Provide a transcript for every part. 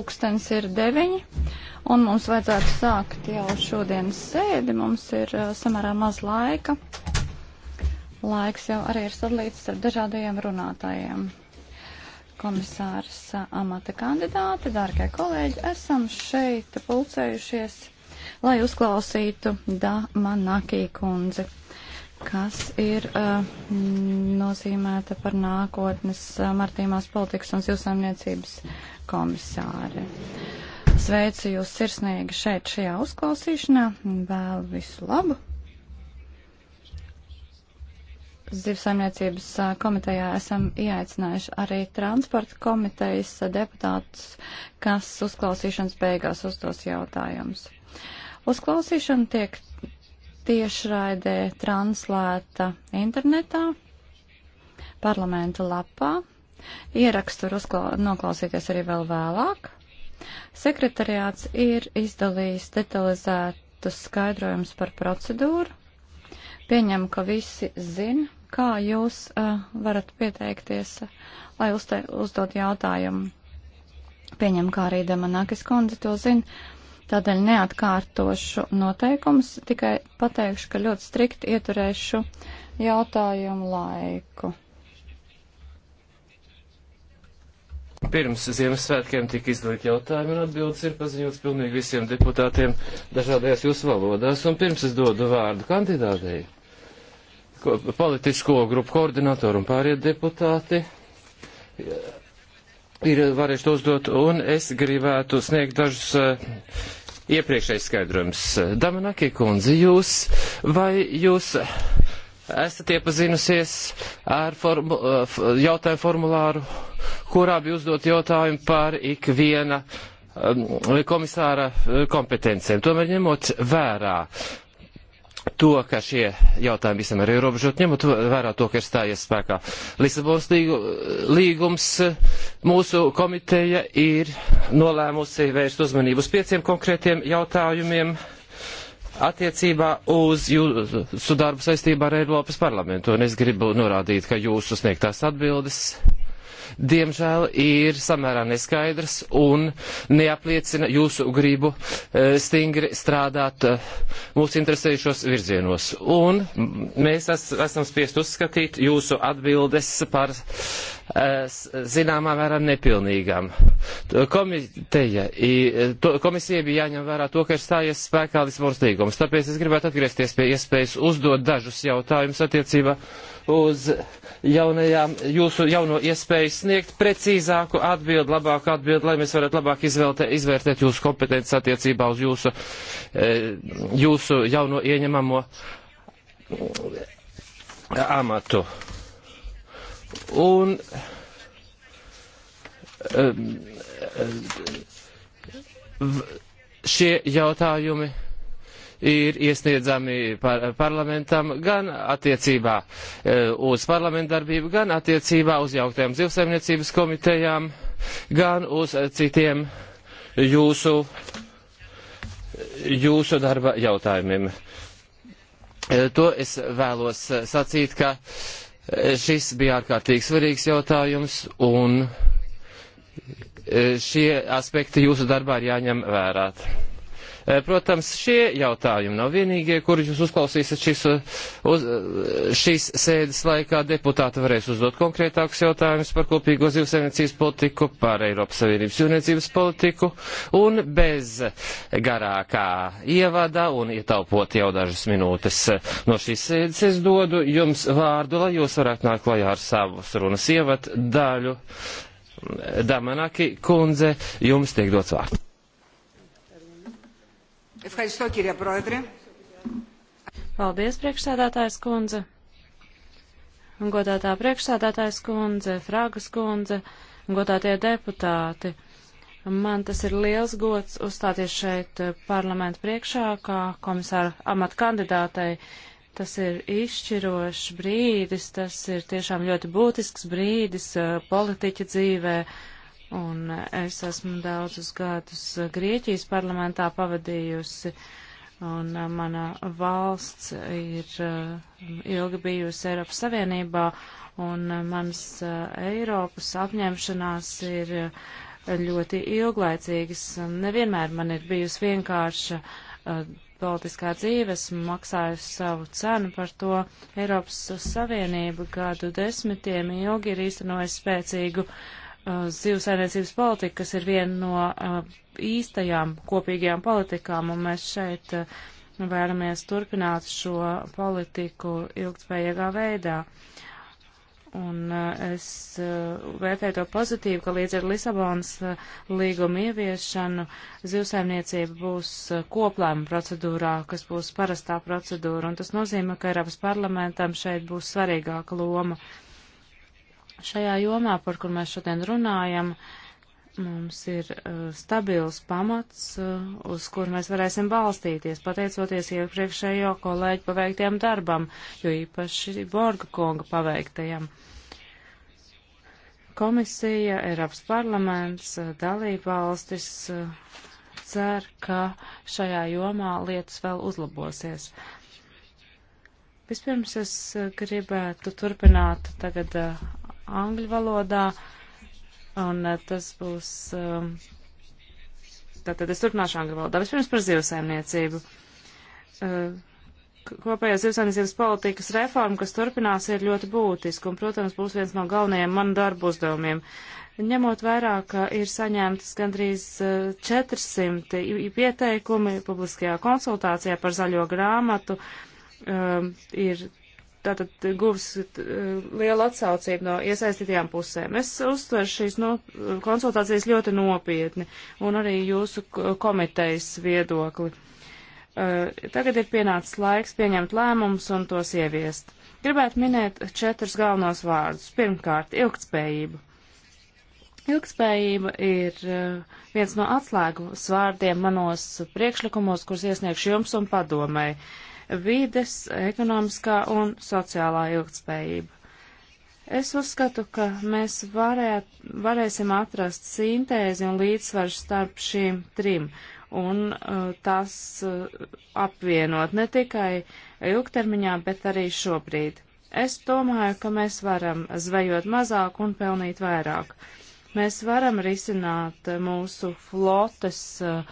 pulkstens ir deviņi, un mums vajadzētu sākt jau šodienas sēdi. Mums ir uh, samērā maz laika. Laiks jau arī ir sadalīts ar dažādajiem runātājiem. Komisārs uh, amata kandidāti, dārgie kolēģi, esam šeit pulcējušies, lai uzklausītu Damanakī kundzi. Uh, kas ir uh, nozīmēta par nākotnes uh, martīmās politikas un zivsaimniecības komisāri. Sveicu jūs sirsnīgi šeit šajā uzklausīšanā, vēlu visu labu. Zivsaimniecības uh, komitejā esam ieaicinājuši arī transporta komitejas uh, deputātus, kas uzklausīšanas beigās uzdos jautājumus. Uzklausīšana tiek tiešraidē translēta internetā, parlamenta lapā. Ierakstu var uzklā, noklausīties arī vēl vēlāk. Sekretariāts ir izdalījis detalizētus skaidrojumus par procedūru. Pieņem, ka visi zina, kā jūs uh, varat pieteikties, uh, lai uzte, uzdot jautājumu. Pieņem, kā arī Demanākis kundze to zina Tādēļ neatkārtošu noteikumus, tikai pateikšu, ka ļoti strikti ieturēšu jautājumu laiku. Pirms Ziemassvētkiem tika izdalīta jautājuma un atbildes ir paziņots pilnīgi visiem deputātiem dažādajās jūsu valodās. Un pirms es dodu vārdu kandidātei, ko, politisko grupu koordinatoru un pārējie deputāti ir varējuši uzdot, un es gribētu sniegt dažus uh, iepriekšējais skaidrojums. Damanaki kundze, jūs vai jūs esat iepazinusies ar formu, jautājumu formulāru, kurā bija uzdot jautājumu par ikviena um, komisāra uh, kompetencēm. Tomēr ņemot vērā to, ka šie jautājumi visam ir ierobežot, ņemot vērā to, ka ir stājies spēkā Lisabonas līgu, līgums, mūsu komiteja ir nolēmusi vērst uzmanību uz pieciem konkrētiem jautājumiem attiecībā uz jūsu darbu saistībā ar Eiropas parlamentu. Un es gribu norādīt, ka jūsu sniegtās atbildes diemžēl, ir samērā neskaidrs un neapliecina jūsu gribu e, stingri strādāt e, mūsu interesējušos virzienos. Un mēs es, esam spiest uzskatīt jūsu atbildes par e, zināmā mērā nepilnīgām. Komiteja, komisija bija jāņem vērā to, ka ir stājies spēkā Lisbonas līgums, tāpēc es gribētu atgriezties pie iespējas uzdot dažus jautājumus attiecībā uz jaunajām, jūsu jauno iespēju sniegt precīzāku atbildi, labāku atbildi, lai mēs varētu labāk izvēlte, izvērtēt jūsu kompetences attiecībā uz jūsu, e, jūsu jauno ieņemamo amatu. Un, e, e, šie jautājumi ir iesniedzami par, parlamentam gan attiecībā e, uz parlamentdarbību, gan attiecībā uz jauktajām zivsaimniecības komitejām, gan uz citiem jūsu, jūsu darba jautājumiem. E, to es vēlos sacīt, ka šis bija ārkārtīgi svarīgs jautājums un e, šie aspekti jūsu darbā ir jāņem vērā. Eh, protams, šie jautājumi nav vienīgie, kurus jūs uzklausīsiet šīs, eh, uz, eh, šīs sēdes laikā. Deputāti varēs uzdot konkrētākus jautājumus par kopīgo zivsaimniecības politiku, par Eiropas Savienības jūrniecības politiku un bez garākā ievada un ietaupot jau dažas minūtes no šīs sēdes. Es dodu jums vārdu, lai jūs varētu nākt klajā ar savus runas ievadu daļu. Damanaki kundze, jums tiek dots vārds. Ευχαριστώ, κύριε Πρόεδρε. Paldies, priekšsēdētājs kundze. Un godātā priekšsēdētājs kundze, Frāgas kundze, un godātie deputāti. Man tas ir liels gods uzstāties šeit eh, parlamentu priekšā kā komisāra amata kandidātei. Tas ir izšķirošs brīdis, tas ir tiešām ļoti būtisks brīdis eh, politiķa dzīvē. Uh, un es esmu daudzus gadus Grieķijas parlamentā pavadījusi, un mana valsts ir eh, ilgi bijusi Eiropas Savienībā, un manas eh, Eiropas apņemšanās ir eh, ļoti ilglaicīgas. Nevienmēr man ir bijusi vienkārša politiskā dzīve, esmu maksājusi savu cenu par to. Eiropas Savienība gadu desmitiem ilgi ir īstenojis spēcīgu uh, Uh, zivsainiecības politika, kas ir viena no uh, īstajām kopīgajām politikām, un mēs šeit uh, vēlamies turpināt šo politiku ilgtspējīgā veidā. Un uh, es uh, vērtēju to pozitīvu, ka līdz ar Lisabonas uh, līgumu ieviešanu zivsaimniecība būs koplēma procedūrā, kas būs parastā procedūra, un tas nozīmē, ka Eiropas parlamentam šeit būs svarīgāka loma. Uh, Šajā jomā, par kur mēs šodien runājam, mums ir uh, stabils pamats, uh, uz kur mēs varēsim balstīties, pateicoties iepriekšējo kolēģu paveiktiem darbam, jo īpaši Borga konga paveiktajam. Komisija, Eiropas parlaments, uh, dalībvalstis uh, cer, ka šajā jomā lietas vēl uzlabosies. Vispirms es uh, gribētu turpināt tagad uh, angļu valodā, un eh, tas būs, um, tātad es turpināšu angļu valodā. Vispirms par zivsaimniecību. Eh, kopējā zivsaimniecības politikas reforma, kas turpinās, ir ļoti būtiska, un, protams, būs viens no galvenajiem manu darbu uzdevumiem. Ņemot vērā, ka ir saņemtas gandrīz 400 eh, pieteikumi publiskajā konsultācijā par zaļo grāmatu, um, ir tātad guvis eh, lielu atsaucību no iesaistītajām pusēm. Es uztveru šīs no, konsultācijas ļoti nopietni un arī jūsu komitejas viedokli. Eh, tagad ir pienācis laiks pieņemt lēmumus un tos ieviest. Gribētu minēt četrus galvenos vārdus. Pirmkārt, ilgtspējība. Ilgtspējība ir eh, viens no atslēgu svārdiem manos priekšlikumos, kurus iesniegšu jums un padomēji vides, ekonomiskā un sociālā ilgtspējība. Es uzskatu, ka mēs varēt, varēsim atrast sintēzi un līdzsvaru starp šīm trim un uh, tās uh, apvienot ne tikai ilgtermiņā, bet arī šobrīd. Es domāju, ka mēs varam zvejot mazāk un pelnīt vairāk. Mēs varam risināt mūsu flotes uh,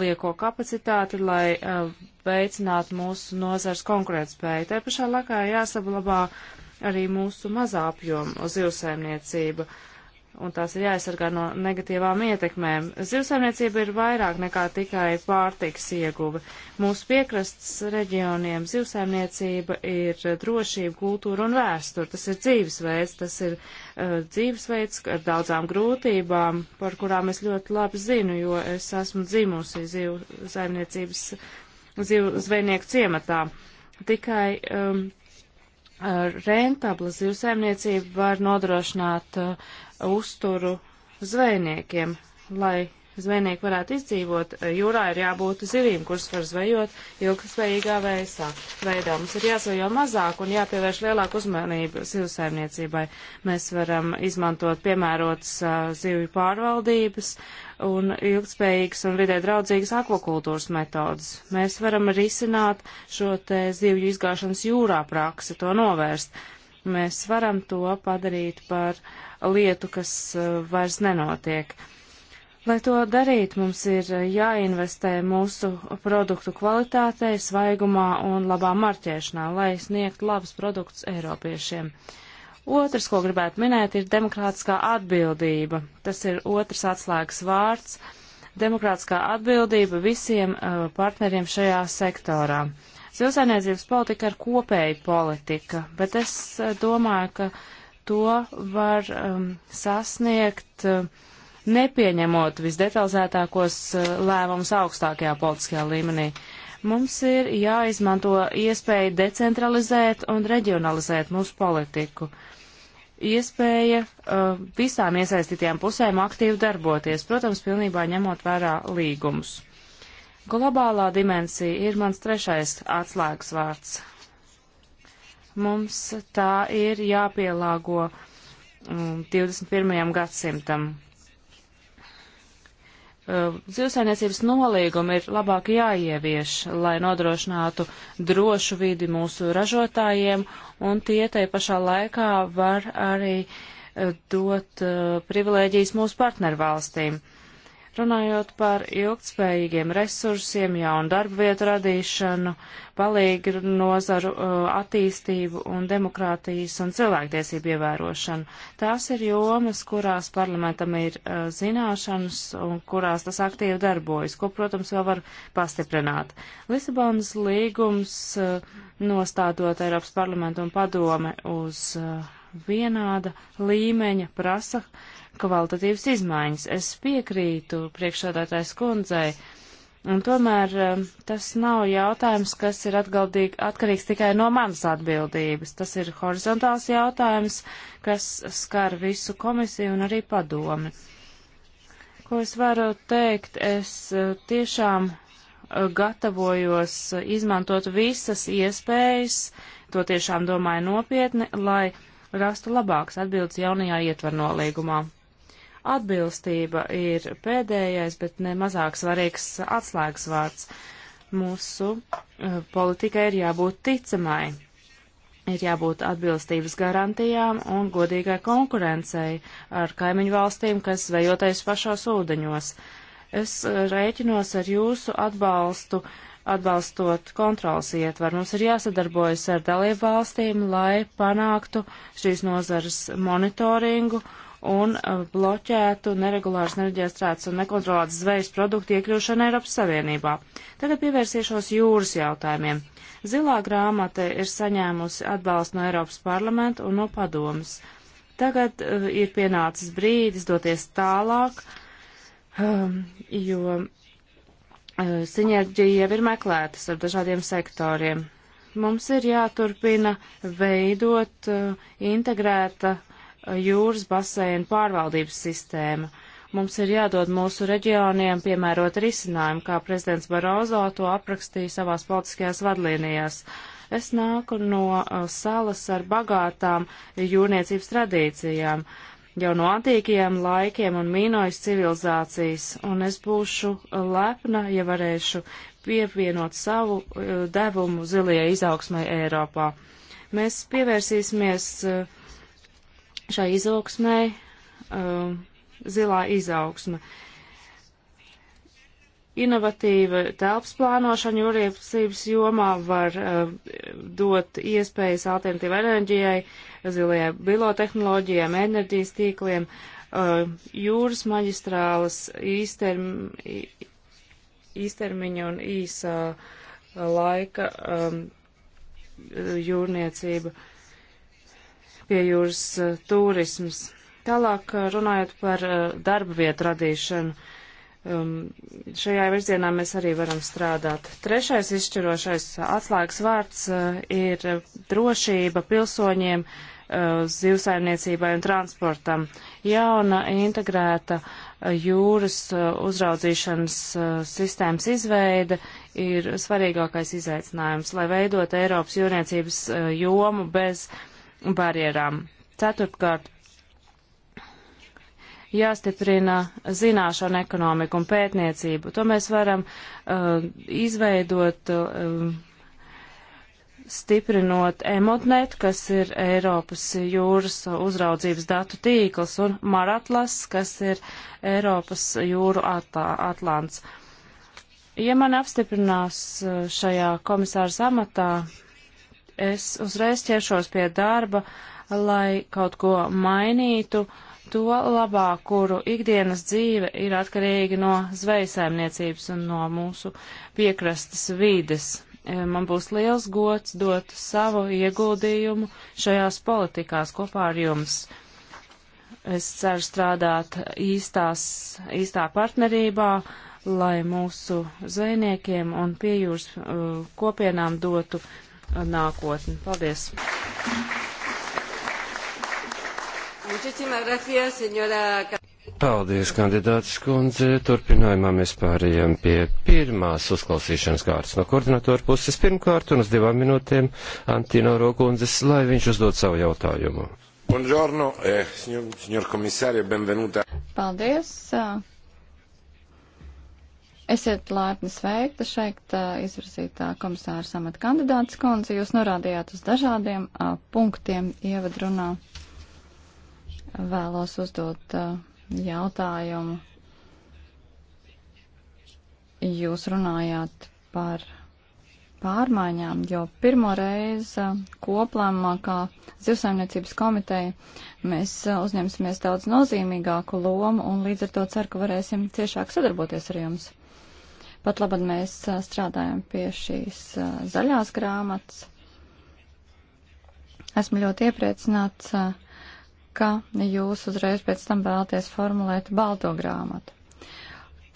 lieko kapacitāti, lai eh, veicinātu mūsu nozars konkurētspēju. Tā pašā laikā jāsaglabā arī mūsu mazā apjoma zivsēmniecība. Uh, un tās ir jāaizsargā no negatīvām ietekmēm. Zivsaimniecība ir vairāk nekā tikai pārtiks ieguve. Mūsu piekrasts reģioniem zivsaimniecība ir drošība, kultūra un vēsture. Tas ir dzīvesveids, tas ir uh, dzīvesveids ar daudzām grūtībām, par kurām es ļoti labi zinu, jo es esmu dzimusi zivsaimniecības zivzvejnieku ciematā. Tikai um, uh, rentabla zivsaimniecība var nodrošināt uh, uzturu zvejniekiem, lai zvejnieki varētu izdzīvot. Jūrā ir jābūt zivīm, kuras var zvejot ilgspējīgā veisā. veidā. Mums ir jāsvejo mazāk un jāpievērš lielāku uzmanību zivsaimniecībai. Mēs varam izmantot piemērotas uh, zivju pārvaldības un ilgspējīgas un vidē draudzīgas akvakultūras metodas. Mēs varam risināt šo te zivju izgāšanas jūrā praksi, to novērst. Mēs varam to padarīt par uh, lietu, kas eh, vairs nenotiek. Lai to darītu, mums ir eh, jāinvestē mūsu produktu kvalitātē, svaigumā un labā marķēšanā, lai sniegtu labus produktus Eiropiešiem. Otrs, ko gribētu minēt, ir demokrātiskā atbildība. Tas ir otrs atslēgas vārds - demokrātiskā atbildība visiem uh, partneriem šajā sektorā. Zilsainiedzības politika ir kopēja politika, bet es uh, domāju, ka to var um, sasniegt, uh, nepieņemot visdetalizētākos uh, lēmumus augstākajā politiskajā līmenī. Mums ir jāizmanto iespēja decentralizēt un reģionalizēt mūsu politiku. Iespēja uh, visām iesaistītajām pusēm aktīvi darboties, protams, pilnībā ņemot vērā līgumus. Globālā dimensija ir mans trešais atslēgas vārds Mums tā ir jāpielāgo 21. Um, gadsimtam. Uh, Zivsainiecības nolīgumi ir labāk jāievieš, lai nodrošinātu drošu vidi mūsu ražotājiem, un tie tai pašā laikā var arī uh, dot uh, privilēģijas mūsu partnervalstīm. valstīm Runājot par ilgtspējīgiem resursiem, jaunu darbu vietu radīšanu, palīgu nozaru uh, attīstību un demokrātijas un cilvēktiesību ievērošanu. Tās ir jomas, kurās parlamentam ir uh, zināšanas un kurās tas aktīvi darbojas, ko, protams, vēl var pastiprināt. Lisabonas līgums uh, nostādot Eiropas parlamentu un padome uz vienāda līmeņa prasa, uh, kvalitatīvas izmaiņas. Es piekrītu priekšsādātājs kundzei, un tomēr eh, tas nav jautājums, kas ir atkarīgs tikai no manas atbildības. Tas ir horizontāls jautājums, kas skar visu komisiju un arī padomi. Ko es varu teikt? Es eh, tiešām eh, gatavojos izmantot visas iespējas, to tiešām domāju nopietni, lai rastu labākas atbildes jaunajā ietvarnolīgumā. Atbilstība ir pēdējais, bet ne mazāk svarīgs atslēgas vārds. Mūsu uh, politikai ir jābūt ticamai, ir jābūt atbilstības garantijām un godīgai konkurencei ar kaimiņu valstīm, kas vejotais pašos ūdeņos. Es eh, rēķinos ar jūsu atbalstu uh, atbalstot kontrols ietvaru. Mums ir jāsadarbojas ar dalību valstīm, lai panāktu šīs nozares monitoringu un uh, bloķētu neregulāras nereģistrētas un nekontrolētas zvejas produktu iekļūšanu Eiropas Savienībā. Tagad pievērsīšos jūras jautājumiem. Zilā grāmata ir saņēmusi atbalstu no Eiropas parlamenta un no padomas. Tagad uh, ir pienācis brīdis doties tālāk, um, jo uh, sinerģija jau ir meklētas ar dažādiem sektoriem. Mums ir jāturpina veidot uh, integrēta uh, jūras basēnu pārvaldības sistēma. Mums ir jādod mūsu reģioniem piemērot risinājumu, kā prezidents Barozo to aprakstīja savās politiskajās vadlīnijās. Es nāku no uh, salas ar bagātām jūrniecības tradīcijām, jau no antīkajiem laikiem un mīnojas civilizācijas, un es būšu uh, lepna, ja varēšu pievienot savu uh, devumu zilajai izaugsmai Eiropā. Mēs pievērsīsimies uh, šai izaugsmai, um, zilā izaugsme. Inovatīva telpas plānošana jūrniecības jomā var uh, dot iespējas alternatīvai enerģijai, zilajai bilotehnoloģijām, enerģijas tīkliem, uh, jūras maģistrāles īsterm, īstermiņa un īsā laika um, jūrniecība. Uh, pie jūras uh, eh, turisms. Tālāk eh, runājot par uh, darba vietu radīšanu, um, šajā virzienā mēs arī varam strādāt. Trešais izšķirošais atslēgas vārds uh, ir drošība pilsoņiem zivsaimniecībai un transportam. Jauna integrēta jūras uzraudzīšanas sistēmas izveide ir svarīgākais izaicinājums, lai veidot Eiropas jūrniecības jomu bez uh, barjerām. Ceturtkārt, jāstiprina zināšanu ekonomiku un pētniecību. To mēs varam uh, izveidot, uh, stiprinot Emotnet, kas ir Eiropas jūras uzraudzības datu tīkls, un Maratlas, kas ir Eiropas jūru atlā, atlants. Ja man apstiprinās uh, šajā komisāra amatā, es uzreiz ķeršos pie darba, lai kaut ko mainītu, to labā, kuru ikdienas dzīve ir atkarīga no zvejsaimniecības un no mūsu piekrastes vīdes. E, man būs liels gods dot savu ieguldījumu šajās politikās kopā ar jums. Es ceru strādāt īstās, īstā partnerībā, lai mūsu zvejniekiem un piejūras uh, e, kopienām dotu nākotni. Paldies! Paldies, kandidāts kundze. Turpinājumā mēs pārējām pie pirmās uzklausīšanas kārtas no koordinatora puses pirmkārt un uz divām minūtēm Antino Rokundzes, lai viņš uzdod savu jautājumu. Buongiorno, eh, signor, signor komisārie, benvenuta. Paldies, eh, Esiet laipni sveikti šeit izvirzītā komisāra samata kandidātas kundze. Jūs norādījāt uz dažādiem a, punktiem ievadrunā. Vēlos uzdot a, jautājumu. Jūs runājāt par pārmaiņām, jo pirmo reizi koplēmumā, kā zivsaimniecības komiteja, mēs uzņemsimies daudz nozīmīgāku lomu un līdz ar to ceru, ka varēsim ciešāk sadarboties ar jums. Pat labad mēs strādājam pie šīs zaļās grāmatas. Esmu ļoti iepriecināts, ka jūs uzreiz pēc tam vēlaties formulēt balto grāmatu.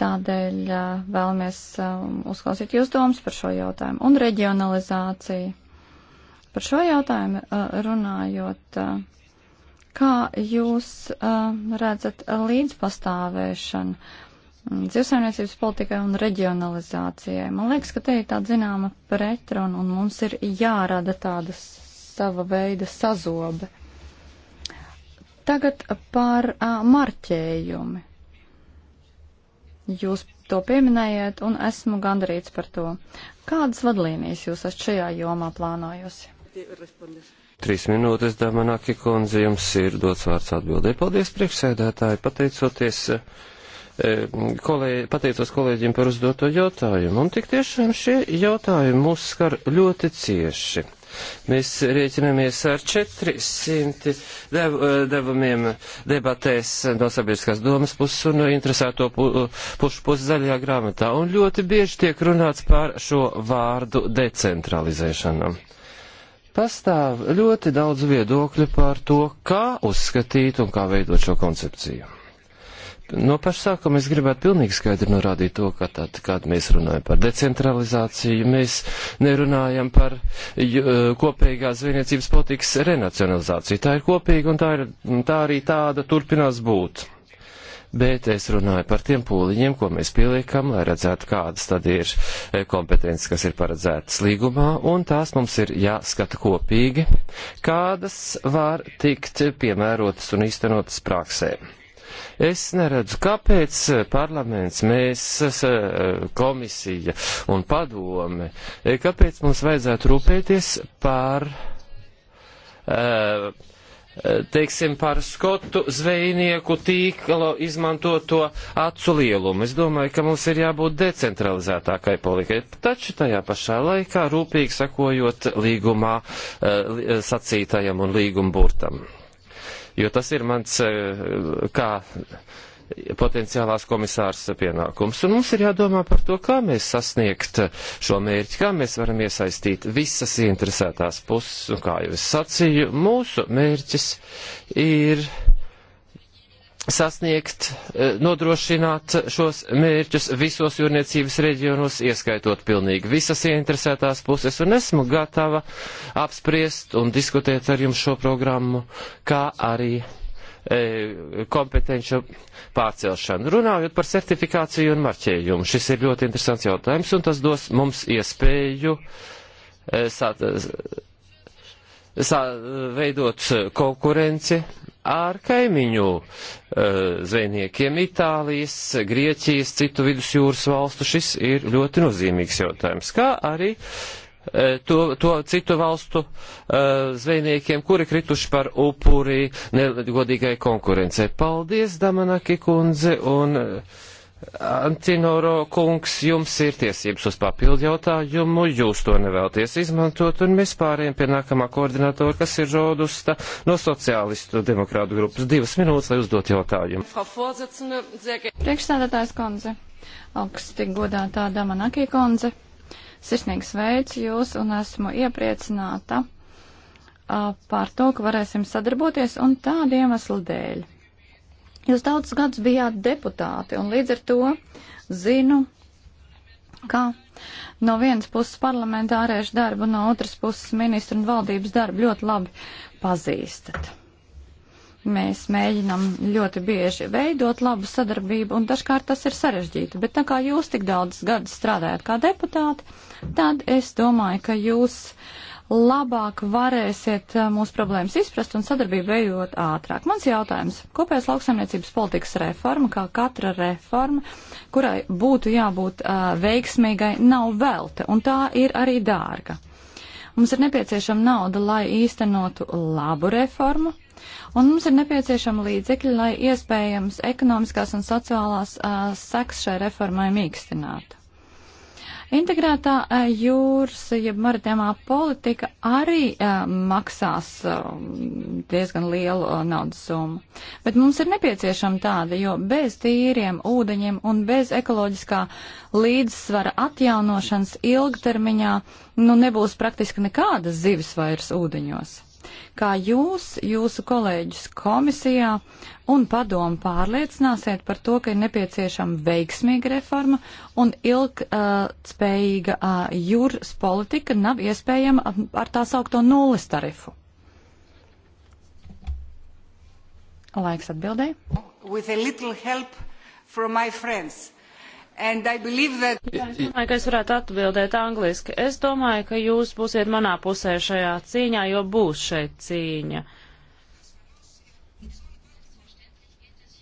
Tādēļ vēlamies uzklausīt jūs domas par šo jautājumu un reģionalizāciju. Par šo jautājumu runājot, kā jūs redzat līdzpastāvēšanu dzīvesaimniecības politikai un reģionalizācijai. Man liekas, ka te ir tāda zināma pretruna un mums ir jārada tāda sava veida sazobe. Tagad par a, marķējumi. Jūs to pieminējāt un esmu gandarīts par to. Kādas vadlīnijas jūs esat šajā jomā plānojusi? Trīs minūtes, Damanaki kundze, jums ir dots vārds atbildē. Paldies, priekšsēdētāji, pateicoties. Uh, E, kolēģi, pateicos kolēģiem par uzdoto jautājumu. Un tik tiešām šie jautājumi mūs skar ļoti cieši. Mēs rēķinamies ar 400 dev, e, devumiem debatēs no sabiedriskās domas puses un no interesēto pu, pušu puses zaļajā grāmatā. Un ļoti bieži tiek runāts par šo vārdu decentralizēšanu pastāv ļoti daudz viedokļu par to, kā uzskatīt un kā veidot šo koncepciju. No paša sākuma es gribētu pilnīgi skaidri norādīt to, ka tad, kad mēs runājam par decentralizāciju, mēs nerunājam par eh, kopīgās zvejniecības politikas renacionalizāciju. Tā ir kopīga un tā, ir, tā arī tāda turpinās būt. Bet es runāju par tiem pūliņiem, ko mēs pieliekam, lai redzētu, kādas tad ir eh, kompetences, kas ir paredzētas līgumā, un tās mums ir jāskata kopīgi, kādas var tikt piemērotas un īstenotas praksēm Es neredzu, kāpēc eh, parlaments, mēs, eh, eh, komisija un padome, kāpēc mums vajadzētu rūpēties par. Uh, teiksim, par skotu zvejnieku tīklo izmantoto acu lielumu. Es domāju, ka mums ir jābūt decentralizētākai politikai, taču tajā pašā laikā rūpīgi sakojot līgumā sacītajam un līgumburtam jo tas ir mans eh, kā potenciālās komisārs pienākums. Un mums ir jādomā par to, kā mēs sasniegt šo mērķi, kā mēs varam iesaistīt visas interesētās puses, un kā jau es sacīju, mūsu mērķis ir sasniegt, eh, nodrošināt šos mērķus visos jūrniecības reģionos, ieskaitot pilnīgi visas ieinteresētās puses, un esmu gatava apspriest un diskutēt ar jums šo programmu, kā arī e, eh, kompetenču pārcelšanu. Runājot par certifikāciju un marķējumu, šis ir ļoti interesants jautājums, un tas dos mums iespēju e, sāt, e, veidot konkurenci ar kaimiņu eh, zvejniekiem Itālijas, Grieķijas, citu vidusjūras valstu. Šis ir ļoti nozīmīgs jautājums. Kā arī eh, to, to citu valstu eh, zvejniekiem, kuri krituši par upuri negodīgai konkurencei. Paldies, Damanaki kundze, un Antinoro kungs, jums ir tiesības uz papildu jautājumu, jūs to nevēlties izmantot, un mēs pārējiem pie nākamā koordinatora, kas ir Rodusta no sociālistu demokrātu grupas. Divas minūtes, lai uzdot jautājumu. Priekšstādātājs konze, augsti godātā dama Nakī konze, sirsnīgs veids jūs un esmu iepriecināta uh, par to, ka varēsim sadarboties un tādu iemeslu dēļ Jūs daudz gadus bijāt deputāti, un līdz ar to zinu, kā no vienas puses parlamentāriešu darbu, no otras puses ministru un valdības darbu ļoti labi pazīstat. Mēs mēģinam ļoti bieži veidot labu sadarbību, un dažkārt tas ir sarežģīti, bet tā kā jūs tik daudz gadus strādājat kā deputāti, tad es domāju, ka jūs uh, labāk varēsiet eh, mūsu problēmas izprast un sadarbību veidot ātrāk. Mans jautājums - kopējās lauksaimniecības politikas reforma, kā katra reforma, kurai būtu jābūt uh, veiksmīgai, nav velta, un tā ir arī dārga. Mums ir nepieciešama nauda, lai īstenotu labu reformu, un mums ir nepieciešama līdzekļi, lai iespējams ekonomiskās un sociālās uh, eh, seks šai reformai mīkstinātu. Integrētā eh, jūras, jeb maritīmā politika arī eh, maksās eh, diezgan lielu naudas summu. Bet mums ir nepieciešama tāda, jo bez tīriem ūdeņiem un bez ekoloģiskā līdzsvara atjaunošanas ilgtermiņā nu, nebūs praktiski nekādas zivis vairs ūdeņos kā jūs, jūsu kolēģis komisijā un padomu pārliecināsiet par to, ka ir nepieciešama veiksmīga reforma un ilgspējīga uh, uh, jūras politika nav iespējama ar tā saukto nulles tarifu? Laiks atbildēji. That... Es domāju, ka es varētu atbildēt angliski. Es domāju, ka jūs būsiet manā pusē šajā cīņā, jo būs šeit cīņa.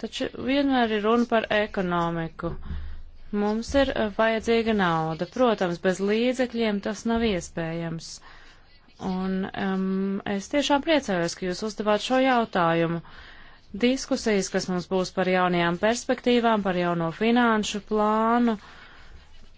Taču vienmēr ir runa par ekonomiku. Mums ir eh, vajadzīga nauda. Protams, bez līdzekļiem tas nav iespējams. Un um, es tiešām priecājos, ka jūs uzdevāt šo jautājumu. Uh, diskusijas, kas mums būs par jaunajām perspektīvām, par jauno finanšu plānu.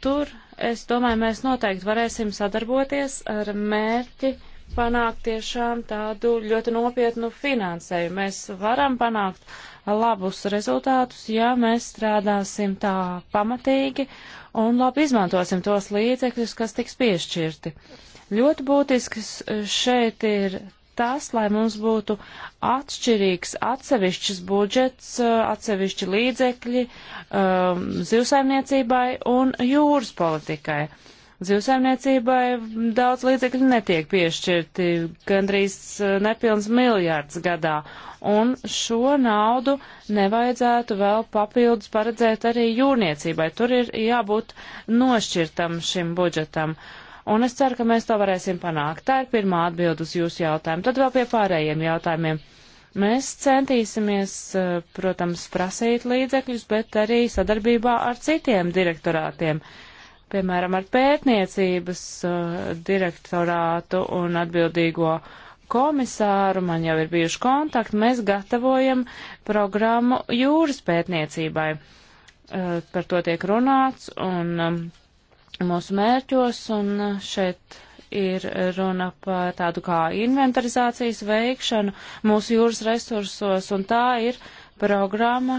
Tur, es domāju, mēs noteikti varēsim sadarboties ar mērķi panākt tiešām tādu ļoti nopietnu finansēju. Mēs varam panākt labus rezultātus, ja mēs strādāsim tā pamatīgi un labi izmantosim tos līdzekļus, kas tiks piešķirti. Ļoti būtisks šeit ir tas, lai mums būtu atšķirīgs atsevišķs budžets, uh, atsevišķi līdzekļi um, zivsaimniecībai un jūras politikai. Zivsaimniecībai daudz līdzekļu netiek piešķirti, gandrīz uh, nepilns miljārds gadā, un šo naudu nevajadzētu vēl papildus paredzēt arī jūrniecībai. Tur ir jābūt nošķirtam šim budžetam. Uh, un es ceru, ka mēs to varēsim panākt. Tā ir pirmā atbild uz jūsu jautājumu. Tad vēl pie pārējiem jautājumiem. Mēs centīsimies, eh, protams, prasīt līdzekļus, bet arī sadarbībā ar citiem direktorātiem, piemēram, ar pētniecības eh, direktorātu un atbildīgo komisāru, man jau ir bijuši kontakti, mēs gatavojam programmu jūras pētniecībai. Eh, par to tiek runāts un um, mūsu mērķos, un šeit ir runa par tādu kā inventarizācijas veikšanu mūsu jūras resursos, un tā ir programma,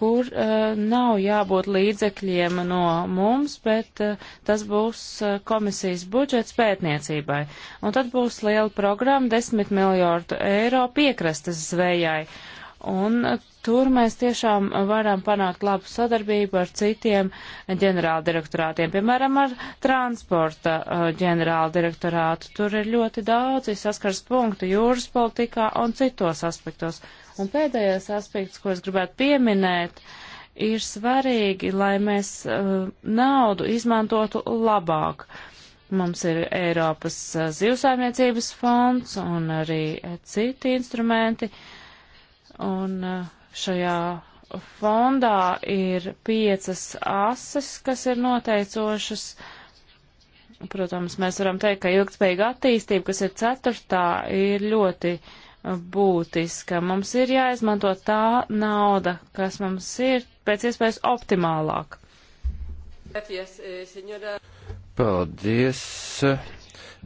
kur uh, nav jābūt līdzekļiem no mums, bet uh, tas būs uh, komisijas budžets pētniecībai. Un tad būs liela programma 10 miljārdu eiro piekrastes zvejai. Uh, Un tur mēs tiešām varam panākt labu sadarbību ar citiem ģenerāldirektorātiem, piemēram, ar transporta uh, ģenerāldirektorātu. Tur ir ļoti daudzi saskars punkti jūras politikā un citos aspektos. Un pēdējais aspekts, ko es gribētu pieminēt, ir svarīgi, lai mēs uh, naudu izmantotu labāk. Mums ir Eiropas uh, zivsaimniecības fonds un arī citi instrumenti. Uh, Un eh, šajā fondā ir piecas ases, kas ir noteicošas. Protams, mēs varam teikt, ka ilgspējīga attīstība, kas ir ceturtā, ir ļoti eh, būtiska. Mums ir jāizmanto tā nauda, kas mums ir pēc iespējas optimālāk. Eh, Paldies,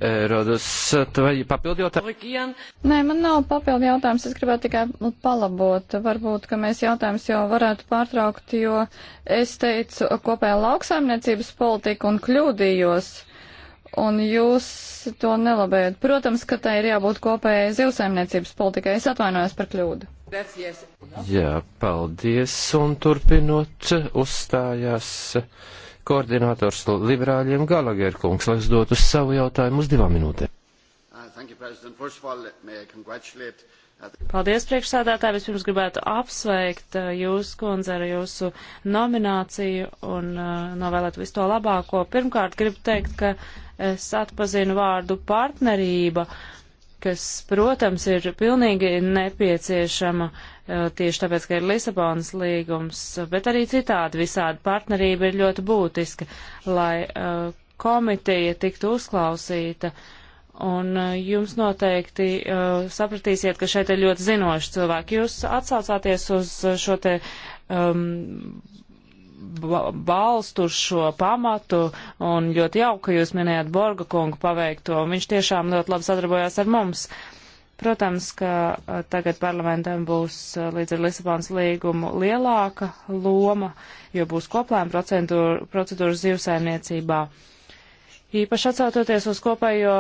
Eh, Rodas, vai papildi jautājumu? Nē, man nav papildi jautājums, es gribētu tikai nu, palabot. Varbūt, ka mēs jautājums jau varētu pārtraukt, jo es teicu kopējā lauksaimniecības politika un kļūdījos. Un jūs to nelabējat. Protams, ka tai ir jābūt kopējai zivsaimniecības politikai. Es atvainojos par kļūdu. Jā, paldies. Un turpinot, uzstājās. Uh, koordinators liberāļiem Galager kungs, lai uzdot uz savu jautājumu uz divām minūtēm. Uh, uh, Paldies, priekšsādātāji. Vispirms gribētu apsveikt uh, jūs, kundze, ar jūsu nomināciju un novēlēt visu to labāko. Pirmkārt, gribu teikt, ka es atpazinu vārdu partnerība. Uh, kas, protams, ir pilnīgi nepieciešama e, tieši tāpēc, ka ir Lisabonas līgums, bet arī citādi visādi partnerība ir ļoti būtiska, lai e, komiteja tiktu uzklausīta. Un e, jums noteikti uh, sapratīsiet, ka šeit ir ļoti zinoši cilvēki. Jūs atsaucāties uz šo te um, balstu uz šo pamatu, un ļoti jauka, ka jūs minējat Borga kungu paveikto, un viņš tiešām ļoti labi sadarbojās ar mums. Protams, ka tagad parlamentam būs līdz ar Lisabonas līgumu lielāka loma, jo būs koplēm procedūra, procedūras zivsaimniecībā. Uh, Īpaši atsautoties uz kopējo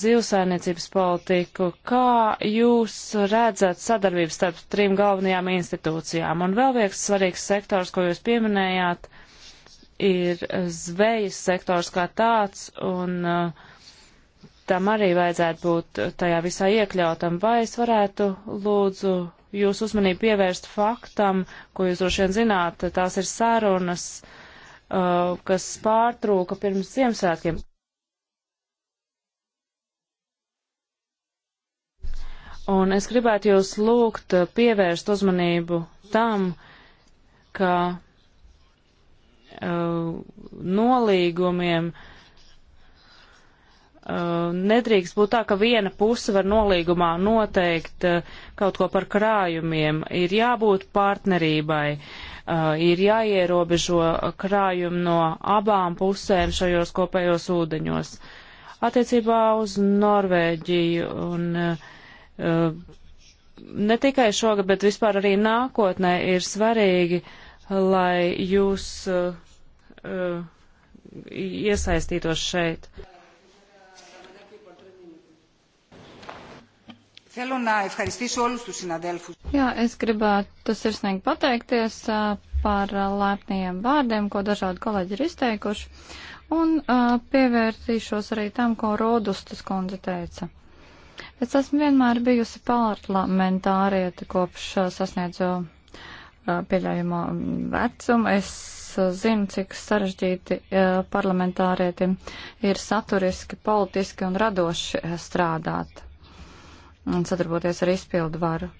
zivsainiecības politiku, kā jūs redzat sadarbības starp trim galvenajām institūcijām? Un vēl viens svarīgs sektors, ko jūs pieminējāt, ir zvejas sektors kā tāds, un uh, tam arī vajadzētu būt tajā visā iekļautam. Vai es varētu lūdzu jūs uzmanību pievērst faktam, ko jūs droši vien zināt, tās ir sarunas, uh, kas pārtrūka pirms Ziemassvētkiem. Un es gribētu jūs lūgt uh, pievērst uzmanību tam, ka uh, nolīgumiem uh, nedrīkst būt tā, ka viena puse var nolīgumā noteikt uh, kaut ko par krājumiem. Ir jābūt partnerībai, uh, ir jāierobežo krājumi no abām pusēm šajos kopējos ūdeņos. Attiecībā uz Norvēģiju un uh, Uh, ne tikai šogad, bet vispār arī nākotnē ir svarīgi, lai jūs uh, uh, iesaistītos šeit. Θέλω να ευχαριστήσω όλους τους συναδέλφους. Jā, es gribētu sirsnīgi pateikties par lēpniem vārdiem, ko dažādi kolēģi ir izteikuši, un pievērsīšos arī tam, ko Rodustas kundze teica. Es esmu vienmēr bijusi parlamentārieta kopš sasniedzu pieļaujamo vecumu. Es zinu, cik sarežģīti parlamentārietim ir saturiski, politiski un radoši strādāt un sadarboties ar izpildu varu.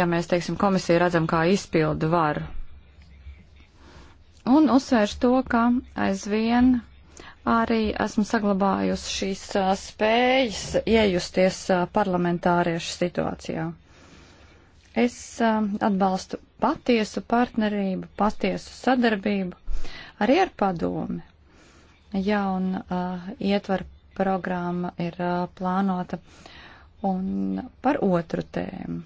Ja mēs, teiksim, komisiju redzam kā izpildu varu. Un uzsvērš to, ka aizvien arī esmu saglabājusi šīs a, spējas iejusties a, parlamentāriešu situācijā. Es a, atbalstu patiesu partnerību, patiesu sadarbību arī ar padomi. Jauna ietvar programma ir plānota un par otru tēmu.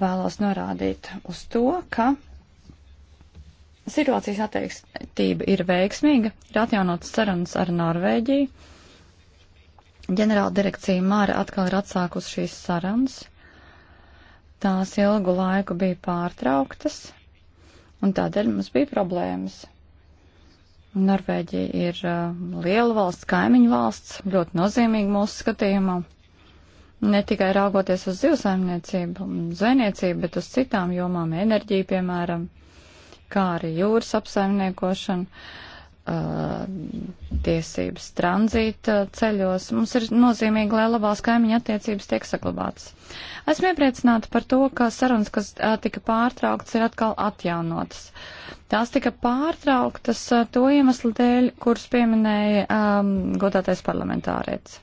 Vēlos norādīt uz to, ka Situācijas attiekstība ir veiksmīga, ir atjaunotas sarunas ar Norvēģiju. Ģenerāla direkcija Māra atkal ir atsākus šīs sarunas. Tās ilgu laiku bija pārtrauktas, un tādēļ mums bija problēmas. Norvēģija ir uh, liela valsts, kaimiņu valsts, ļoti nozīmīga mūsu skatījumā. Ne tikai raugoties uz zivsaimniecību, zvejniecību, bet uz citām jomām - enerģiju, piemēram. Uh, kā arī jūras apsaimniekošana, uh, tiesības tranzīta ceļos. Mums ir nozīmīgi, lai labās kaimiņa attiecības tiek saglabātas. Esmu iepriecināta par to, ka sarunas, kas uh, tika pārtrauktas, ir atkal atjaunotas. Tās tika pārtrauktas uh, to iemeslu dēļ, kurus pieminēja um, godātais parlamentārietis.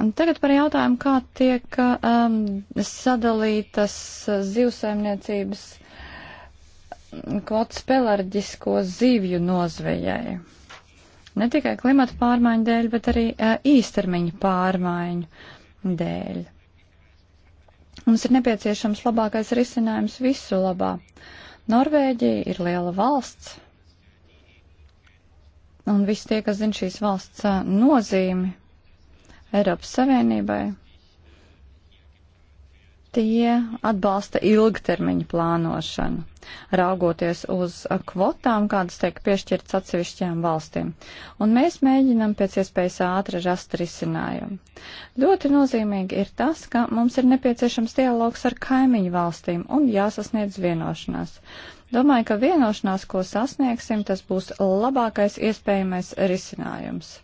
Un tagad par jautājumu, kā tiek um, sadalītas uh, zivsaimniecības kvotas pelarģisko zivju nozvejai. Ne tikai klimata pārmaiņu dēļ, bet arī e, īstermiņa pārmaiņu dēļ. Mums ir nepieciešams labākais risinājums visu labā. Norvēģija ir liela valsts, un visi tie, kas zina šīs valsts e, nozīmi Eiropas Savienībai, tie atbalsta ilgtermiņa plānošanu, raugoties uz kvotām, kādas tiek piešķirtas atsevišķām valstīm. Un mēs mēģinam pēc iespējas ātri rast risinājumu. Ļoti nozīmīgi ir tas, ka mums ir nepieciešams dialogs ar kaimiņu valstīm un jāsasniedz vienošanās. Domāju, ka vienošanās, ko sasniegsim, tas būs labākais iespējamais risinājums.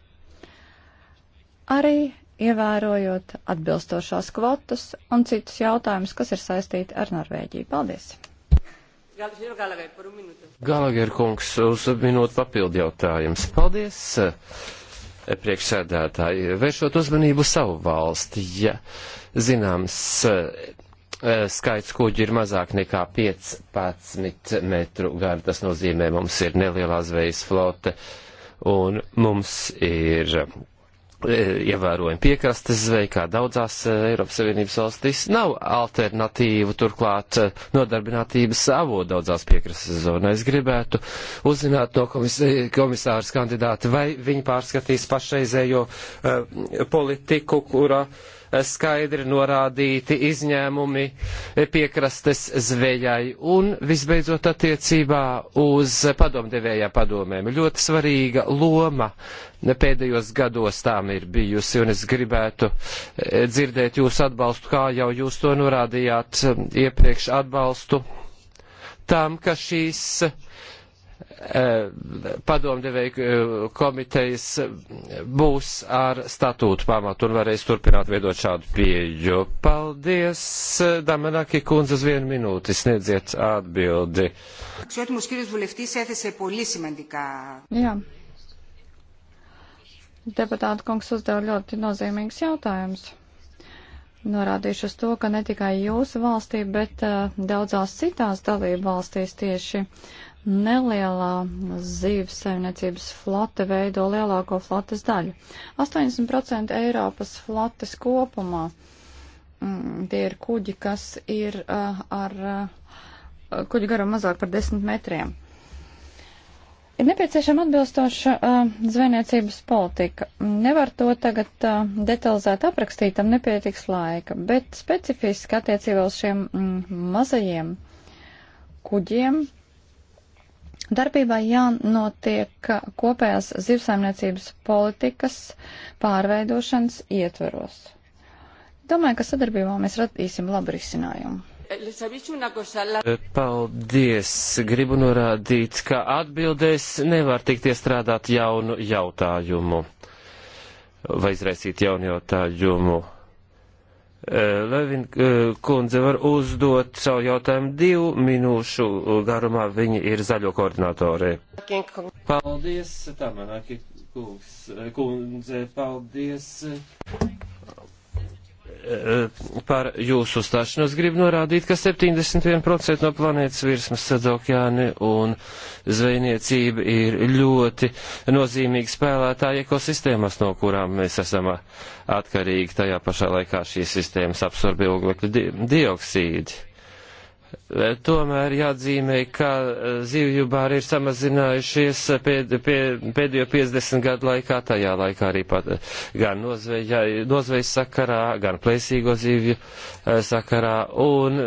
Arī ievērojot atbilstošās kvotas un citus jautājumus, kas ir saistīti ar Norvēģiju. Paldies! Galager kungs uz minūtu papildu jautājums. Paldies! Eh, priekšsēdētāji, vēršot uzmanību savu valsti, ja zināms eh, eh, skaits kuģi ir mazāk nekā 15 metru gari. Tas nozīmē, mums ir nelielā zvejas flote un mums ir E, ievērojami piekrastes zveja, kā daudzās e, Eiropas Savienības valstīs, nav alternatīvu, turklāt e, nodarbinātības avotu daudzās piekrastes zonā. Es gribētu uzzināt no komis komisāras kandidāta, vai viņi pārskatīs pašreizējo uh, politiku, kura uh, skaidri norādīti izņēmumi piekrastes zvejai un, visbeidzot, attiecībā uz padomdevējā padomēm. Ļoti svarīga loma pēdējos gados tām ir bijusi, un es gribētu eh, dzirdēt jūsu atbalstu, kā jau jūs to norādījāt hm, iepriekš atbalstu tam, ka šīs Eh, padomdevēju eh, komitejas eh, būs ar statūtu pamatu un varēs turpināt veidot šādu pieeju. Paldies, Damenaki kundze, uz vienu minūti sniedziet atbildi. Jā. Deputāta kungs uzdeva ļoti nozīmīgs jautājums. Norādīšu uz to, ka ne tikai jūsu valstī, bet uh, daudzās citās dalību valstīs tieši uh, Nelielā zīves saimniecības flote veido lielāko flotes daļu. 80% Eiropas flotes kopumā mm, tie ir kuģi, kas ir uh, ar uh, kuģi garu mazāk par 10 metriem. Ir nepieciešama atbilstoša uh, zvejniecības politika. Nevar to tagad uh, detalizēt aprakstīt, tam nepietiks laika, bet specifiski attiecībā uz šiem mm, mazajiem kuģiem Darbībā jānotiek kopējās zivsaimniecības politikas pārveidošanas ietveros. Domāju, ka sadarbībā mēs radīsim labu risinājumu. Eh, paldies! Gribu norādīt, ka atbildēs nevar tikt iestrādāt jaunu jautājumu vai izraisīt jaunu jautājumu Eh, Levin eh, kundze var uzdot savu jautājumu divu minūšu garumā. Viņa ir zaļo koordinātorē. Paldies, Tamanaki kungs, eh, kundze, paldies. Eh, par jūsu uzstāšanos gribu norādīt, ka 71% no planētas virsmas sadokļāni un zvejniecība ir ļoti nozīmīgi spēlētāji ekosistēmas, no kurām mēs esam eh, atkarīgi. Tajā pašā laikā šīs sistēmas absorbi oglekļa dioksīdi. Tomēr jāatzīmē, ka eh, zivju bāri ir samazinājušies pēd, pē, pēdējo 50 gadu laikā, tajā laikā arī pat eh, gan nozvejas sakarā, gan plēsīgo zivju eh, sakarā, un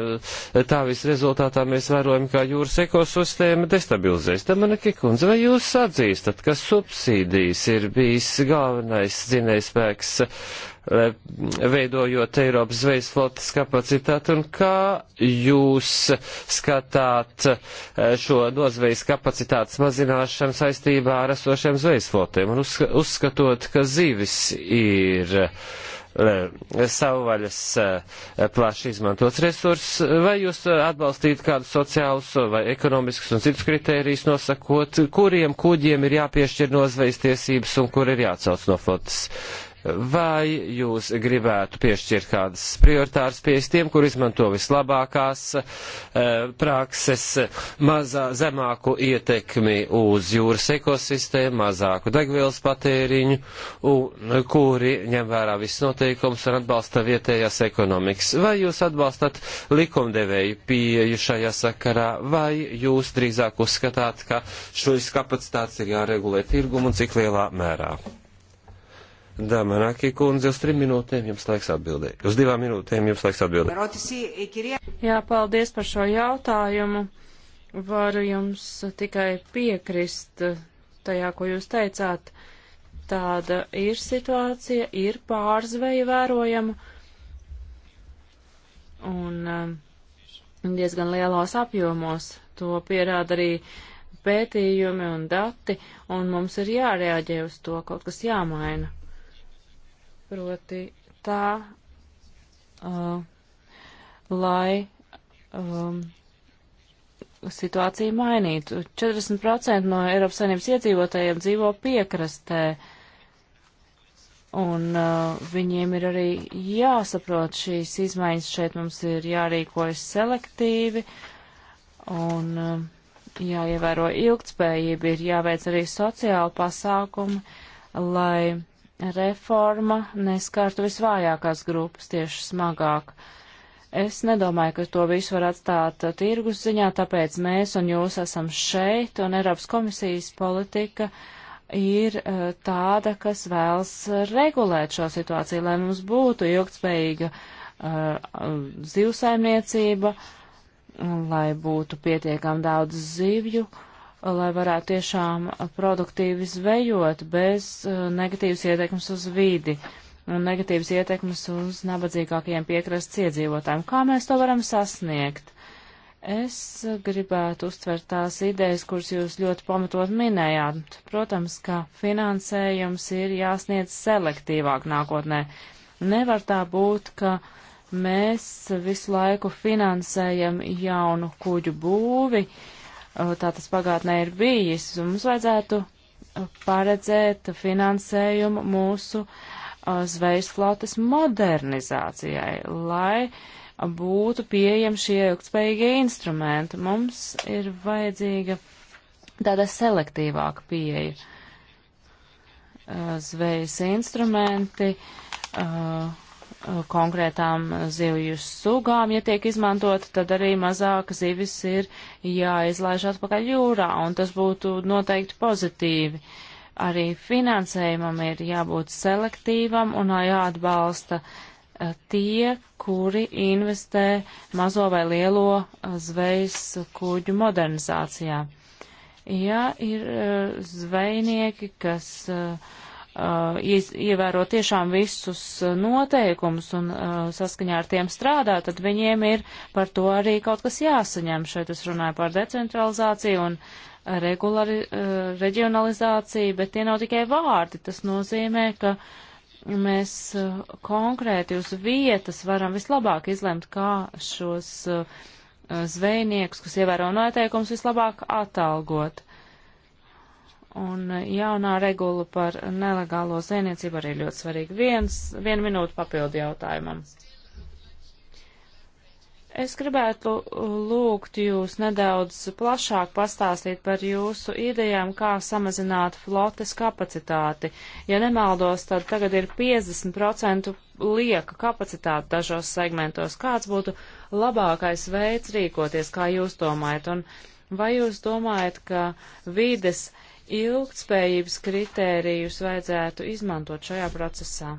tā viss rezultātā mēs vērojam, kā jūras ekosistēma destabilizēs. Tamanaki kundze, vai jūs atzīstat, ka subsīdijas ir bijis galvenais dzinējspēks? spēks veidojot Eiropas zvejas flotes kapacitāti un kā jūs skatāt eh, šo nozvejas kapacitātes mazināšanu saistībā ar esošiem zvejas flotiem un uzskatot, ka zivis ir eh, savvaļas eh, plaši izmantots resurss, vai jūs atbalstītu kādus sociālus vai ekonomiskus un citus kritērijus nosakot, kuriem kuģiem ir jāpiešķir nozvejas tiesības un kur ir jāatsauc no flotas vai jūs gribētu piešķirt kādas prioritāras pieejas tiem, kur izmanto vislabākās e, prakses, mazā, zemāku ietekmi uz jūras ekosistēmu, mazāku degvielas patēriņu, un kuri ņem vērā visus noteikumus un atbalsta vietējās ekonomikas? Vai jūs atbalstat likumdevēju pieeju šajā sakarā, vai jūs drīzāk uzskatāt, ka šīs kapacitātes ir jāregulē tirgumu un cik lielā mērā? Damanaki kundze, uz trim minūtēm jums laiks atbildēt. Uz divām minūtēm jums laiks atbildēt. Jā, paldies par šo jautājumu. Varu jums tikai piekrist tajā, ko jūs teicāt. Tāda ir situācija, ir pārzveja vērojama. Un um, diezgan lielos apjomos to pierāda arī pētījumi un dati, un mums ir jārēģē uz to, kaut kas jāmaina proti tā, uh, lai um, situācija mainītu. 40% no Eiropas Savienības iedzīvotājiem dzīvo piekrastē, un uh, viņiem ir arī jāsaprot šīs izmaiņas. Šeit mums ir jārīkojas selektīvi, un uh, jāievēro ilgtspējība, ir jāveic arī sociāli pasākumi, lai reforma neskārtu visvājākās grupas tieši smagāk. Es nedomāju, ka to visu var atstāt tirgus ziņā, tāpēc mēs un jūs esam šeit, un Eiropas komisijas politika ir eh, tāda, kas vēlas regulēt šo situāciju, lai mums būtu ilgtspējīga uh, zivsaimniecība, lai būtu pietiekam daudz zivju, uh, lai varētu tiešām produktīvi zvejot bez uh, negatīvas ietekmes uz vidi un negatīvas ietekmes uz nabadzīgākajiem piekrastes iedzīvotājiem. Kā mēs to varam sasniegt? Es gribētu uztvert tās idejas, kuras jūs ļoti pamatot minējāt. Protams, ka finansējums ir jāsniedz selektīvāk nākotnē. Nevar tā būt, ka mēs visu laiku finansējam jaunu kuģu būvi, uh, tā tas pagātnē ir bijis. Mums vajadzētu paredzēt finansējumu mūsu zvejas flotes modernizācijai, lai būtu pieejami šie ilgtspējīgie instrumenti. Mums ir vajadzīga tāda selektīvāka pieeja. Zvejas instrumenti uh, Eh, konkrētām zivju sugām, ja tiek izmantota, tad arī mazāk zivis ir jāizlaiž atpakaļ jūrā, un tas būtu noteikti pozitīvi. Arī finansējumam ir jābūt selektīvam un jāatbalsta eh, tie, kuri investē mazo vai lielo eh, zvejas kuģu modernizācijā. Ja ir zvejnieki, kas uh, Uh, ievēro tiešām visus uh, noteikumus un uh, saskaņā ar tiem strādā, tad viņiem ir par to arī kaut kas jāsaņem. Šeit es runāju par decentralizāciju un regulari, reģionalizāciju, bet tie nav tikai vārdi. Tas nozīmē, ka mēs konkrēti uz vietas varam vislabāk izlemt, kā šos zvejniekus, kas ievēro noteikumus, vislabāk atalgot. Un e, jaunā regula par nelegālo zvejniecību arī ļoti svarīga. Viens, vienu minūtu papildu jautājumam. Es gribētu e, lūgt jūs nedaudz plašāk pastāstīt par jūsu idejām, kā samazināt flotes kapacitāti. Ja nemaldos, tad tagad ir 50% lieka kapacitāte dažos segmentos. Kāds būtu labākais veids rīkoties, kā jūs domājat? Un vai jūs domājat, ka vīdes ilgtspējības kritērijus vajadzētu izmantot šajā procesā.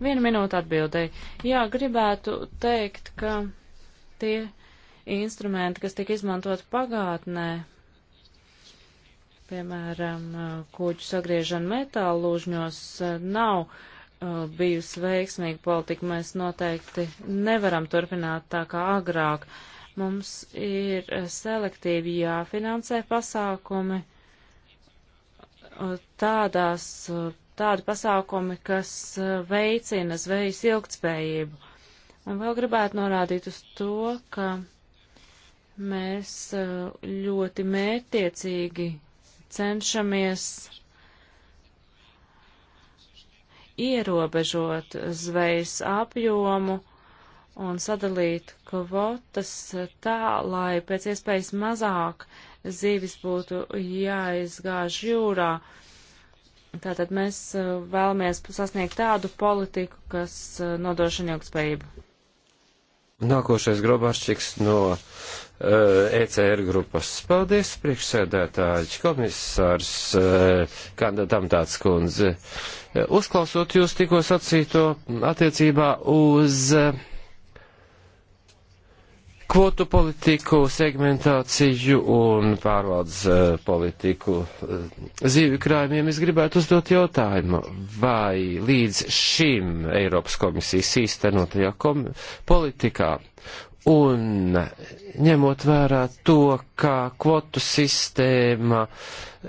Vienu minūtu atbildēji. Jā, gribētu teikt, ka tie instrumenti, kas tika izmantot pagātnē, piemēram, kūģu sagriežana metālu lūžņos, nav Uh, bijusi veiksmīga politika. Mēs noteikti nevaram turpināt tā kā agrāk. Mums ir uh, selektīvi jāfinansē pasākumi uh, tādās, tādi pasākumi, kas veicina zvejas ilgtspējību. Un vēl gribētu norādīt uz to, ka mēs ļoti mērtiecīgi cenšamies ierobežot zvejas apjomu un sadalīt kvotas tā, lai pēc iespējas mazāk zīvis būtu jāizgāž jūrā. Tātad mēs eh, vēlamies sasniegt tādu politiku, kas eh, nodrošina ilgspējību. Nākošais grobāršķiks no uh, eh, ECR grupas. Paldies, priekšsēdētāji, komisārs, uh, eh, kandidatāts kundze. Uzklausot jūs tikko sacīto attiecībā uz. Uh, kvotu politiku, segmentāciju un pārvaldes uh, politiku uh, eh, zīvju krājumiem, es gribētu uzdot jautājumu, vai līdz šim Eiropas komisijas īstenotajā kom politikā Un ņemot vērā to, kā kvotu sistēma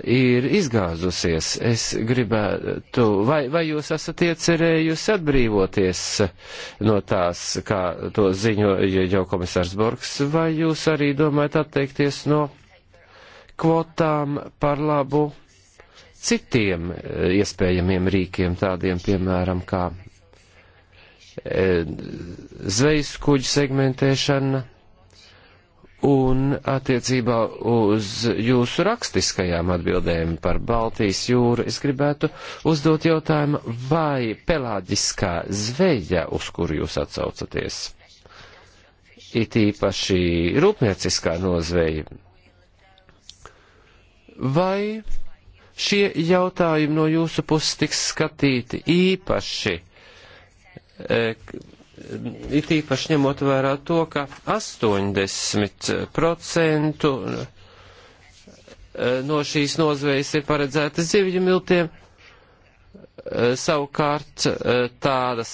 ir izgāzusies, es gribētu, vai, vai jūs esat iecerējusi atbrīvoties no tās, kā to ziņo jau komisārs Borgs, vai jūs arī domājat atteikties no kvotām par labu citiem iespējamiem rīkiem, tādiem piemēram kā Eh, zvejas kuģu segmentēšana un attiecībā uz jūsu rakstiskajām atbildēm par Baltijas jūru es gribētu uzdot jautājumu, vai pelāģiskā zveja, uz kuru jūs atsaucaties, it īpaši rūpnieciskā nozveja, vai šie jautājumi no jūsu puses tiks skatīti īpaši E, it īpaši ņemot vērā to, ka 80% e, no šīs nozvejas ir paredzēta zivju miltiem, e, savukārt tādas,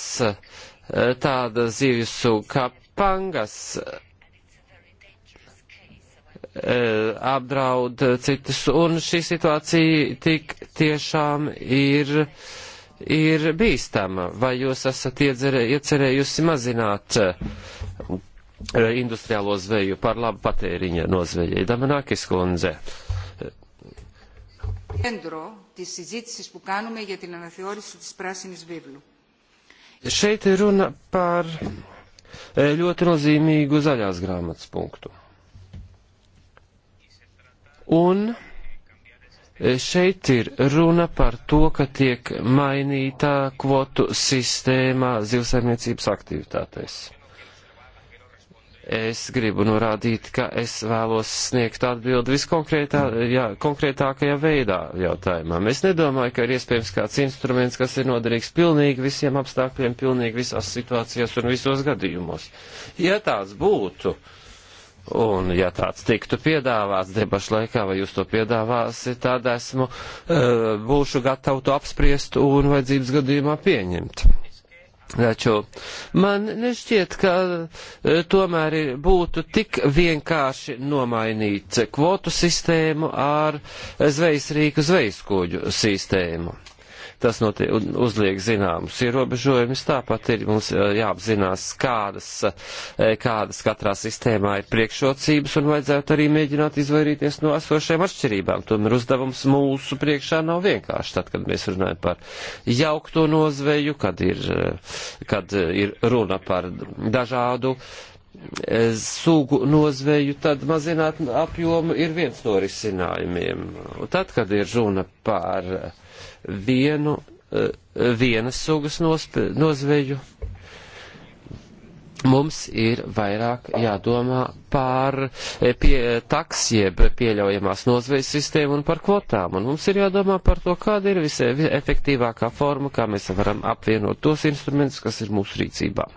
tāda zivju suga kā pangas apdraud citus, un šī situācija tik tiešām ir uh, ir bīstama. Vai jūs esat iedzerē, iecerējusi mazināt eh, industriālo zveju par labu patēriņa nozvejai? Damanākis kundze. Έντρο της συζήτησης που κάνουμε για την αναθεώρηση της πράσινης βίβλου. Šeit ir runa par eh, ļoti nozīmīgu zaļās grāmatas punktu. Un Eh, šeit ir runa par to, ka tiek mainītā kvotu sistēmā zivsaimniecības aktivitātēs. Es gribu norādīt, ka es vēlos sniegt atbildi viskonkrētākajā veidā jautājumā. Es nedomāju, ka ir iespējams kāds instruments, kas ir noderīgs pilnīgi visiem apstākļiem, pilnīgi visās situācijās un visos gadījumos. Ja tāds būtu, uh, Un, ja tāds tiktu piedāvāts debašu laikā, vai jūs to piedāvāsiet, tad esmu, uh, būšu gatavu to apspriest un vajadzības gadījumā pieņemt. Taču man nešķiet, ka uh, tomēr būtu tik vienkārši nomainīt kvotu sistēmu ar zvejas rīku zvejas kuģu sistēmu. Tas notiek, uzliek zināmus ierobežojumus. Tāpat ir mums jāapzinās, kādas, kādas katrā sistēmā ir priekšrocības un vajadzētu arī mēģināt izvairīties no esošajām atšķirībām. Tomēr uzdevums mūsu priekšā nav vienkārši. Tad, kad mēs runājam par jaukto nozveju, kad ir, kad ir runa par dažādu sugu nozveju, tad mazināt apjomu ir viens no risinājumiem. Tad, kad ir runa par vienu, eh, vienas sugas nozveju. Mums ir vairāk jādomā par eh, pie, taks, jeb pieļaujamās nozvejas sistēmu un par kvotām. Un mums ir jādomā par to, kāda ir visefektīvākā forma, kā mēs varam apvienot tos instrumentus, kas ir mūsu rīcībā.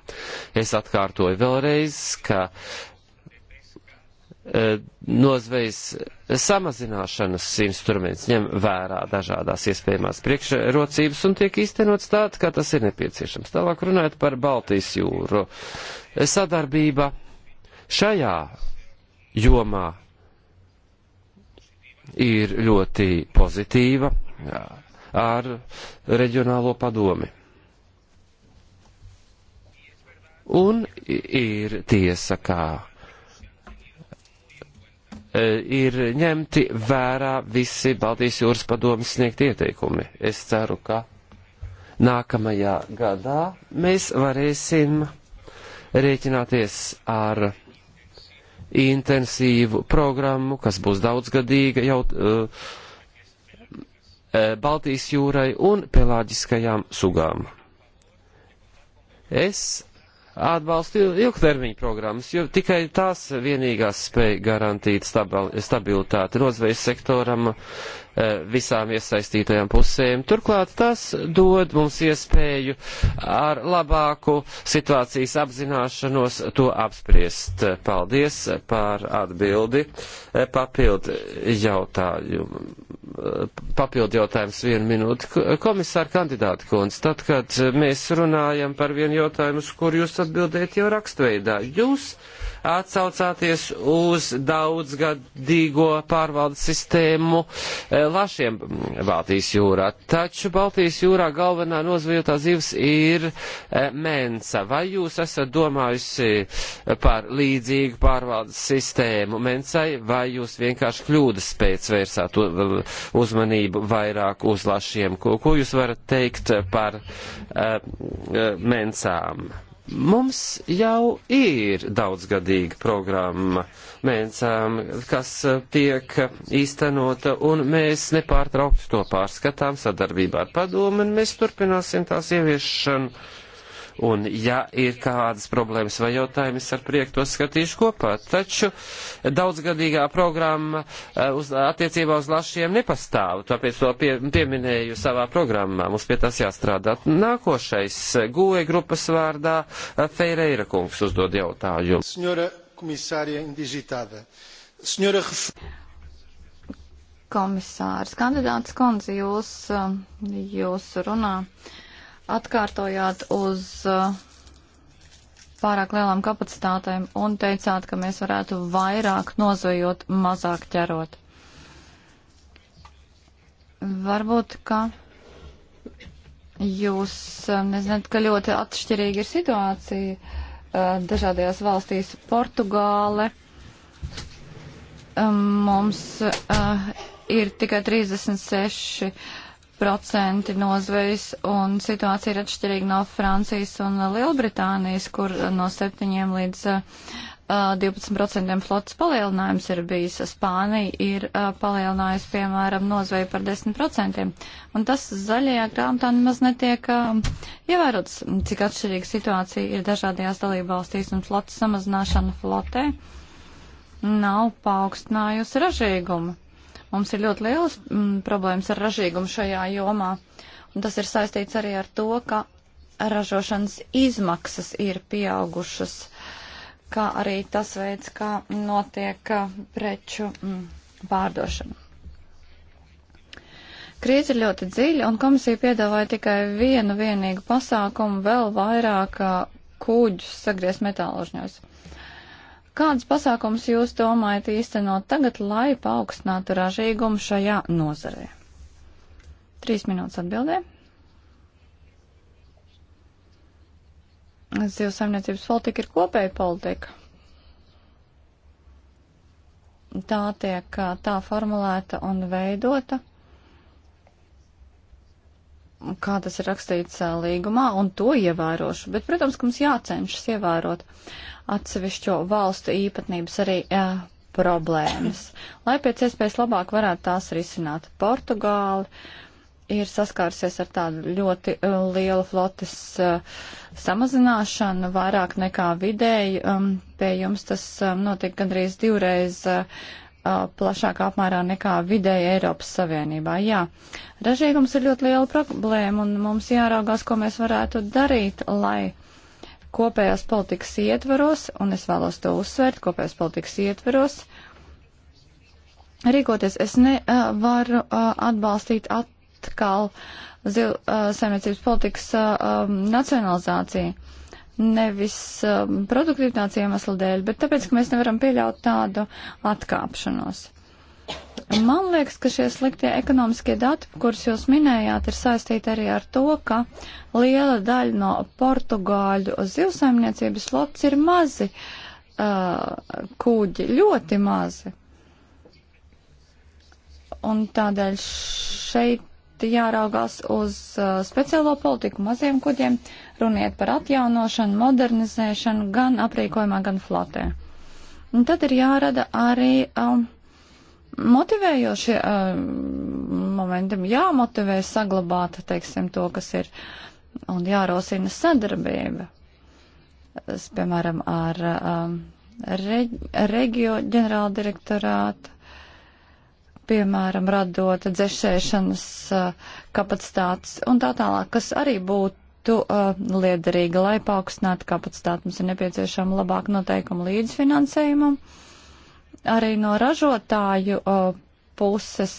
Es atkārtoju vēlreiz, ka uh, Eh, nozvejas samazināšanas instruments ņem vērā dažādās iespējamās priekšrocības un tiek īstenots tādā, kā tas ir nepieciešams. Tālāk runājot par Baltijas jūru. Sadarbība šajā jomā ir ļoti pozitīva ar reģionālo padomi. Un ir tiesa, kā E, ir ņemti vērā visi Baltijas jūras padomis sniegt ieteikumi. Es ceru, ka nākamajā gadā mēs varēsim rēķināties ar intensīvu programmu, kas būs daudzgadīga jau uh, Baltijas jūrai un pelāģiskajām sugām. Es atbalsta ilgtermiņa programmas, jo tikai tās vienīgās spēja garantīt stabilitāti. Rozvejas sektoram Eh, visām iesaistītajām pusēm. Turklāt tas dod mums iespēju ar labāku situācijas apzināšanos to apspriest. Paldies par atbildi. Eh, Papildu jautājumu. Eh, Papildu jautājums vienu minūti. Komisāra kandidāta kundze, tad, kad mēs runājam par vienu jautājumu, uz kuru jūs atbildējat jau rakstveidā, jūs atsaucāties uz daudzgadīgo pārvaldes sistēmu e, lašiem Baltijas jūrā. Taču Baltijas jūrā galvenā nozvejotā zivs ir e, mensa. Vai jūs esat domājusi par līdzīgu pārvaldes sistēmu mensai, vai jūs vienkārši kļūdas pēc vērsāt uzmanību vairāk uz lašiem? Ko, ko jūs varat teikt par uh, mensām? Mums jau ir daudzgadīga programma mēncām, kas tiek īstenota, un mēs nepārtraukti to pārskatām sadarbībā ar padomu, un mēs turpināsim tās ieviešanu Un, ja ir kādas problēmas vai jautājumas, ar prieku tos skatīšu kopā. Taču daudzgadīgā programma eh, uz, attiecībā uz lašiem nepastāv, tāpēc to pie, pieminēju savā programmā. Mums pie tas jāstrādā. Nākošais eh, GUE grupas vārdā eh, Feireira kungs uzdod jautājumu. Senora komisārija indizitāte. Senora... Komisārs, kandidāts Konzi, jūs, jūs runā atkārtojāt uz uh, pārāk lielām kapacitātēm un teicāt, ka mēs varētu vairāk nozojot, mazāk ķerot. Varbūt, ka jūs uh, nezināt, ka ļoti atšķirīga ir situācija uh, dažādajās valstīs. Portugāle um, mums ir tikai 36 5% nozvejas, un situācija ir atšķirīga no Francijas un Lielbritānijas, kur uh, no 7 līdz uh, 12% uh, flotas palielinājums ir bijis. Spānija ir uh, palielinājusi, piemēram, nozveju par 10%. Un tas zaļajā grāmatā nemaz netiek uh, ievērots, cik atšķirīga situācija ir dažādajās dalībvalstīs un flotas samazināšana flotē nav paaugstinājusi ražīgumu. Mums ir ļoti lielas mm, problēmas ar ražīgumu šajā jomā, un tas ir saistīts arī ar to, ka ražošanas izmaksas ir pieaugušas, kā arī tas veids, kā notiek uh, preču mm, pārdošana. Krīze ir ļoti dziļa, un komisija piedāvāja tikai vienu vienīgu pasākumu, vēl vairāk uh, kuģus sagriezt metālužņos. Kādas pasākumas jūs domājat īstenot tagad, lai paaugstinātu ražīgumu šajā nozarē? Trīs minūtes atbildē. Zivsaimniecības politika ir kopēja politika. Tā tiek tā formulēta un veidota, kā tas ir rakstīts līgumā, un to ievērošu. Bet, protams, ka mums jācenšas ievērot. Uh, atsevišķo valstu īpatnības arī uh, problēmas. Lai pēc iespējas labāk varētu tās risināt, Portugāli ir saskārusies ar tādu ļoti uh, lielu flotes uh, samazināšanu, vairāk nekā vidēji. Um, pie jums tas um, notika gandrīz divreiz. Uh, uh, plašākā apmērā nekā vidēja Eiropas Savienībā. Jā, ražīgums ir ļoti liela problēma un mums jāraugās, ko mēs varētu darīt, lai kopējās politikas ietvaros, un es vēlos to uzsvērt, kopējās politikas ietvaros, rīkoties. Es nevaru uh, atbalstīt atkal zil, uh, saimniecības politikas uh, nacionalizāciju. Nevis uh, produktivitātes iemeslu dēļ, bet tāpēc, ka mēs nevaram pieļaut tādu atkāpšanos. Uh, Man liekas, ka šie sliktie ekonomiskie dati, kurus jūs minējāt, ir saistīti arī ar to, ka liela daļa no portugāļu zivsaimniecības lots ir mazi uh, kūģi, ļoti mazi. Un tādēļ šeit jāraugās uz uh, speciālo politiku maziem kuģiem, runiet par atjaunošanu, modernizēšanu gan aprīkojumā, gan flotē. Un tad ir jārada arī. Um, uh, motivējošie uh, momentam jāmotivē saglabāt, teiksim, to, kas ir, un jārosina sadarbība, es, piemēram, ar uh, re, reģio ģenerāla direktorātu, piemēram, radot dzešēšanas uh, kapacitātes un tā tālāk, kas arī būtu uh, liederīga, lai paaugstinātu kapacitāti. Mums ir nepieciešama labāka noteikuma līdzfinansējumam. Uh, arī no ražotāju uh, puses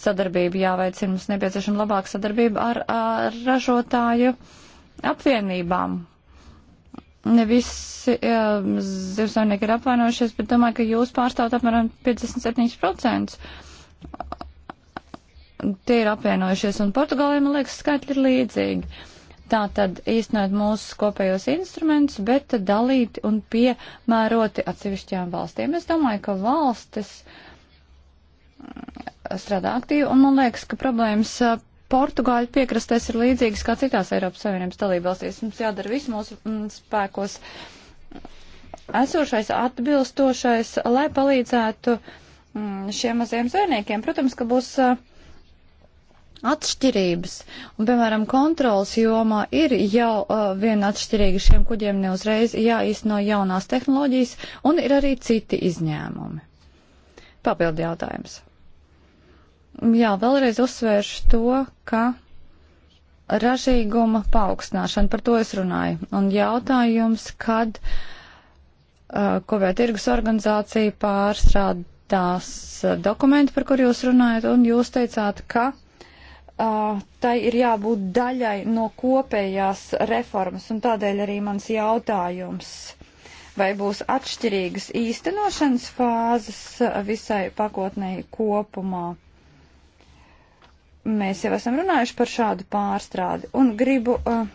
sadarbība jāveicina. Mums nepieciešama labāka sadarbība ar, ar ražotāju apvienībām. Ne visi uh, zivsaimnieki ir apvainojušies, bet domāju, ka jūs pārstāvat apmēram 57%. Tie ir apvienojušies, un Portugālē, man liekas, skaitļi ir līdzīgi. Tātad īstenot mūsu kopējos instrumentus, bet dalīti un piemēroti atsevišķām valstīm. Es domāju, ka valstis mm, strādā aktīvi, un man liekas, ka problēmas uh, Portugāļu piekrastēs ir līdzīgas kā citās Eiropas Savienības dalībvalstīs. Mums jādara viss mūsu mm, spēkos esošais, atbilstošais, lai palīdzētu mm, šiem maziem zvērniekiem. Protams, ka būs uh, atšķirības. Un, piemēram, kontrols jomā ir jau uh, viena atšķirīga šiem kuģiem neuzreiz jāizno jaunās tehnoloģijas, un ir arī citi izņēmumi. Papildi jautājums. Jā, vēlreiz uzsvēršu to, ka ražīguma paaugstināšana, par to es runāju. Un jautājums, kad uh, kopējā tirgus organizācija pārstrādās uh, dokumentu, par kur jūs runājat, un jūs teicāt, ka Uh, tai ir jābūt daļai no kopējās reformas, un tādēļ arī mans jautājums, vai būs atšķirīgas īstenošanas fāzes visai pakotnei kopumā. Mēs jau esam runājuši par šādu pārstrādi, un gribu uh,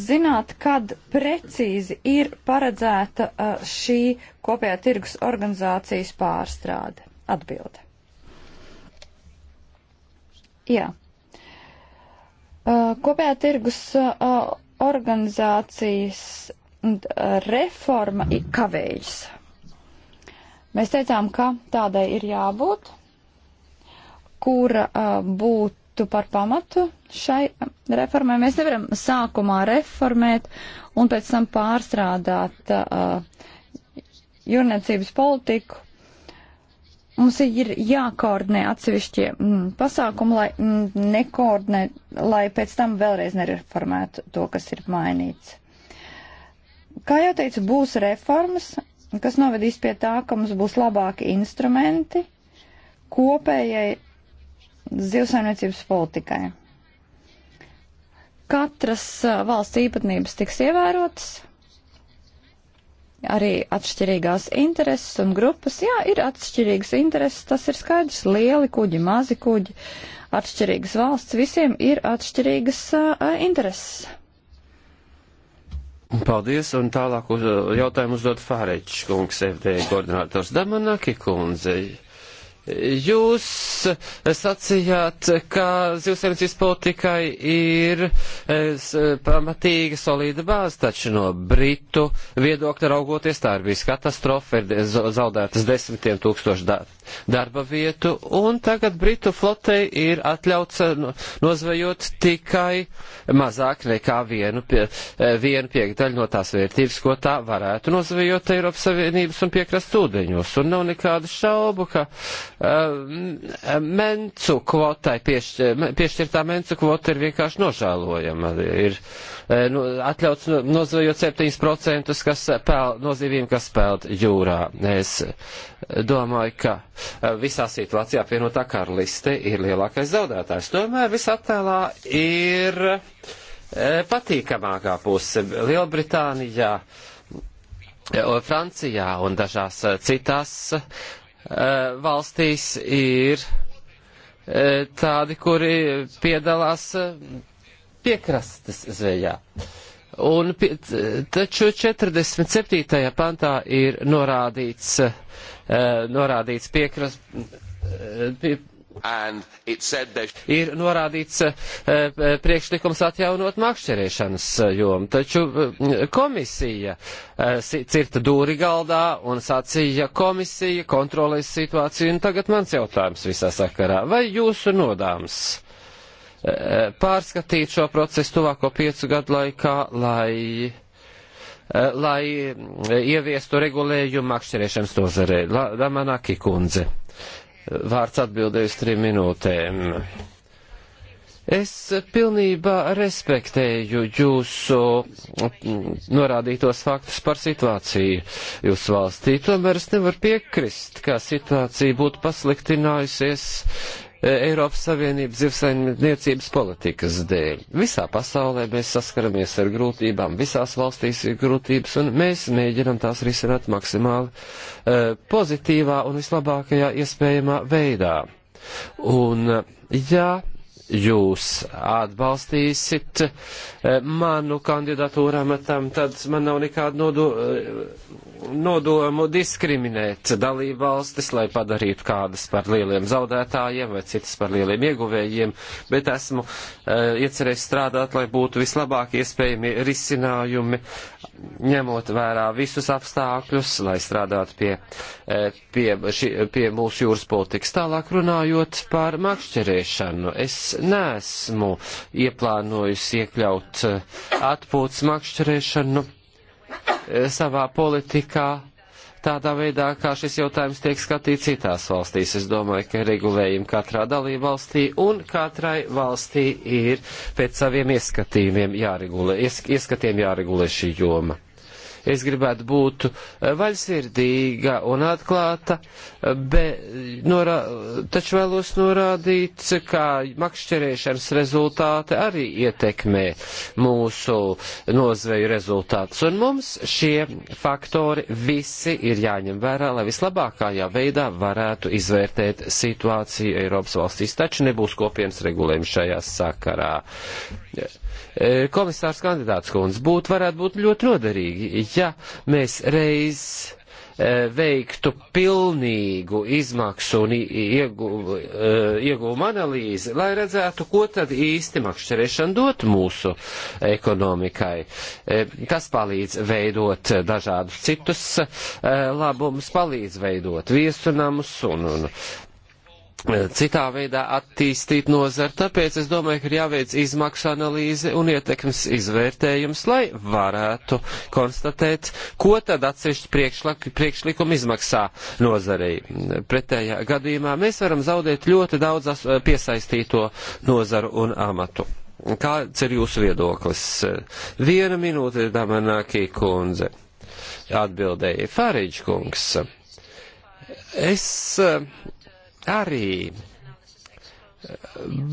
zināt, kad precīzi ir paredzēta uh, šī kopējā tirgus organizācijas pārstrāde. Atbilde. Jā. Kopējā tirgus organizācijas reforma ir kavējas. Mēs teicām, ka tādai ir jābūt, kura būtu par pamatu šai reformai. Mēs nevaram sākumā reformēt un pēc tam pārstrādāt jūrniecības politiku Mums ir jākoordinē atsevišķie mm, pasākumi, lai mm, nekoordinē, lai pēc tam vēlreiz nereformētu to, kas ir mainīts. Kā jau teicu, būs reformas, kas novedīs pie tā, ka mums būs labāki instrumenti kopējai zivsaimniecības politikai. Katras valsts īpatnības tiks ievērotas, arī atšķirīgās intereses un grupas. Jā, ir atšķirīgas intereses, tas ir skaidrs. Lieli kuģi, mazi kuģi, atšķirīgas valsts, visiem ir atšķirīgas uh, intereses. Paldies, un tālāk uz jautājumu uzdot Fārēķis kungs, FD e koordinators Damanaki kundzei. Jūs sacījāt, ka zivsardzības politikai ir es, e, pamatīga solīda bāze, taču no Britu viedokļa raugoties tā ir bijusi katastrofa, ir zaudētas desmitiem tūkstoši darba vietu, un tagad Britu flotei ir atļauts e, nozvejot tikai mazāk nekā vienu, pie, e, vienu piekdaļu no tās vērtības, ko tā varētu nozvejot Eiropas Savienības un piekrastūdeņos. Un nav nekādu šaubu, ka Eh, mencu kvotai, piešķirtā mencu kvota ir vienkārši nožēlojama. Ir nu, atļauts nozvejot 7%, kas pēl, nozīmīm, kas peld jūrā. Es domāju, ka eh, visā situācijā apvienotā karaliste ir lielākais zaudētājs. Tomēr visā attēlā ir patīkamākā puse Lielbritānijā. Francijā un dažās citās uh, Eh, valstīs ir eh, tādi, kuri piedalās eh, piekrastes zvejā. Un taču 47. pantā ir norādīts, norādīts piekrast, pie, Ir norādīts eh, eh, priekšlikums atjaunot makšķerēšanas eh, jomu, taču komisija cirta dūri galdā un sacīja, komisija kontrolēs situāciju, un tagad mans jautājums visā sakarā. Vai jūsu nodāms pārskatīt šo procesu tuvāko piecu gadu laikā, lai lai mm, ieviestu regulējumu makšķerēšanas nozarē. Lamanaki kundze vārds atbildēju uz trim minūtēm. Es pilnībā respektēju jūsu norādītos faktus par situāciju jūsu valstī, tomēr es nevaru piekrist, ka situācija būtu pasliktinājusies Eiropas Savienības zivsaimniecības politikas dēļ. Visā pasaulē mēs saskaramies ar grūtībām, visās valstīs ir grūtības, un mēs mēģinam tās risināt maksimāli uh, pozitīvā un vislabākajā iespējamā veidā. Un, uh, ja jūs atbalstīsit eh, manu kandidatūru amatam, tad man nav nekādu nodo, eh, nodomu diskriminēt dalību valstis, lai padarītu kādas par lieliem zaudētājiem vai citas par lieliem ieguvējiem, bet esmu eh, iecerējis strādāt, lai būtu vislabāk iespējami risinājumi, ņemot vērā visus apstākļus, lai strādātu pie, pie, šī, pie mūsu jūras politikas. Tālāk runājot par makšķerēšanu, es nesmu ieplānojusi iekļaut eh, atpūtas makšķerēšanu eh, savā politikā tādā veidā, kā šis jautājums tiek skatīts citās valstīs. Es domāju, ka regulējumi katrā dalībvalstī un katrai valstī ir pēc saviem ieskatījumiem jāregulē, ies, ieskatiem jāregulē šī joma es gribētu būt eh, vaļsirdīga un atklāta, eh, bet norā, taču vēlos norādīt, ka makšķerēšanas rezultāti arī ietekmē mūsu nozveju rezultātus. Un mums šie faktori visi ir jāņem vērā, lai vislabākajā veidā varētu izvērtēt situāciju Eiropas valstīs. Taču nebūs kopienas regulējums šajā sakarā. Eh, komisārs kandidāts kundze būtu varētu būt ļoti noderīgi, ja mēs reiz e, veiktu pilnīgu izmaksu un e, ieguvumu analīzi, lai redzētu, ko tad īsti makšķerēšana dot mūsu ekonomikai. Tas e, palīdz veidot dažādus citus labumus, palīdz veidot viesunamus un, un citā veidā attīstīt nozari, tāpēc es domāju, ka ir jāveic izmaksu analīze un ietekmes izvērtējums, lai varētu konstatēt, ko tad atsevišķi priekšlikumi izmaksā nozarei. Pretējā gadījumā mēs varam zaudēt ļoti daudz piesaistīto nozaru un amatu. Kāds ir jūsu viedoklis? Viena minūte, Damanākī kundze. Atbildēja Fariģkungs. Es arī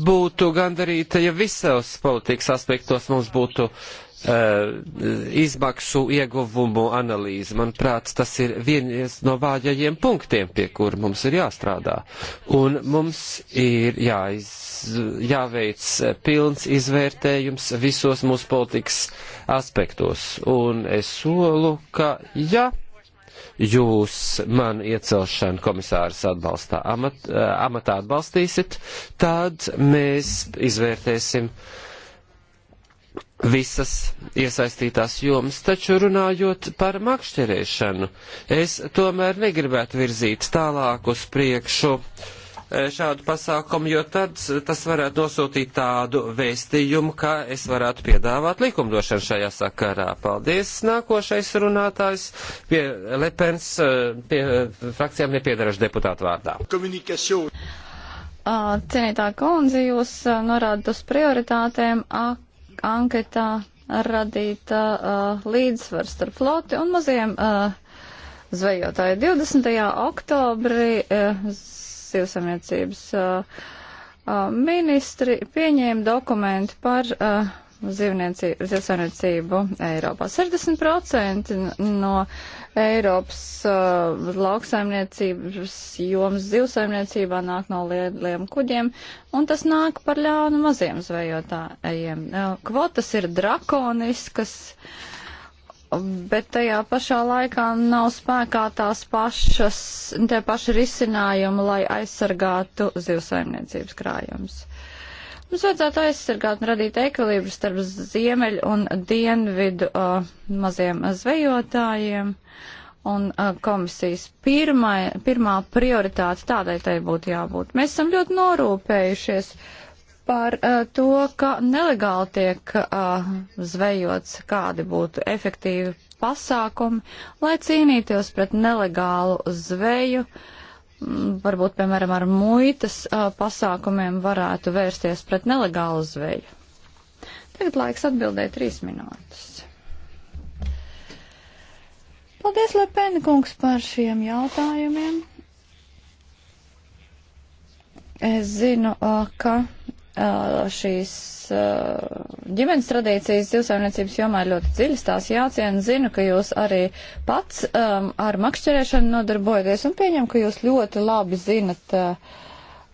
būtu gandarīta, ja visos politikas aspektos mums būtu uh, izmaksu ieguvumu analīze. Manuprāt, tas ir viens no vājajiem punktiem, pie kur mums ir jāstrādā. Un mums ir jāiz, jāveic pilns izvērtējums visos mūsu politikas aspektos. Un es solu, ka, ja jūs manu iecelšanu komisāras atbalstā amat, eh, amatā atbalstīsit, tad mēs izvērtēsim visas iesaistītās jomas, taču runājot par makšķerēšanu, es tomēr negribētu virzīt tālāk uz priekšu uh, Eh, šādu pasākumu, jo tad tas varētu nosūtīt tādu vēstījumu, ka es varētu piedāvāt likumdošanu šajā sakarā. Paldies! Nākošais runātājs pie Lepens, eh, pie frakcijām nepiedarašu deputātu vārdā. Cienītā kundze, jūs norādat uz prioritātēm anketā radīt uh, līdzsvaru starp floti un maziem uh, zvejotāju. 20. oktobrī uh, zivsamniecības ministri pieņēma dokumentu par zivsaimniecību Eiropā. 60% no Eiropas uh, lauksaimniecības jomas zivsaimniecībā nāk no lieliem kuģiem, un tas nāk par ļaunu maziem zvejotājiem. Uh, kvotas ir drakoniskas. Uh, bet tajā pašā laikā nav spēkā tās pašas, tie paši risinājumi, lai aizsargātu zivsaimniecības krājumus. Mums vajadzētu aizsargāt un radīt ekvilibru starp ziemeļu un dienvidu uh, maziem zvejotājiem. Un uh, komisijas pirmai, pirmā prioritāte tādai tai būtu jābūt. Mēs esam ļoti norūpējušies par uh, to, ka nelegāli tiek uh, zvejots, kādi būtu efektīvi pasākumi, lai cīnītos pret nelegālu zveju. Mm, varbūt, piemēram, ar muitas uh, pasākumiem varētu vērsties pret nelegālu zveju. Tagad laiks atbildēt trīs minūtes. Paldies, Lepēna kungs, par šiem jautājumiem. Es zinu, ka Uh, šīs uh, ģimenes tradīcijas zivsaimniecības jomā ir ļoti dziļas, tās jāciena. Zinu, ka jūs arī pats um, ar makšķerēšanu nodarbojaties un pieņem, ka jūs ļoti labi zinat uh,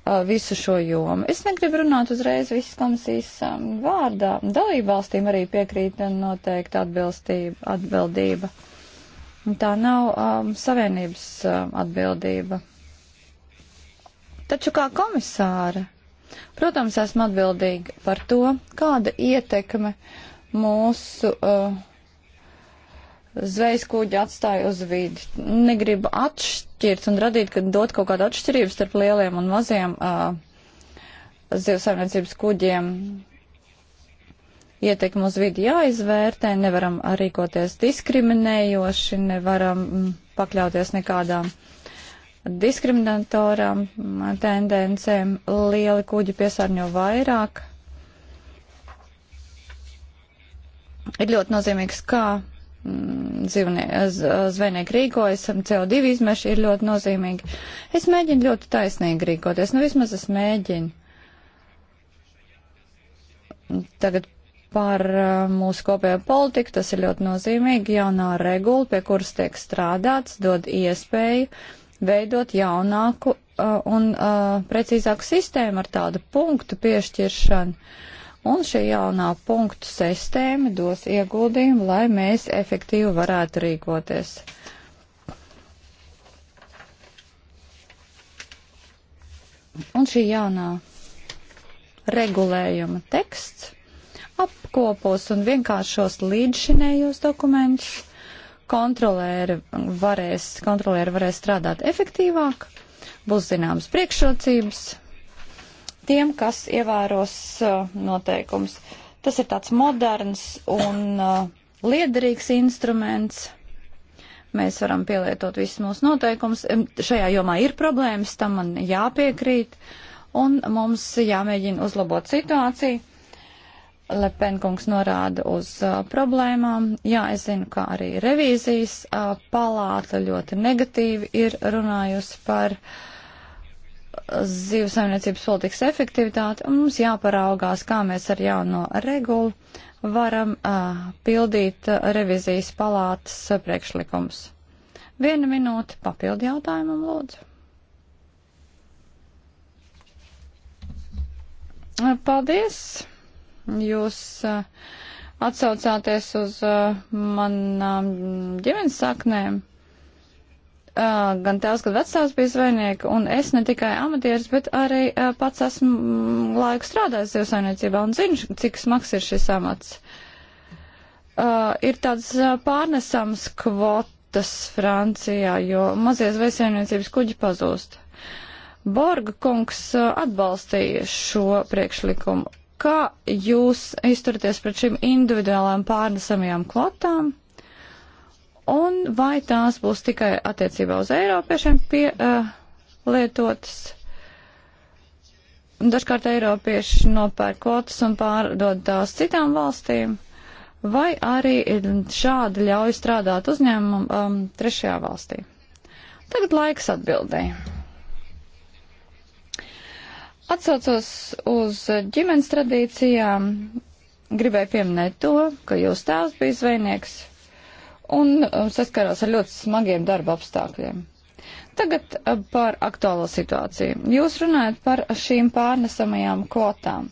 uh visu šo jomu. Es negribu runāt uzreiz visas komisijas um, vārdā. Dalībvalstīm arī piekrīt noteikti atbilstība, atbildība. Tā nav um, savienības um, atbildība. Taču kā komisāra Protams, esmu atbildīga par to, kāda ietekme mūsu uh, zvejas kuģi atstāja uz vidi. Negribu atšķirt un radīt, kad dot kaut kādu atšķirību starp lieliem un maziem uh, zivsaimniecības kuģiem. Ietekmi uz vidi jāizvērtē, nevaram rīkoties diskriminējoši, nevaram mm, pakļauties nekādām uh, diskriminatorām tendencēm. Lieli kuģi piesārņo vairāk. Ir ļoti nozīmīgs, kā mm, zvejnieki rīkojas, CO2 izmeši ir ļoti nozīmīgi. Es mēģinu ļoti taisnīgi rīkoties, nu vismaz es mēģinu. Tagad par eh, mūsu kopējo politiku, tas ir ļoti nozīmīgi. Jaunā regula, pie kuras tiek strādāts, dod iespēju veidot jaunāku uh, un uh, precīzāku sistēmu ar tādu punktu piešķiršanu. Un šī jaunā punktu sistēma dos ieguldījumu, lai mēs efektīvi varētu rīkoties. Un šī jaunā regulējuma teksts apkopos un vienkāršos līdzšinējos dokumentus kontrolēri varēs, kontrolēri varēs strādāt efektīvāk, būs zināmas priekšrocības tiem, kas ievēros uh, noteikums. Tas ir tāds moderns un uh, liederīgs instruments. Mēs varam pielietot visus mūsu noteikumus. Šajā jomā ir problēmas, tam man jāpiekrīt, un mums jāmēģina uzlabot situāciju Lepenkungs norāda uz uh, problēmām. Jā, es zinu, ka arī revīzijas uh, palāta ļoti negatīvi ir runājusi par zīvesaimniecības politikas efektivitāti, un mums jāparaugās, kā mēs ar jauno regulu varam uh, pildīt uh, revizijas palātas uh, priekšlikums. Viena minūte papildu jautājumam, lūdzu. Paldies! Jūs eh, atsaucāties uz eh, manām ģimenes saknēm. Eh, gan tās, kad vecās bija zvejnieki, un es ne tikai amatieris, bet arī pats esmu mm, laiku strādājis zivsaimniecībā un zinu, cik smags ir šis amats. Ir tāds pārnesams kvotas Francijā, jo mazie zvejsaimniecības kuģi pazūst. Borga kungs atbalstīja šo priekšlikumu Kā jūs izturaties pret šīm individuālām pārnesamajām klotām? Un vai tās būs tikai attiecībā uz Eiropiešiem pielietotas? Uh, Dažkārt Eiropieši nopērk kvotas un pārdod tās citām valstīm, vai arī šādi ļauj strādāt uzņēmumam um, trešajā valstī. Tagad laiks atbildēji. Atsaucos uz ģimenes tradīcijām, gribēju pieminēt to, ka jūs tēvs bija zvejnieks un um, saskarās ar ļoti smagiem darba apstākļiem. Tagad uh, par aktuālo situāciju. Jūs runājat par šīm pārnesamajām kvotām.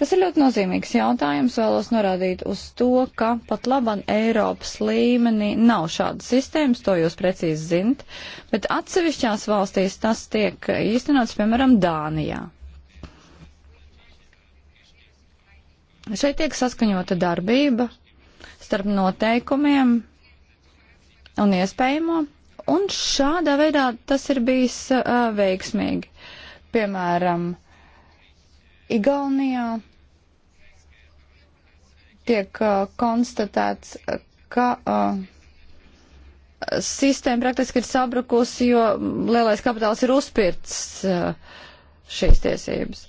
Tas ir ļoti nozīmīgs jautājums. Vēlos norādīt uz to, ka pat laban Eiropas līmenī nav šādas sistēmas, to jūs precīzi zinat, bet atsevišķās valstīs tas tiek īstenots, piemēram, Dānijā. Šeit tiek saskaņota darbība starp noteikumiem un iespējamo, un šādā veidā tas ir bijis uh, veiksmīgi. Piemēram, Igaunijā tiek uh, konstatēts, ka uh, sistēma praktiski ir sabrukusi, jo lielais kapitāls ir uzpirts uh, šīs tiesības.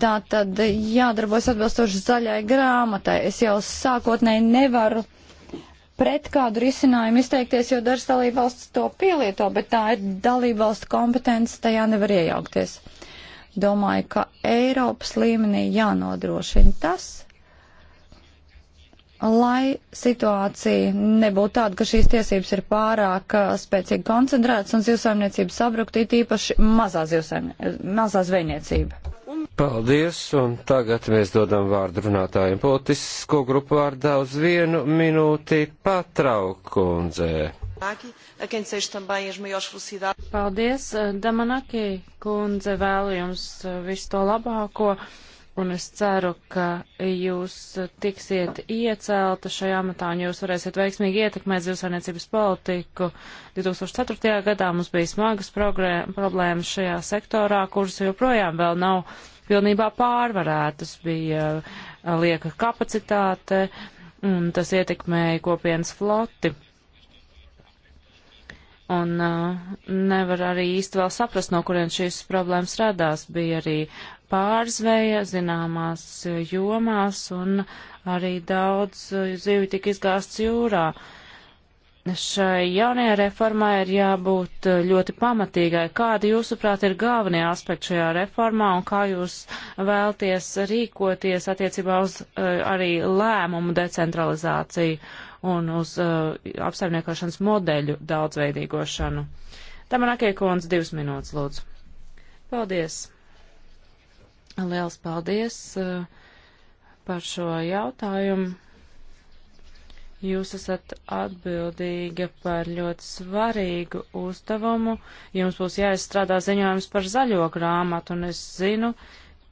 Tā tad jādarbojas atbilstoši zaļai grāmatai. Es jau sākotnēji nevaru pret kādu risinājumu izteikties, jo dažas dalībvalstis to pielieto, bet tā ir dalībvalstu kompetence, tajā nevar iejaukties. Uh, Domāju, ka Eiropas līmenī jānodrošina tas, lai situācija nebūtu tāda, ka šīs tiesības ir pārāk uh, spēcīgi koncentrētas un zivsaimniecība sabruktu, it īpaši mazā, mazā zvejniecība. Paldies, un tagad mēs dodam vārdu runātājiem politisko grupu vārdā uz vienu minūti patraukundze. Paldies, eh, Damanaki kundze, vēlu jums eh, visu to labāko, un es ceru, ka jūs eh, tiksiet iecelta šajā amatā, un jūs varēsiet veiksmīgi ietekmēt zivsainiecības politiku. 2004. gadā mums bija smagas problēmas šajā sektorā, kuras joprojām vēl nav pilnībā pārvarētas, bija lieka kapacitāte, un tas ietekmēja kopienas floti. Un uh, nevar arī īsti vēl saprast, no kurien šīs problēmas radās. Bija arī pārzveja zināmās uh, jomās un arī daudz uh, zivju tika izgāsts jūrā. Šai jaunajai reformai ir jābūt uh, ļoti pamatīgai. Kādi, jūsuprāt, ir galvenie aspekti šajā reformā un kā jūs vēlties rīkoties attiecībā uz uh, arī lēmumu decentralizāciju? Uh, un uz uh, apsaimniekošanas modeļu daudzveidīgošanu. Tamanākie kons divas minūtes, lūdzu. Paldies! Liels paldies uh, par šo jautājumu. Jūs esat atbildīga par ļoti svarīgu uzdevumu. Jums būs jāizstrādā ziņojums par zaļo grāmatu, un es zinu,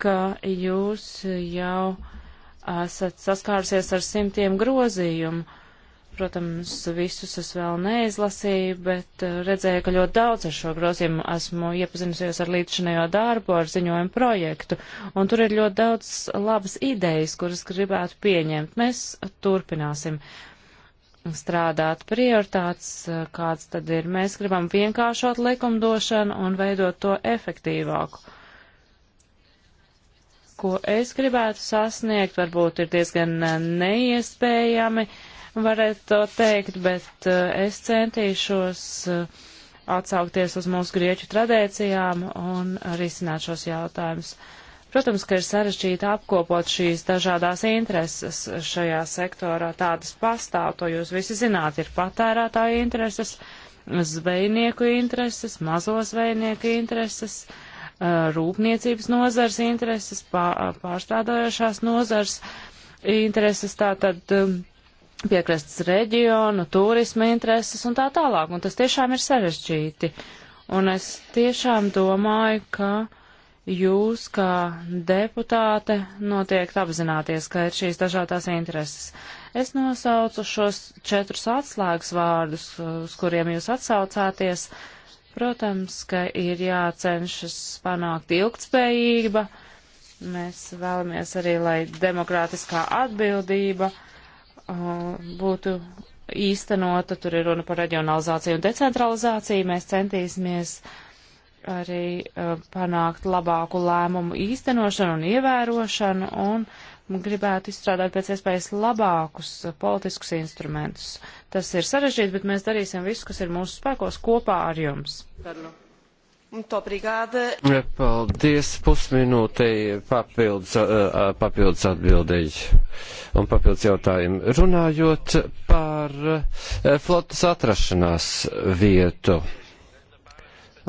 ka jūs jau esat saskārusies ar simtiem grozījumu, Protams, visus es vēl neizlasīju, bet eh, redzēju, ka ļoti daudz ar šo grozījumu esmu iepazinusies ar līdzšanējo darbu, ar ziņojumu projektu, un tur ir ļoti daudz labas idejas, kuras gribētu pieņemt. Mēs turpināsim strādāt prioritātes, eh, kāds tad ir. Mēs gribam vienkāršot likumdošanu un veidot to efektīvāku ko es gribētu sasniegt, varbūt ir diezgan eh, neiespējami, varētu to teikt, bet eh, es centīšos eh, atsaukties uz mūsu grieķu tradīcijām un risināt šos jautājumus. Protams, ka ir sarežģīti apkopot šīs dažādās intereses šajā sektorā. Tādas pastāv, to jūs visi zināt, ir patērētāju intereses, zvejnieku intereses, mazo zvejnieku intereses, eh, rūpniecības nozars intereses, pārstrādājošās nozars intereses. Tātad um, piekrastes reģionu, turisma intereses un tā tālāk. Un tas tiešām ir sarežģīti. Un es tiešām domāju, ka jūs kā deputāte noteikti apzināties, ka ir šīs dažādās intereses. Es nosaucu šos četrus atslēgas vārdus, uz kuriem jūs atsaucāties. Protams, ka ir jācenšas panākt ilgtspējība. Mēs vēlamies arī, lai demokrātiskā atbildība uh, būtu īstenota, tur ir runa par reģionalizāciju un decentralizāciju, mēs centīsimies arī uh, panākt labāku lēmumu īstenošanu un ievērošanu un gribētu izstrādāt pēc iespējas labākus uh, politiskus instrumentus. Tas ir sarežģīti, bet mēs darīsim visu, kas ir mūsu spēkos kopā ar jums. Darlo. Paldies, pusminūtei papildus, papildus atbildēji un papildus jautājumu. Runājot par flotas atrašanās vietu.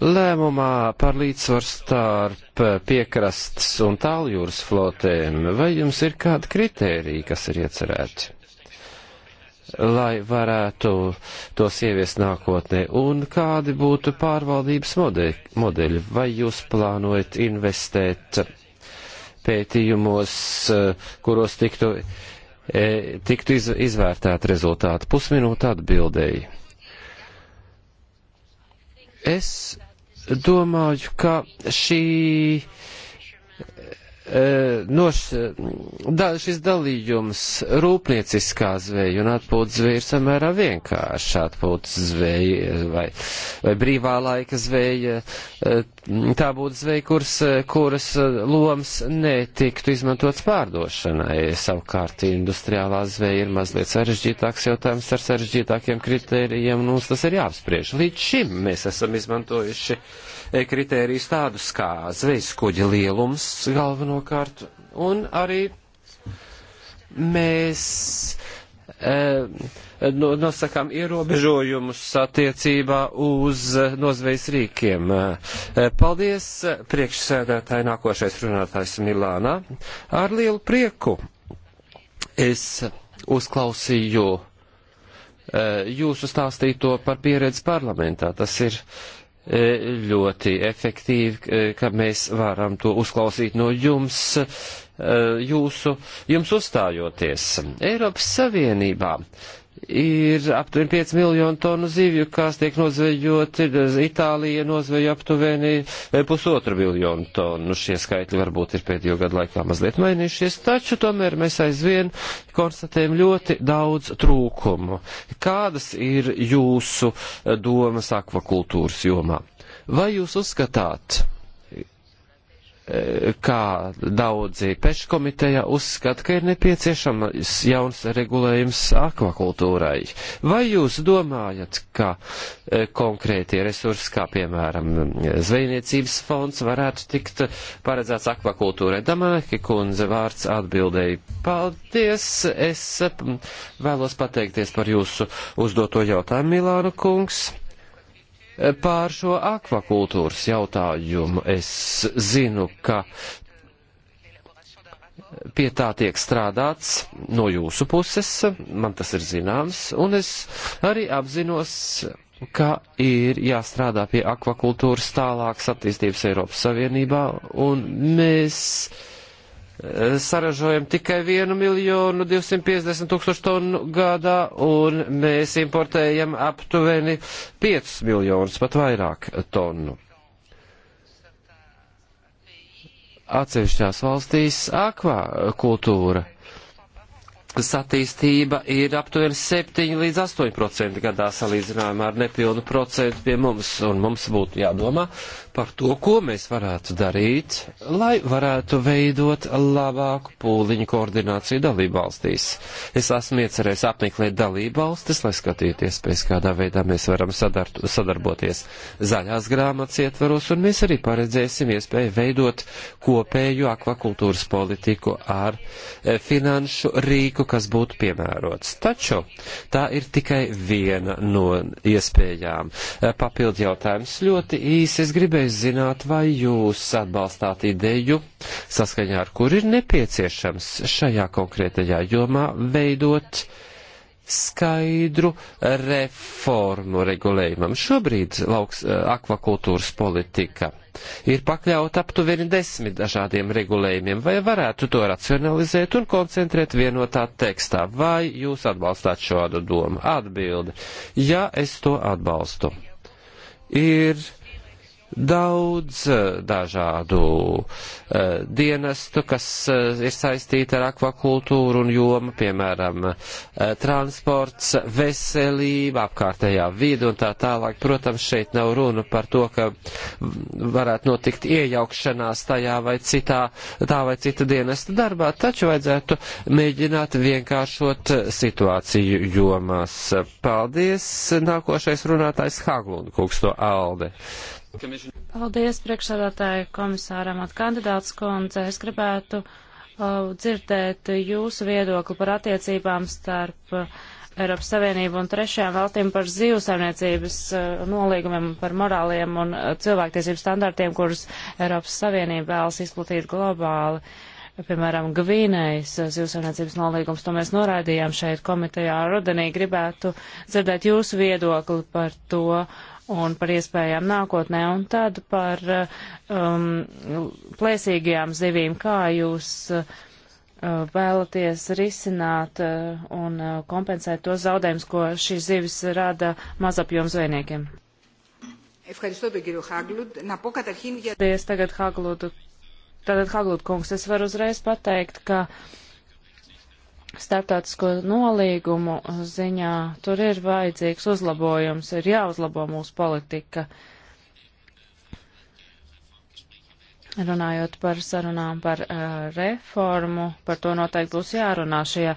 Lēmumā par līdzsvaru starp piekrastes un tāljūras flotēm, vai jums ir kādi kriteriji, kas ir iecerēti? lai varētu tos ieviest nākotnē? Un kādi būtu pārvaldības modeļi? Vai jūs plānojat investēt pētījumos, kuros tiktu, e, tiktu iz, izvērtēti rezultāti? Pusminūte atbildēji. Es domāju, ka šī Eh, noš, eh, da, šis dalījums rūpnieciskā zveja un atpūtas zveja ir samērā vienkārša atpūtas zveja eh, vai, vai brīvā laika zveja. Tā būtu zveja, kuras, kuras loms netiktu izmantots pārdošanai. Savukārt industriālā zveja ir mazliet sarežģītāks jautājums ar sarežģītākiem kritērijiem, un mums tas ir jāapspriež. Līdz šim mēs esam izmantojuši uh, kritērijus tādus kā zvejskuģa lielums galvenokārt, un arī mēs e, nosakām ierobežojumus attiecībā uz nozvejas rīkiem. E, paldies, priekšsēdētāji, nākošais runātājs Milānā. Ar lielu prieku es uzklausīju e, jūsu stāstīto par pieredzi parlamentā. Tas ir uh, E, ļoti efektīvi, e, ka mēs varam to uzklausīt no jums, e, jūsu, jums uzstājoties. Eiropas Savienībā ir aptuveni 5 miljonu tonu zivju, kas tiek nozvejot, eh, Itālija nozveja aptuveni eh, pusotru miljonu tonu. Nu, šie skaitļi varbūt ir pēdējo gadu laikā mazliet mainījušies, taču tomēr mēs aizvien konstatējam ļoti daudz trūkumu. Kādas ir jūsu eh, domas akvakultūras jomā? Vai jūs uzskatāt, kā daudzi peškomiteja uzskata, ka ir nepieciešams jauns regulējums akvakultūrai. Vai jūs domājat, ka e, konkrētie resursi, kā piemēram zvejniecības fonds, varētu tikt paredzēts akvakultūrai? Damāki kundze vārds atbildēja. Paldies! Es vēlos pateikties par jūsu uzdoto jautājumu, Milānu kungs. Pār šo akvakultūras jautājumu es zinu, ka pie tā tiek strādāts no jūsu puses, man tas ir zināms, un es arī apzinos, ka ir jāstrādā pie akvakultūras tālākas attīstības Eiropas Savienībā, un mēs saražojam tikai 1 miljonu 250 tūkstošu tonu gadā, un mēs importējam aptuveni 5 miljonus, pat vairāk tonu. Atsevišķās valstīs akvakultūra satīstība ir aptuveni 7 līdz 8 procenti gadā salīdzinājumā ar nepilnu procentu pie mums, un mums būtu jādomā, uh, par to, ko mēs varētu darīt, lai varētu veidot labāku pūliņu koordināciju dalībvalstīs. Es esmu iecerējis apmeklēt dalībvalstis, lai skatīties, pēc kādā veidā mēs varam sadar sadarboties zaļās grāmatas ietvaros, un mēs arī paredzēsim iespēju veidot kopēju akvakultūras politiku ar e, finanšu rīku, kas būtu piemērots. Taču tā ir tikai viena no iespējām. E, papildu jautājums ļoti īsi. Es gribēju gribēju zināt, vai jūs atbalstāt ideju, saskaņā ar kur ir nepieciešams šajā konkrētajā jomā veidot skaidru reformu regulējumam. Šobrīd lauks eh, akvakultūras politika ir pakļauta aptuveni desmit dažādiem regulējumiem. Vai varētu to racionalizēt un koncentrēt vienotā tekstā? Vai jūs atbalstāt šādu domu? Atbildi. Ja es to atbalstu. Ir daudz eh, dažādu uh, dienestu, kas uh, ir saistīti ar akvakultūru un jomu, piemēram, uh, transports, veselība, apkārtējā vide un tā tālāk. Protams, šeit nav runa par to, ka varētu notikt iejaukšanās tajā vai citā, tā vai cita dienesta darbā, taču vajadzētu mēģināt vienkāršot situāciju jomās. Paldies! Nākošais runātājs Haglundkungs no Alde. Paldies priekšsādātāju komisāram at kandidāts kundze. Es gribētu uh, dzirdēt jūsu viedokli par attiecībām starp uh, Eiropas Savienību un trešajām valstīm par zīvsaimniecības uh, nolīgumiem, par morāliem un uh, cilvēktiesību standartiem, kurus Eiropas Savienība vēlas izplatīt globāli. Piemēram, Gvīnējas uh, zivsaimniecības nolīgums, to mēs noraidījām šeit komitejā rudenī. Gribētu dzirdēt jūsu viedokli par to. Uh, un par iespējām nākotnē, un tad par um, plēsīgajām zivīm, kā jūs uh, vēlaties risināt uh, un uh, kompensēt tos zaudējumus, ko šīs zivis rada mazapjoms zvejniekiem. Paldies tagad Haglūdu. Tātad, Haglūd kungs, es varu uzreiz pateikt, ka uh, starptautisko nolīgumu ziņā tur ir vajadzīgs uzlabojums, ir jāuzlabo mūsu politika. Runājot par sarunām par uh, reformu, par to noteikti būs jārunā. Šie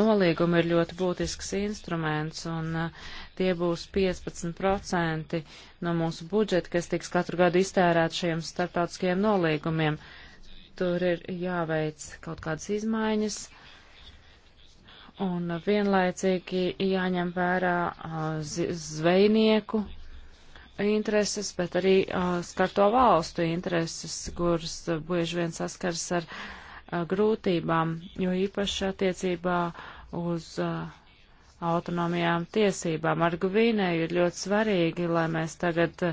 nolīgumi ir ļoti būtisks instruments, un uh, tie būs 15% no mūsu budžeta, kas tiks katru gadu iztērēt šiem starptautiskajiem nolīgumiem. Tur ir jāveic kaut kādas izmaiņas. Uh, Un vienlaicīgi jāņem vērā zvejnieku intereses, bet arī skarto valstu intereses, kuras bieži vien saskars ar grūtībām, jo īpaši attiecībā uz autonomijām tiesībām. Ar Gvīnēju ir ļoti svarīgi, lai mēs tagad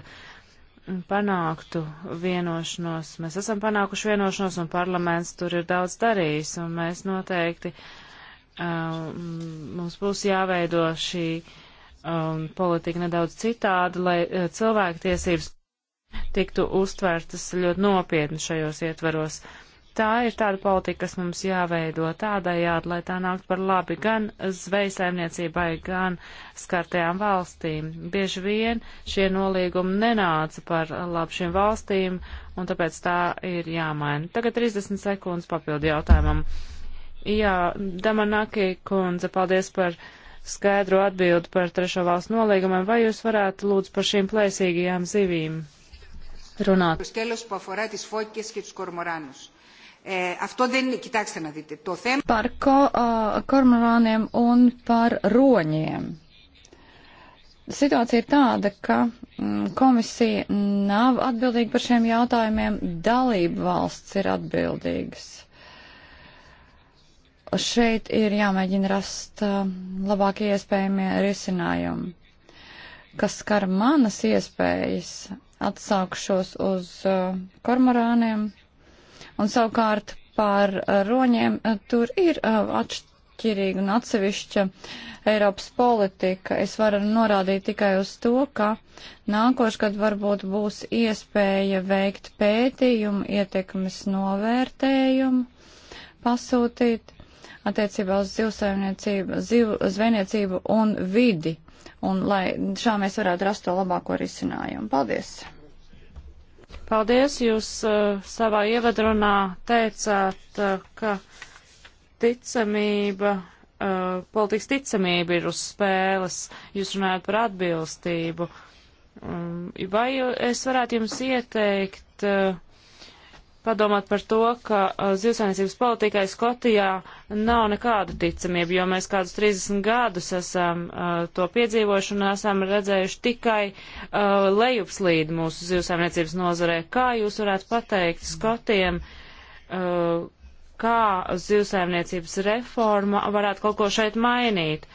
panāktu vienošanos. Mēs esam panākuši vienošanos, un parlaments tur ir daudz darījis, un mēs noteikti uh, Um, mums būs jāveido šī um, politika nedaudz citādi, lai uh, cilvēktiesības tiktu uztvērtas ļoti nopietni šajos ietvaros. Tā ir tāda politika, kas mums jāveido tādējādi, lai tā nākt par labi gan zvejsaimniecībai, gan skartajām valstīm. Bieži vien šie nolīgumi nenāca par labu šīm valstīm, un tāpēc tā ir jāmaina. Tagad 30 sekundes papildu jautājumam. Uh, Jā, Damanaki kundze, paldies par skaidru atbildi par trešo valstu nolīgumiem. Vai jūs varētu lūdzu par šīm plēsīgajām zivīm runāt? Par ko, uh, kormorāniem un par roņiem. Situācija ir tāda, ka mm, komisija nav atbildīga par šiem jautājumiem, dalība valsts ir atbildīgas šeit ir jāmēģina rast uh, labākie iespējamie risinājumi. Kas skar manas iespējas, atsaukšos uz uh, kormorāniem un savukārt par uh, roņiem. Tur ir atšķirīga un atsevišķa Eiropas politika. Es varu norādīt tikai uz to, ka nākošgad varbūt būs iespēja veikt pētījumu, ietekmes novērtējumu, pasūtīt attiecībā uz zivsaimniecību, ziv, zvejniecību un vidi. Un lai šā mēs varētu rast to labāko risinājumu. Paldies! Paldies! Jūs uh, savā ievadrunā teicāt, uh, ka ticamība, uh, politikas ticamība ir uz spēles. Jūs runājat par atbilstību. Um, vai es varētu jums ieteikt? Uh, padomāt par to, ka zivsainiecības politikai Skotijā nav nekāda ticamība, jo mēs kādus 30 gadus esam uh, to piedzīvojuši un esam redzējuši tikai uh, lejupslīdi mūsu zivsainiecības nozarē. Kā jūs varētu pateikt Skotiem, uh, kā zivsainiecības reforma varētu kaut ko šeit mainīt?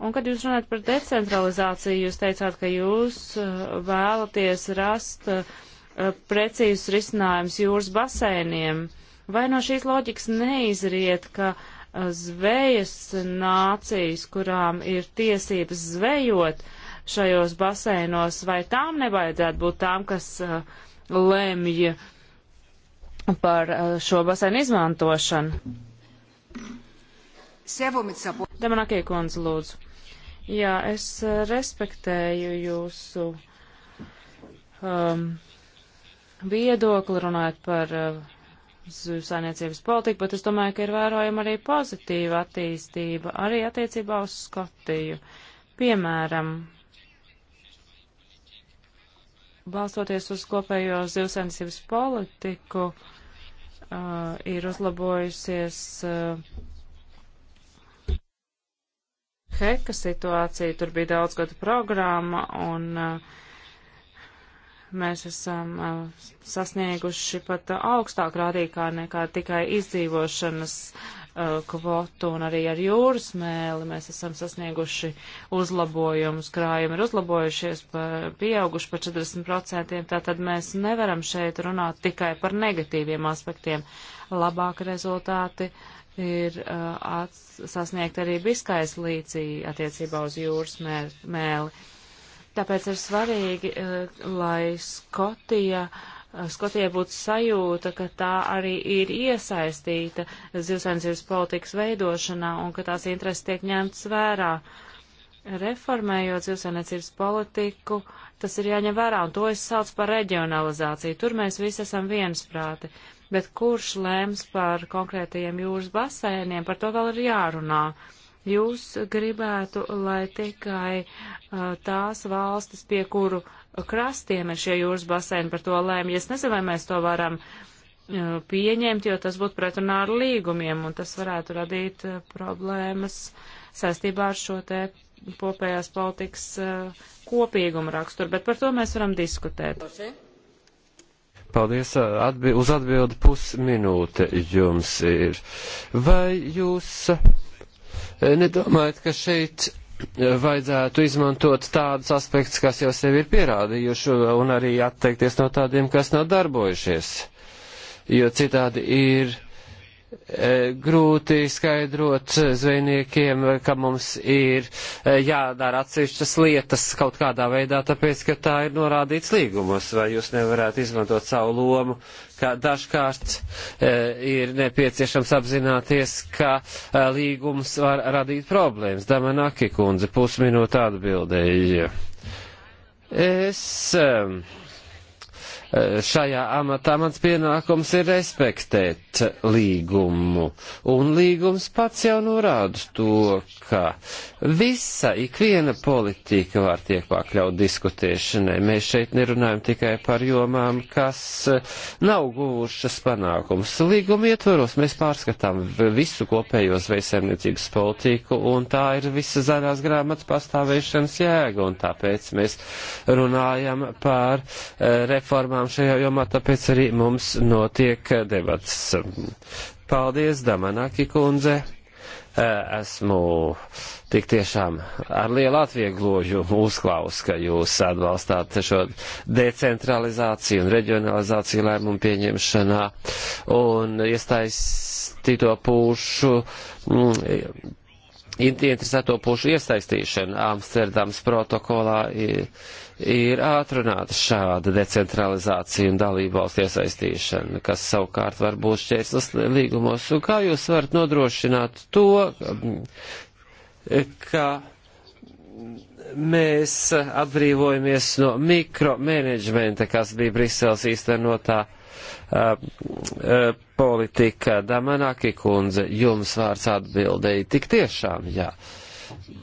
Un, kad jūs runājat par decentralizāciju, jūs teicāt, ka jūs vēlaties rast uh, Eh, precīzus risinājumus jūras basēniem. Vai no šīs loģikas neizriet, ka eh, zvejas nācijas, kurām ir tiesības zvejot šajos basēnos, vai tām nevajadzētu būt tām, kas uh, lemj par uh, šo basēnu izmantošanu? Demonakie kundze, lūdzu. Jā, es respektēju jūsu um, viedokli, runājot par eh, saimniecības politiku, bet es domāju, ka ir vērojama arī pozitīva attīstība, arī attiecībā uz Skotiju. Piemēram, balstoties uz kopējo zivsainsības politiku, uh, ir uzlabojusies uh, heka situācija, tur bija daudz gadu programma un uh, mēs esam sasnieguši pat augstāku rādītāju nekā tikai izdzīvošanas kvotu un arī ar jūras mēli mēs esam sasnieguši uzlabojumus, krājumi ir uzlabojušies, pa, pieauguši par 40%, tātad mēs nevaram šeit runāt tikai par negatīviem aspektiem. Labāki rezultāti ir uh, sasniegt arī biskais līcī attiecībā uz jūras mēli. mēli Tāpēc ir svarīgi, eh, lai Skotija, eh, Skotija būtu sajūta, ka tā arī ir iesaistīta zivsainsības politikas veidošanā un ka tās intereses tiek ņemtas vērā. Reformējot zivsainiecības politiku, tas ir jāņem vērā, un to es saucu par reģionalizāciju. Tur mēs visi esam viensprāti, bet kurš lēms par konkrētajiem jūras basēniem, par to vēl ir jārunā. Uh, Jūs gribētu, lai tikai uh, tās valstis, pie kuru krastiem ir šie jūras baseini, par to lēma. Es nezinu, vai mēs to varam uh, pieņemt, jo tas būtu pretrunā ar līgumiem, un tas varētu radīt uh, problēmas saistībā ar šo te kopējās politikas kopīgumu raksturu, bet par to mēs varam diskutēt. Paldies, atbi uz atbildi pusminūte jums ir. Vai jūs nedomājat, ka šeit vajadzētu izmantot tādus aspektus, kas jau sevi ir pierādījuši, un arī atteikties no tādiem, kas nav darbojušies, jo citādi ir Eh, grūti skaidrot zvejniekiem, ka mums ir eh, jādara atsevišķas lietas kaut kādā veidā, tāpēc, ka tā ir norādīts līgumos, vai jūs nevarētu izmantot savu lomu, ka dažkārt eh, ir nepieciešams apzināties, ka līgums var radīt problēmas. Damanaki kundze pusminūte atbildēja. Es. Um, šajā amatā mans pienākums ir respektēt līgumu. Un līgums pats jau norāda to, ka visa, ikviena politika var tiek pakļaut diskutēšanai. Mēs šeit nerunājam tikai par jomām, kas nav guvušas panākumus. Līguma ietvaros mēs pārskatām visu kopējo zvejsaimniecības politiku, un tā ir visa zaļās grāmatas pastāvēšanas jēga, un tāpēc mēs runājam par eh, reformām normām šajā jomā, tāpēc arī mums notiek debats. Paldies, Damanaki kundze! esmu tik tiešām ar lielu atvieglojumu uzklaus, ka jūs atbalstāt šo decentralizāciju un reģionalizāciju lēmumu pieņemšanā un iestaistīto pušu. Mm, Interesēto pušu iesaistīšana Amsterdams protokolā ir ir ātrināta šāda decentralizācija un dalībvalstu iesaistīšana, kas savukārt var būt šķērslis līgumos. Un kā jūs varat nodrošināt to, ka mēs atbrīvojamies no mikromanagementa, kas bija Briseles īstenotā uh, uh, politika. Damanaki kundze, jums vārds atbildēja tik tiešām, jā. Uh,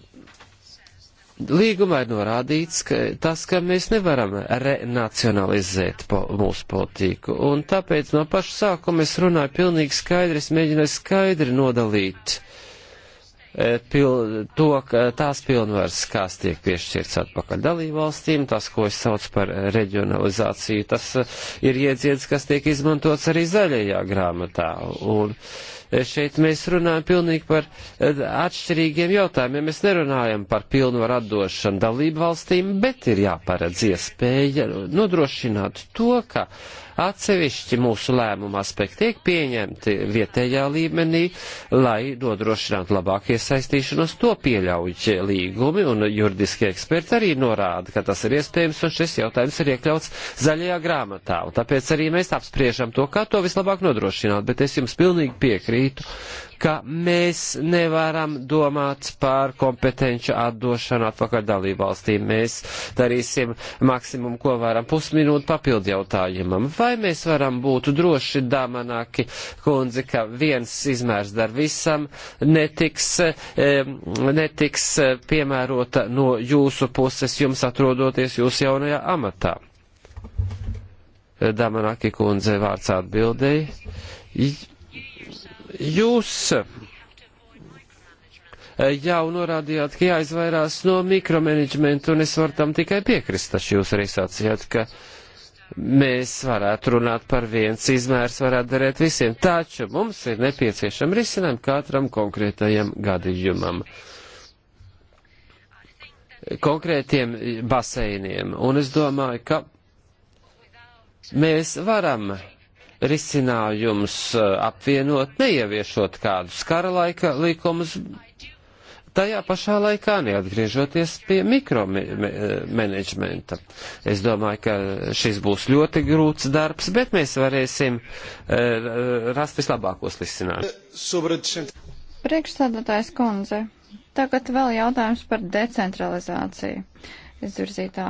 Līgumā ir norādīts, ka tas, ka mēs nevaram renacionalizēt po mūsu politiku, un tāpēc no paša sākuma es runāju pilnīgi skaidri, es mēģināju skaidri nodalīt e, pil, to, tās pilnvaras, kās tiek piešķirts atpakaļ dalībvalstīm, tas, ko es saucu par reģionalizāciju, tas e, ir iedziens, kas tiek izmantots arī zaļajā grāmatā. Un, uh, šeit mēs runājam pilnīgi par eh, atšķirīgiem jautājumiem. Mēs nerunājam par pilnvaru atdošanu dalību valstīm, bet ir jāparedz iespēja nodrošināt to, ka uh, Atsevišķi mūsu lēmuma aspekti tiek pieņemti vietējā līmenī, lai nodrošinātu labāku iesaistīšanos. To pieļauj līgumi, un juridiskie eksperti arī norāda, ka tas ir iespējams, un šis jautājums ir iekļauts zaļajā grāmatā. Un tāpēc arī mēs apspriežam to, kā to vislabāk nodrošināt, bet es jums pilnīgi piekrītu, ka mēs nevaram domāt par kompetenci atdošanu atpakaļ dalībvalstīm. Mēs darīsim maksimumu, ko varam pusminūtu papildu jautājumam. Vai mēs varam būt droši, Damanaki kundze, ka viens izmērs dar visam netiks, netiks piemērota no jūsu puses jums atrodoties jūsu jaunajā amatā? Damanaki kundze vārds atbildēja. Jūs eh, jau norādījāt, ka jāizvairās no mikromanagementa, un es varu tam tikai piekrist, taču jūs arī sacījāt, ka mēs varētu runāt par viens izmērs, varētu darēt visiem, taču mums ir nepieciešama risinājuma katram konkrētajam gadījumam konkrētiem baseiniem, un es domāju, ka mēs varam risinājums eh, apvienot, neieviešot kādus kara laika likumus, tajā pašā laikā neatgriežoties pie mikromanagementa. Es domāju, ka šis būs ļoti grūts darbs, bet mēs varēsim eh, rast vislabākos risinājumus. Priekšstādātājs Konze, tagad vēl jautājums par decentralizāciju izvirzītā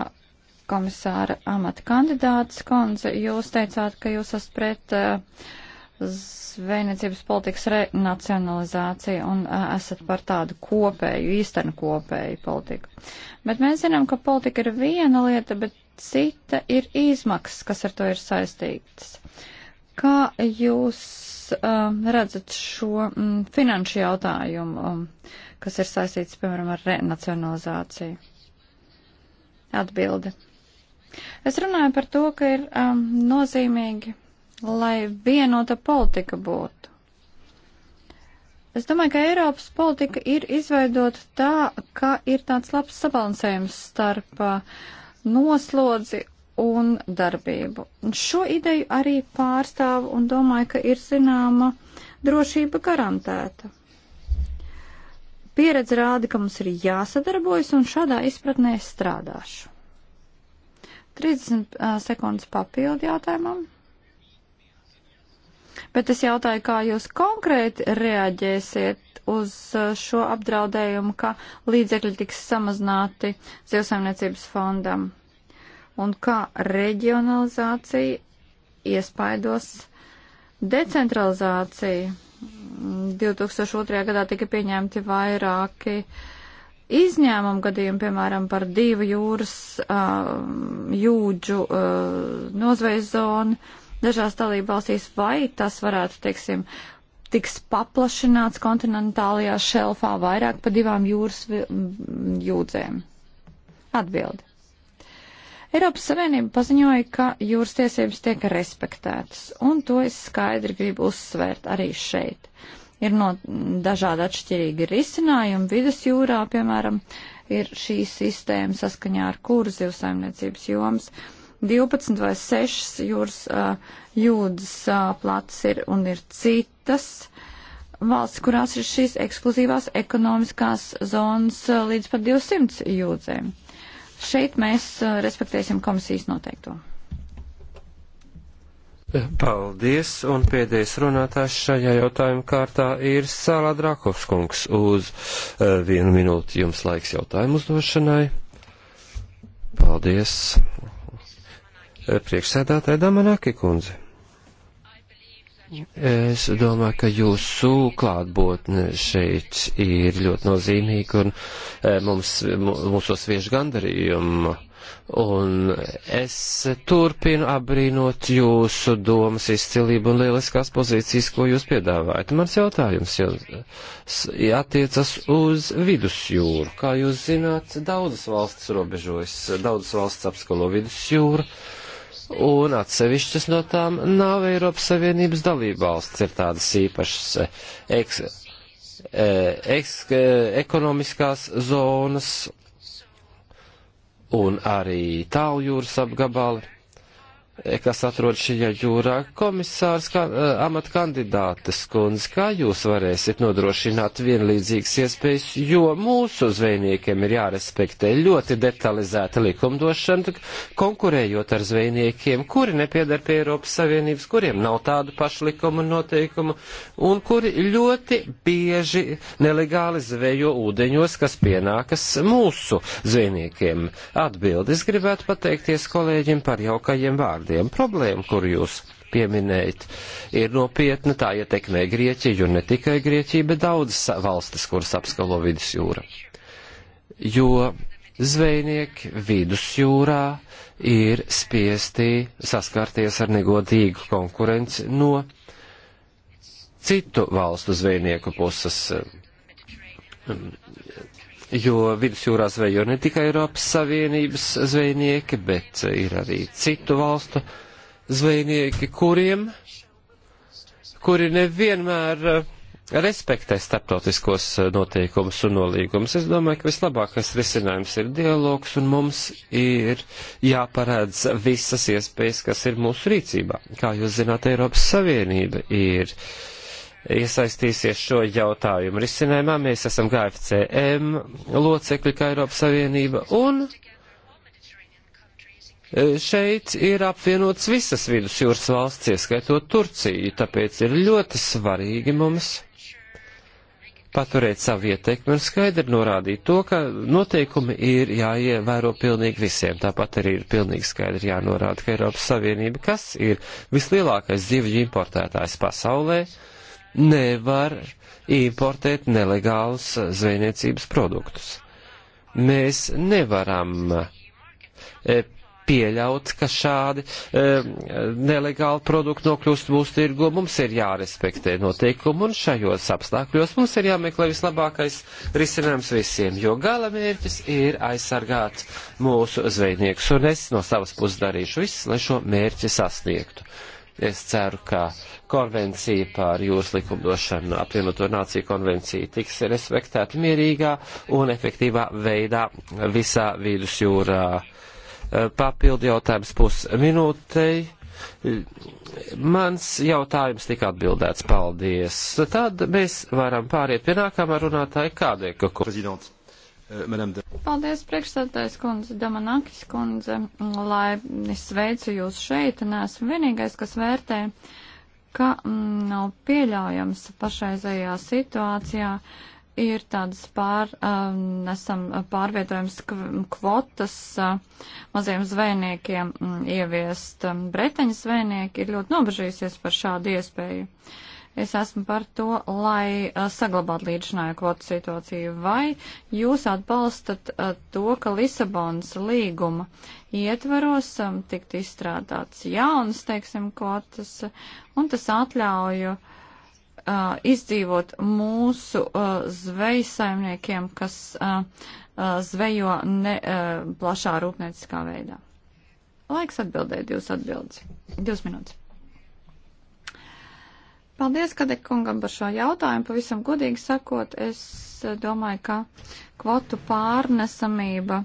komisāra amata kandidāts Konze, jūs teicāt, ka jūs esat pret uh, zvejniecības politikas renacionalizāciju un uh, esat par tādu kopēju, īstenu kopēju politiku. Bet mēs zinām, ka politika ir viena lieta, bet cita ir izmaksas, kas ar to ir saistītas. Kā jūs uh, redzat šo mm, finanšu jautājumu, um, kas ir saistīts, piemēram, ar renacionalizāciju? Atbilde. Es runāju par to, ka ir um, nozīmīgi, lai vienota politika būtu. Es domāju, ka Eiropas politika ir izveidota tā, ka ir tāds labs sabalansējums starp uh, noslodzi un darbību. Un šo ideju arī pārstāvu un domāju, ka ir zināma drošība garantēta. Pieredze rāda, ka mums ir jāsadarbojas un šādā izpratnē strādāšu. 30 sekundes papildu jautājumam. Bet es jautāju, kā jūs konkrēti reaģēsiet uz šo apdraudējumu, ka līdzekļi tiks samazināti zivsaimniecības fondam un kā reģionalizācija iespaidos decentralizāciju. 2002. gadā tika pieņemti vairāki uh, Izņēmumu gadījumu, piemēram, par divu jūras uh, jūdžu uh, nozvejas zonu dažās dalībvalstīs, vai tas varētu, teiksim, tiks paplašināts kontinentālajā šelfā vairāk pa divām jūras jūdzēm? Atbildi. Eiropas Savienība paziņoja, ka jūras tiesības tiek respektētas, un to es skaidri gribu uzsvērt arī šeit. Uh, ir no dažādi atšķirīgi risinājumi. Vides jūrā, piemēram, ir šī sistēma saskaņā ar kuru zivsaimniecības jomas 12 vai 6 jūras jūdzes plats ir un ir citas valsts, kurās ir šīs ekskluzīvās ekonomiskās zonas līdz pat 200 jūdzēm. Šeit mēs respektēsim komisijas noteikto. Paldies, un pēdējais runātājs šajā jautājuma kārtā ir Sālā Drakovskungs uz uh, vienu minūti jums laiks jautājumu uzdošanai. Paldies. Eh, Priekšsēdātāja Damanaki kundze. Es domāju, ka jūsu klātbūtne šeit ir ļoti nozīmīga un eh, mums, mūsos vieši gandarījumu Un es turpinu apbrīnot jūsu domas izcilību un lieliskās pozīcijas, ko jūs piedāvājat. Mans jautājums jau attiecas uz vidusjūru. Kā jūs zināt, daudzas valstis robežojas, daudzas valstis apskalo vidusjūru. Un atsevišķas no tām nav Eiropas Savienības dalībvalsts, ir tādas īpašas eh, eks, eh, eks, eh, ekonomiskās zonas un arī tāljūras apgabali kas atrod šajā jūrā, komisārs ka, eh, amat kandidātes kundze, kā jūs varēsiet nodrošināt vienlīdzīgas iespējas, jo mūsu zvejniekiem ir jārespektē ļoti detalizēta likumdošana, konkurējot ar zvejniekiem, kuri nepiedar pie Eiropas Savienības, kuriem nav tādu pašu likumu un noteikumu, un kuri ļoti bieži nelegāli zvejo ūdeņos, kas pienākas mūsu zvejniekiem. Atbildi es gribētu pateikties kolēģim par jaukajiem vārdiem miljārdiem. Problēma, kur jūs pieminējat, ir nopietna, tā ietekmē Grieķiju, un ne tikai Grieķiju, bet daudzas valstis, kuras apskalo vidusjūra. Jo zvejnieki vidusjūrā ir spiesti saskarties ar negodīgu konkurenci no citu valstu zvejnieku puses jo vidusjūrā zvejo ne tikai Eiropas Savienības zvejnieki, bet ir arī citu valstu zvejnieki, kuriem, kuri nevienmēr eh, respektē starptautiskos eh, noteikumus un nolīgumus. Es domāju, ka vislabākais risinājums ir dialogs, un mums ir jāparādz visas iespējas, kas ir mūsu rīcībā. Kā jūs zināt, Eiropas Savienība ir uh, iesaistīsies šo jautājumu risinājumā. Mēs esam GFCM locekļi kā Eiropas Savienība un šeit ir apvienots visas vidusjūras valsts, ieskaitot Turciju, tāpēc ir ļoti svarīgi mums paturēt savu ieteikumu un skaidri norādīt to, ka noteikumi ir jāievēro pilnīgi visiem. Tāpat arī ir pilnīgi skaidri jānorāda, ka Eiropas Savienība, kas ir vislielākais zivju importētājs pasaulē, uh, nevar importēt nelegālus eh, zvejniecības produktus. Mēs nevaram eh, pieļaut, ka šādi e, nelegāli produkti nokļūst mūsu tirgu. Mums ir jārespektē noteikumi un šajos apstākļos mums ir jāmeklē vislabākais risinājums visiem, jo gala mērķis ir aizsargāt mūsu zvejniekus. Un es no savas puses darīšu viss, lai šo mērķi sasniegtu. Es ceru, ka konvencija pār jūras likumdošanu, apvienoto nāciju konvencija tiks respektēta mierīgā un efektīvā veidā visā vidusjūrā. Papildu jautājums pusminūtei. Mans jautājums tika atbildēts. Paldies. Tad mēs varam pāriet pie nākamā runātāja Kādēka. Prezidents. Eh, Paldies, priekšsēdētājs kundze, Damanakis kundze, lai es sveicu jūs šeit. Nesmu vienīgais, kas vērtē, ka mm, nav pieļaujams pašreizējā situācijā ir tādas pār, ehm, nesam pārvietojums kvotas eh, maziem zvejniekiem mm, ieviest. Mm, Breteņa zvejnieki ir ļoti nobežījusies par šādu iespēju. Uh, Es esmu par to, lai uh, saglabātu līdzināju kvotu situāciju. Vai jūs atbalstat uh, to, ka Lisabonas līguma ietvaros um, tikt izstrādāts jaunas, teiksim, kvotas, un tas atļauju Uh, izdzīvot mūsu uh, zvejsaimniekiem, kas uh, uh, zvejo ne, uh, plašā rūpnieciskā veidā? Laiks atbildēt, jūs atbildes. Divas minūtes. Paldies, Kadek kungam, par šo jautājumu. Pavisam godīgi sakot, es eh, domāju, ka kvotu pārnesamība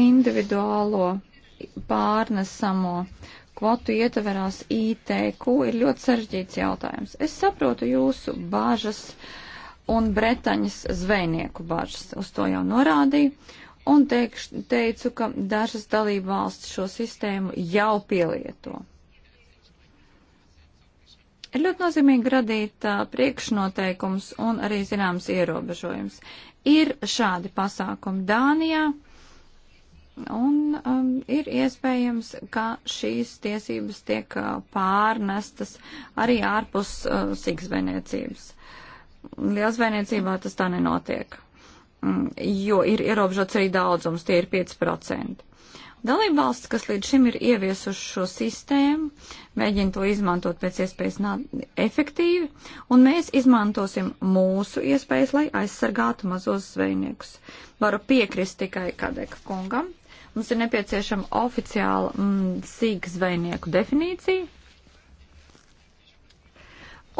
individuālo pārnesamo kvotu ietverās ITQ ir ļoti sarežģīts jautājums. Es saprotu jūsu bāžas un Bretaņas zvejnieku bāžas. Uz to jau norādīju. Un teikšu, teicu, ka dažas dalība valsts šo sistēmu jau pielieto. Ir ļoti nozīmīgi radīt uh, priekšnoteikums un arī zināms ierobežojums. Ir šādi pasākumi Dānijā, un um, ir iespējams, ka šīs tiesības tiek uh, pārnestas arī ārpus uh, siksvēniecības. Lielzvēniecībā tas tā nenotiek, mm, jo ir ierobežots arī daudzums, tie ir 5%. Dalībvalsts, kas līdz šim ir ieviesuši šo sistēmu, mēģina to izmantot pēc iespējas efektīvi, un mēs izmantosim mūsu iespējas, lai aizsargātu mazos zvejniekus. Varu piekrist tikai Kadeka kungam. Mums ir nepieciešama oficiāla mm, sīga zvejnieku definīcija,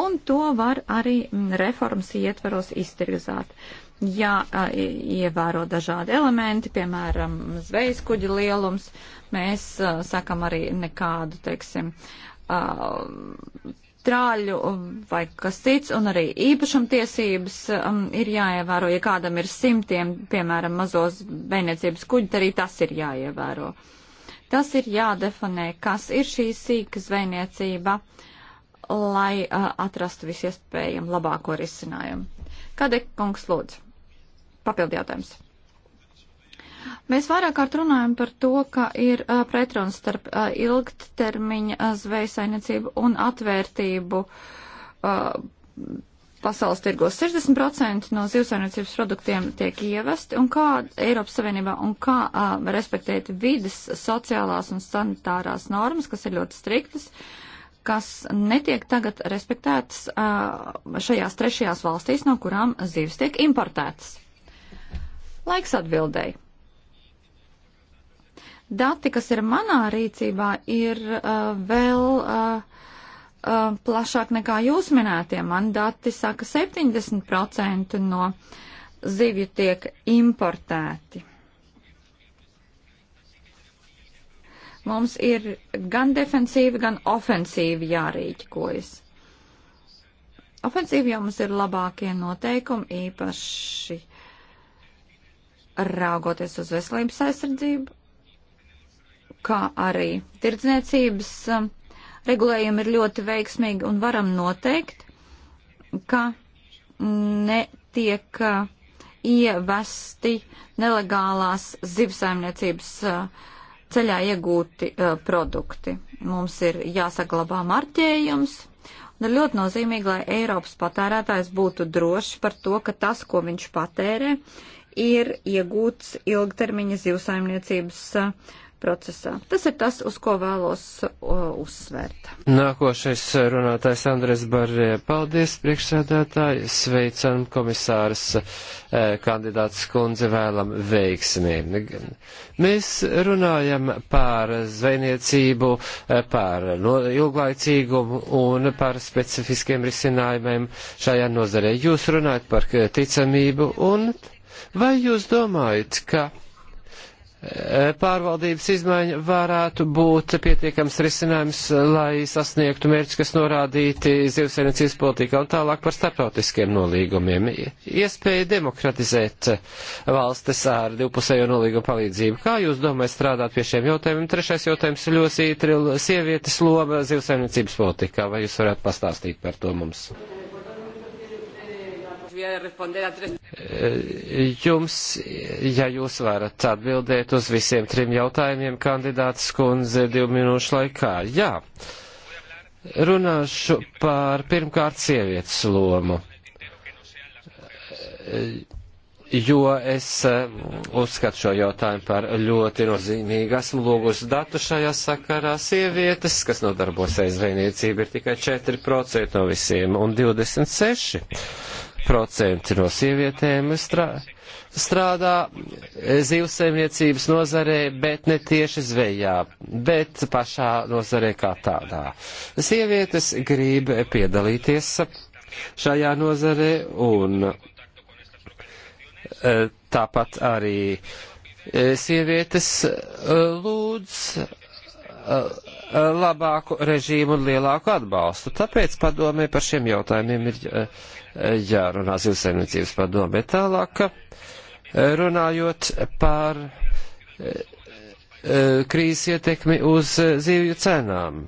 un to var arī mm, reformas ietveros iztirzāt jāievēro dažādi elementi, piemēram, zvejas kuģi lielums. Mēs uh, sakam arī nekādu, teiksim, uh, trāļu vai kas cits, un arī īpašumtiesības um, ir jāievēro. Ja kādam ir simtiem, piemēram, mazos bērniecības kuģi, tad arī tas ir jāievēro. Tas ir jādefinē, kas ir šī sīka zvejniecība, lai uh, atrastu visiespējam labāko risinājumu. Kadek kungs lūdzu papildu jautājums. Mēs vairāk kārt runājam par to, ka ir uh, pretruns starp uh, ilgtermiņa uh, zvejsainiecību un atvērtību uh, pasaules tirgos. 60% no zivsainiecības produktiem tiek ievesti un kā Eiropas Savienībā un kā uh, respektēt vidas, sociālās un sanitārās normas, kas ir ļoti striktas, kas netiek tagad respektētas uh, šajās trešajās valstīs, no kurām zivs tiek importētas. Laiks atbildēji. Dati, kas ir manā rīcībā, ir uh, vēl uh, uh, plašāk nekā jūs minētie. Man dati saka, 70% no zivju tiek importēti. Mums ir gan defensīvi, gan ofensīvi jārīķkojas. Ofensīvi jau mums ir labākie noteikumi, īpaši raugoties uz veselības aizsardzību, kā arī tirdzniecības um, regulējumi ir ļoti veiksmīgi un varam noteikt, ka netiek uh, ievesti nelegālās zivsaimniecības uh, ceļā iegūti uh, produkti. Mums ir jāsaglabā marķējums. Un ir ļoti nozīmīgi, lai Eiropas patērētājs būtu drošs par to, ka tas, ko viņš patērē, ir iegūts ilgtermiņa zivsaimniecības uh, procesā. Tas ir tas, uz ko vēlos uh, uzsvērt. Nākošais runātājs Andres Barē. Paldies, priekšsēdētāji. Sveicam komisāras uh, kandidātas kundze vēlam veiksmi. Mēs runājam par zvejniecību, par ilglaicīgumu un par specifiskiem risinājumiem šajā nozarē. Jūs runājat par ticamību un Vai jūs domājat, ka e, pārvaldības izmaiņa varētu būt pietiekams risinājums, lai sasniegtu mērķus, kas norādīti zivsainicības politikā un tālāk par starptautiskiem nolīgumiem. Iespēja demokratizēt valstis ar divpusējo nolīgumu palīdzību. Kā jūs domājat strādāt pie šiem jautājumiem? Trešais jautājums ir ļoti ītri sievietes loma zivsainicības politikā. Vai jūs varētu pastāstīt par to mums? Eh, jums, ja jūs varat atbildēt uz visiem trim jautājumiem, kandidāts kundze, divu minūšu laikā. Jā, runāšu par pirmkārt sievietes lomu eh, jo es eh, uzskatu šo jautājumu par ļoti nozīmīgu. Esmu lūgusi datu šajā sakarā. Sievietes, kas nodarbojas aizvainīcību, ir tikai 4% no visiem un 26 40% no sievietēm strādā zivsaimniecības nozarē, bet ne tieši zvejā, bet pašā nozarē kā tādā. Sievietes grib piedalīties šajā nozarē un e, tāpat arī e, sievietes e, lūdz labāku režīmu un lielāku atbalstu. Tāpēc padomē par šiem jautājumiem ir jārunā zivsaimniecības padomu, bet tālāk runājot par eh, krīzes ietekmi uz eh, zivju cenām.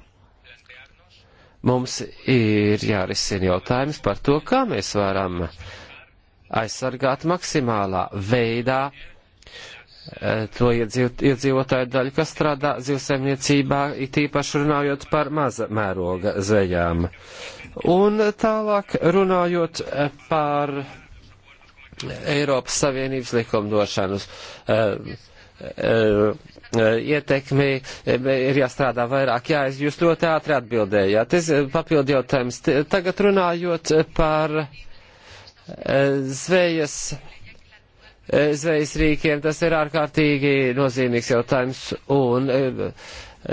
Mums ir jārisina jautājums par to, kā mēs varam aizsargāt maksimālā veidā Eh, to iedzīvotāju daļu, kas strādā zivsaimniecībā, it īpaši runājot par maza mēroga zvejām. Un tālāk runājot eh, par Eiropas Savienības likumdošanas eh, ietekmi, ir jāstrādā vairāk. Jā, jūs ļoti ātri atbildējāt. Es papildu jautājums. Tagad runājot par zvejas zvejas rīkiem, tas ir ārkārtīgi nozīmīgs jautājums un e,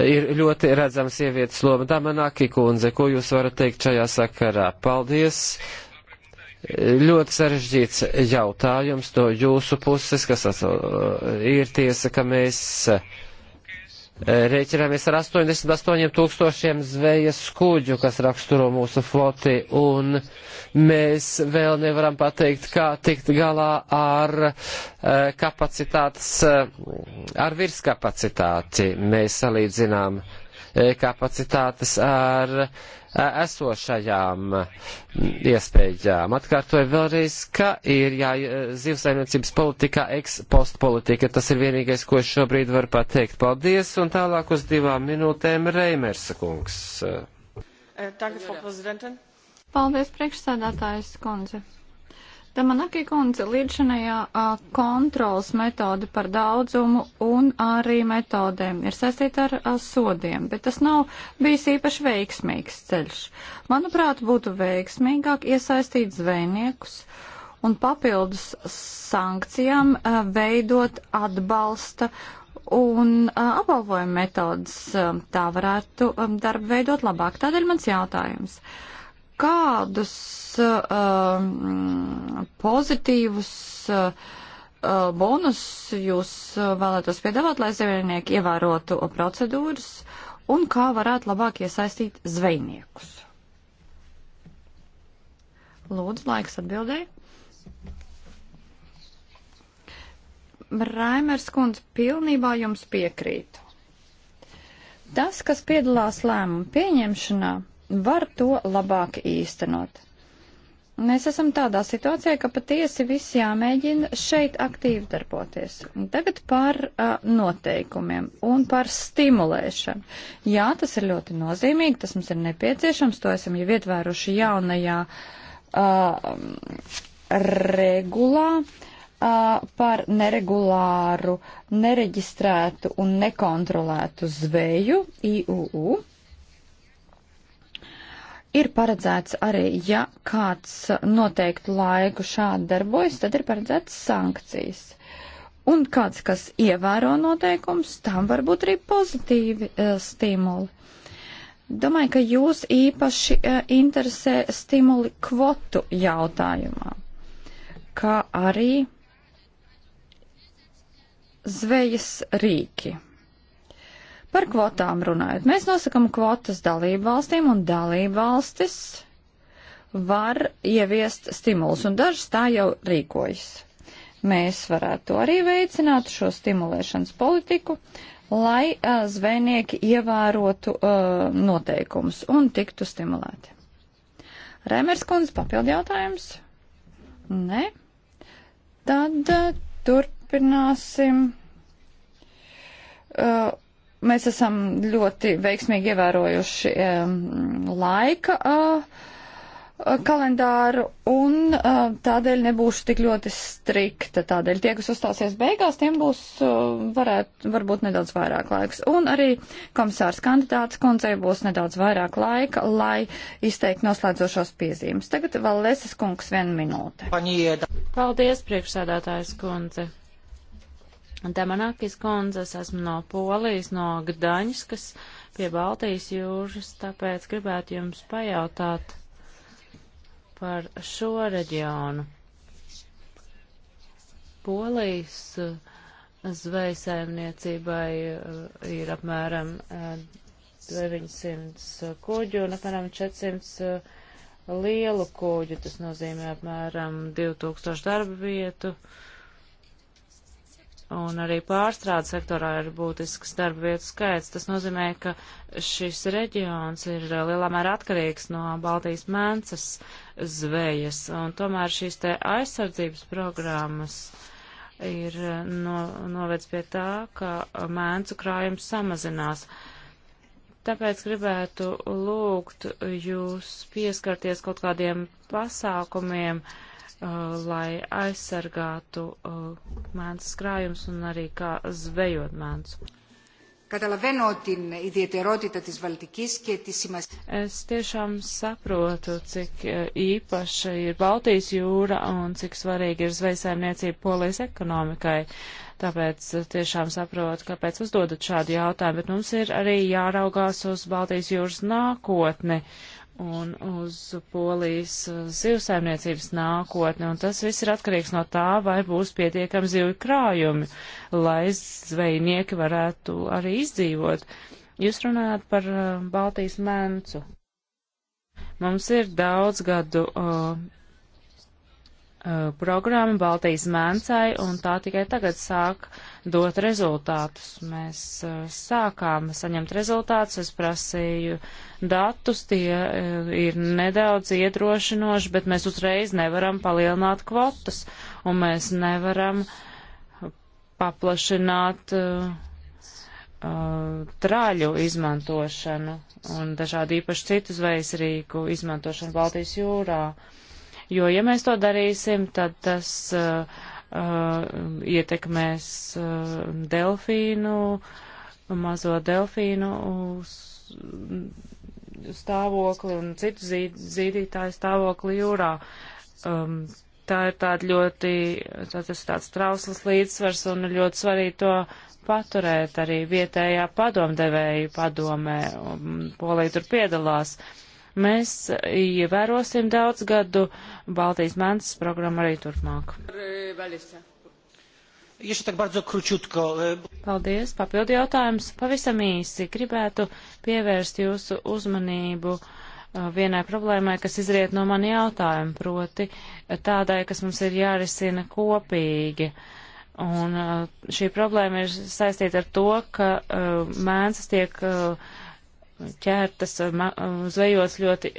ir ļoti redzams sievietes loma. Damanaki kundze, ko jūs varat teikt šajā sakarā? Paldies! Ļoti sarežģīts jautājums no jūsu puses, kas ir tiesa, ka mēs Rēķināmies ar 88 tūkstošiem zvejas kuģu, kas raksturo mūsu floti, un mēs vēl nevaram pateikt, kā tikt galā ar kapacitātes, ar virskapacitāti. Mēs salīdzinām kapacitātes ar uh, esošajām iespējām. Atkārtoju vēlreiz, ka ir jā, zivsaimniecības politikā ekspost politika. Tas ir vienīgais, ko es šobrīd varu pateikt. Paldies, un tālāk uz divām minūtēm Reimersa kungs. Tagad, Frau Prezidentin. Paldies, priekšsēdētājs kundze. Damanaki kundze, līdzinājā kontrols metode par daudzumu un arī metodēm ir saistīta ar a, sodiem, bet tas nav bijis īpaši veiksmīgs ceļš. Manuprāt, būtu veiksmīgāk iesaistīt zvejniekus un papildus sankcijām a, veidot atbalsta un a, apbalvojuma metodas. Tā varētu darbu veidot labāk. Tādēļ mans jautājums. Uh, kādus uh, pozitīvus uh, bonus jūs uh, vēlētos piedāvāt, lai zvejnieki ievērotu procedūras un kā varētu labāk iesaistīt zvejniekus? Lūdzu, laiks atbildēji. Raimers kundze, pilnībā jums piekrītu. Tas, kas piedalās lēmumu pieņemšanā, var to labāk īstenot. Mēs esam tādā situācijā, ka patiesi viss jāmēģina šeit aktīvi darboties. Tagad par uh, noteikumiem un par stimulēšanu. Jā, tas ir ļoti nozīmīgi, tas mums ir nepieciešams, to esam jau ietvēruši jaunajā uh, regulā uh, par neregulāru, nereģistrētu un nekontrolētu zveju IUU. Ir paredzēts arī, ja kāds noteiktu laiku šādi darbojas, tad ir paredzēts sankcijas. Un kāds, kas ievēro noteikums, tam var būt arī pozitīvi uh, stimuli. Domāju, ka jūs īpaši uh, interesē stimuli kvotu jautājumā, kā arī zvejas rīki. Par kvotām runājot, mēs nosakam kvotas dalību valstīm un dalību valstis var ieviest stimulus, un dažas tā jau rīkojas. Mēs varētu arī veicināt šo stimulēšanas politiku, lai uh, zvejnieki ievērotu uh, noteikumus un tiktu stimulēti. Rēmers kundze, papildi jautājums? Nē. Tad uh, turpināsim. Uh, Mēs esam ļoti veiksmīgi ievērojuši um, laika uh, kalendāru un uh, tādēļ nebūšu tik ļoti strikta. Tādēļ tie, kas uzstāsies beigās, tiem būs uh, varētu, varbūt nedaudz vairāk laiks. Un arī komisārs kandidāts kundzei būs nedaudz vairāk laika, lai izteikt noslēdzošos piezīmes. Tagad vēl Lesas kungs vienu minūte. Paldies, priekšsēdētājs kundze. Damanakis kundzes, esmu no Polijas, no Gdaņskas pie Baltijas jūras, tāpēc gribētu jums pajautāt par šo reģionu. Polijas eh, zvejsaimniecībai eh, ir apmēram 900 eh, kuģu un apmēram 400 lielu kuģu, tas nozīmē apmēram 2000 darba vietu. Uh, un arī pārstrādes sektorā ir būtisks darba vietu skaits. Tas nozīmē, ka šis reģions ir eh, lielā mērā atkarīgs no Baltijas mēnces zvejas, un tomēr šīs te aizsardzības programmas ir eh, no, novēc pie tā, ka mēncu krājums samazinās. Tāpēc gribētu lūgt jūs pieskarties kaut kādiem pasākumiem, uh, Uh, lai aizsargātu uh, mēnces krājums un arī kā zvejot mēncu. Καταλαβαίνω την ιδιαιτερότητα της Βαλτικής και τη σημασία. Es tiešām saprotu, cik uh, īpaša ir Baltijas jūra un cik svarīgi ir zvejsaimniecība polijas ekonomikai. Tāpēc tiešām saprotu, kāpēc uzdodat šādu jautājumu, bet mums ir arī jāraugās uz Baltijas jūras nākotni. Uh, un uz polijas uh, zivsaimniecības nākotni, un tas viss ir atkarīgs no tā, vai būs pietiekami zivju krājumi, lai zvejnieki varētu arī izdzīvot. Jūs runājāt par uh, Baltijas mēncu. Mums ir daudz gadu uh, Uh, programma Baltijas mēncai, un tā tikai tagad sāk dot rezultātus. Mēs uh, sākām saņemt rezultātus, es prasīju datus, tie uh, ir nedaudz iedrošinoši, bet mēs uzreiz nevaram palielināt kvotas, un mēs nevaram paplašināt uh, trāļu izmantošanu un dažādi īpaši citu zvejas rīku izmantošanu Baltijas jūrā. Uh, jo, ja mēs to darīsim, tad tas uh, uh, ietekmēs uh, delfīnu, mazo delfīnu stāvokli un citu zīd, zīdītāju stāvokli jūrā. Um, tā ir tāda ļoti, tā tas tāds trausls līdzsvars un ļoti svarīgi to paturēt arī vietējā padomdevēju padomē. Um, polija tur piedalās. Uh, mēs ievērosim daudz gadu Baltijas mēnesis programmu arī turpmāk. Paldies, papildu jautājums. Pavisam īsi gribētu pievērst jūsu uzmanību uh, vienai problēmai, kas izriet no mani jautājuma, proti tādai, kas mums ir jārisina kopīgi. Un uh, šī problēma ir saistīta ar to, ka uh, mēnesis tiek uh, ķērtas uh, uh, zvejos ļoti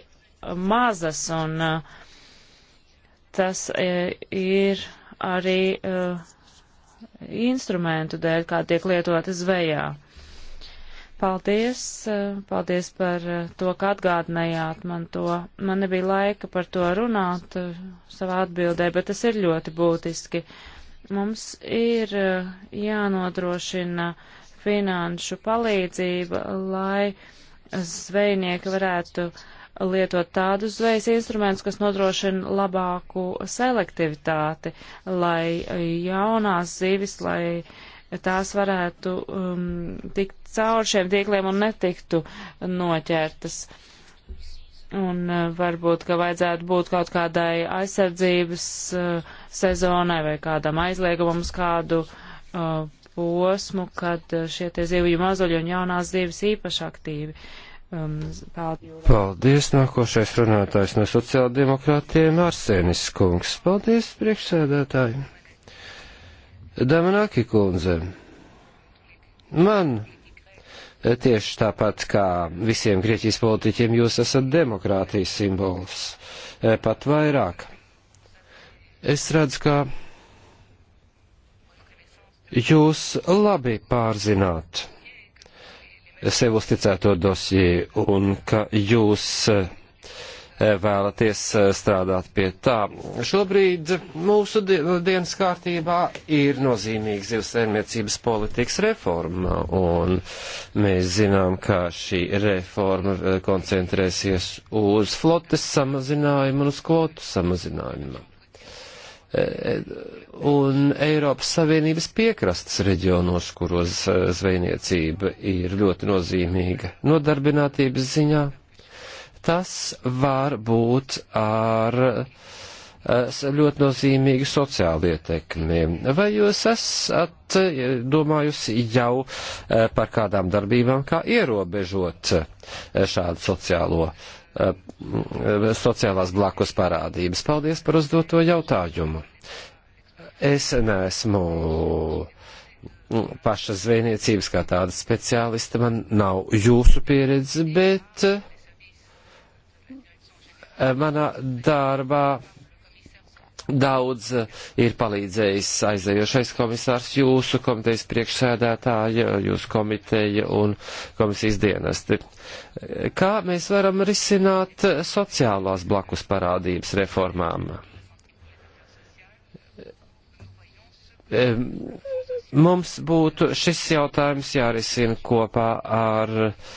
mazas, un uh, tas e, ir arī instrumentu dēļ, kā tiek lietoti zvejā. Paldies, paldies par to, ka atgādinājāt man to. Man nebija laika par to runāt savā atbildē, bet tas ir ļoti būtiski. Mums ir jānodrošina finanšu palīdzība, lai uh, zvejnieki varētu lietot tādus zvejas instrumentus, kas nodrošina labāku selektivitāti, lai jaunās zivis, lai tās varētu um, tikt cauri šiem tīkliem un netiktu noķertas. Un uh, varbūt, ka vajadzētu būt kaut kādai aizsardzības uh, sezonai vai kādam aizliegumam uz kādu uh, posmu, kad eh, šie tie zivju mazuļi un jaunās zivis īpaši aktīvi. Um, paldies. paldies, nākošais runātājs no sociāldemokrātiem Arsenis Kungs. Paldies, priekšsēdētāji. Damanaki kundze, man eh, tieši tāpat kā visiem Grieķijas politiķiem jūs esat demokrātijas simbols, eh, pat vairāk. Es redzu, ka Jūs labi pārzināt sev uzticēto dosiju un ka jūs eh, vēlaties eh, strādāt pie tā. Šobrīd mūsu dienas kārtībā ir nozīmīga zivsērniecības politikas reforma, un mēs zinām, ka šī reforma eh, koncentrēsies uz flotes samazinājumu un uz kvotu samazinājumu un Eiropas Savienības piekrastes reģionos, kuros eh, zvejniecība ir ļoti nozīmīga nodarbinātības ziņā, tas var būt ar eh, ļoti nozīmīgu sociālu ietekmi. Vai jūs esat eh, domājusi jau par kādām darbībām, kā ierobežot šādu sociālo uh, Eh, eh, sociālās blakus parādības. Paldies par uzdoto jautājumu. Es neesmu mm, paša zvejniecības kā tāda speciālista, man nav jūsu pieredze, bet eh, manā darbā Daudz eh, ir palīdzējis aizējošais komisārs, jūsu komitejas priekšsēdētāja, jūsu komiteja un komisijas dienesti. Kā mēs varam risināt eh, sociālās blakus parādības reformām? Mums būtu šis jautājums jārisina kopā ar uh,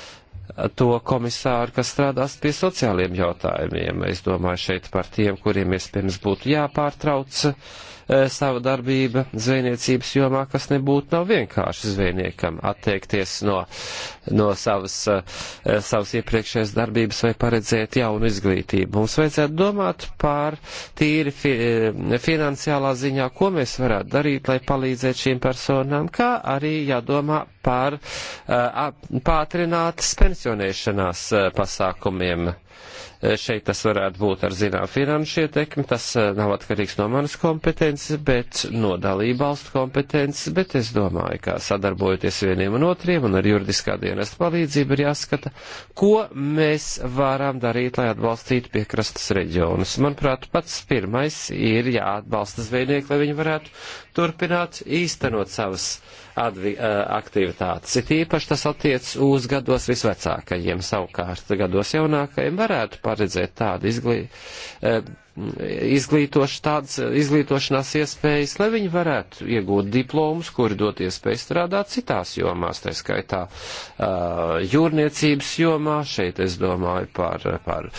to komisāru, kas strādās pie sociāliem jautājumiem. Es domāju šeit par tiem, kuriem iespējams būtu jāpārtrauc uh, E, sava darbība zvejniecības jomā, kas nebūtu nav vienkārši zvejniekam atteikties no, no savas, e, e, savas iepriekšējās darbības vai paredzēt jaunu izglītību. Mums vajadzētu domāt pār tīri fi, finansiālā ziņā, ko mēs varētu darīt, lai palīdzētu šīm personām, kā arī jādomā pār pātrinātas pensionēšanās pasākumiem Eh, šeit tas varētu būt ar zinām finanšu ietekmi, tas eh, nav atkarīgs no manas kompetences, bet no dalībvalstu kompetences, bet es domāju, ka sadarbojoties vieniem un otriem un ar juridiskā dienesta palīdzību ir jāskata, ko mēs varam darīt, lai atbalstītu piekrastas reģionus. Manuprāt, pats pirmais ir jāatbalsta zvejnieki, lai viņi varētu turpināt īstenot savas advi, eh, aktivitātes. It īpaši tas attiec uz gados visvecākajiem, savukārt gados jaunākajiem varētu pār paredzēt tādu izglī, eh, izglītoš, tādas eh, izglītošanās iespējas, lai viņi varētu iegūt diplomus, kuri dot iespēju strādāt citās jomās, tā skaitā eh, jūrniecības jomā, šeit es domāju par, par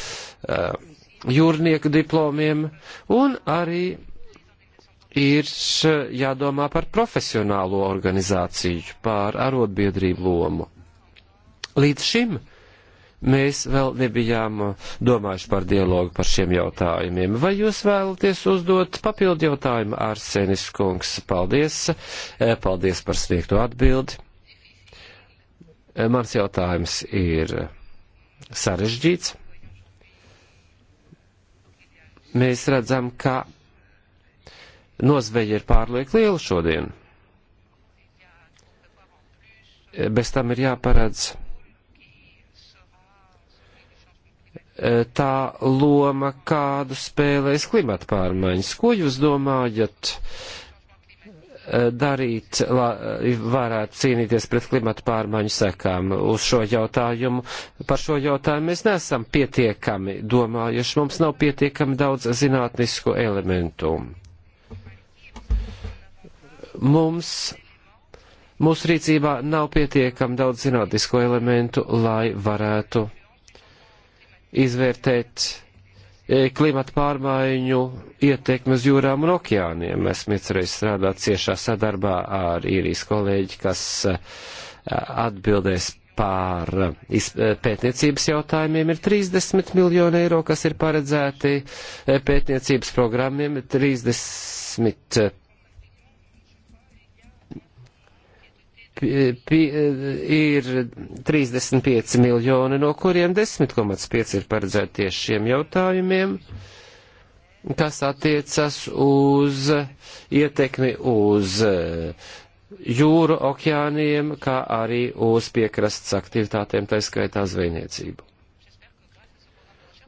jūrnieku diplomiem, un arī ir jādomā par profesionālo organizāciju, par arotbiedrību lomu. Līdz šim uh, mēs vēl nebijām uh, domājuši par dialogu par šiem jautājumiem. Vai jūs vēlaties uzdot papildu jautājumu, Arsenis Kungs? Paldies, eh, paldies par sniegto atbildi. Eh, mans jautājums ir eh, sarežģīts. Mēs redzam, ka nozveja ir pārlieku liela šodien. Bez tam ir jāparedz Eh, tā loma, kādu spēlēs klimata pārmaiņas. Ko jūs domājat? Eh, darīt, lai eh, varētu cīnīties pret klimatu pārmaiņu sekām. Uz šo jautājumu, par šo jautājumu mēs neesam pietiekami domājuši, mums nav pietiekami daudz zinātnisku elementu. Mums, mūsu rīcībā nav pietiekami daudz zinātnisko elementu, lai varētu izvērtēt e, klimata pārmaiņu ietekmi uz jūrām un okeāniem. Esmu iecerējis strādāt ciešā sadarbā ar īrijas kolēģi, kas e, atbildēs par e, pētniecības jautājumiem ir 30 miljoni eiro, kas ir paredzēti pētniecības programmiem, 30 ir 35 miljoni, no kuriem 10,5 ir paredzēti tieši šiem jautājumiem, kas attiecas uz ietekmi uz eh, jūru, okeāniem, kā arī uz piekrastes aktivitātēm, tā skaitā zvejniecību.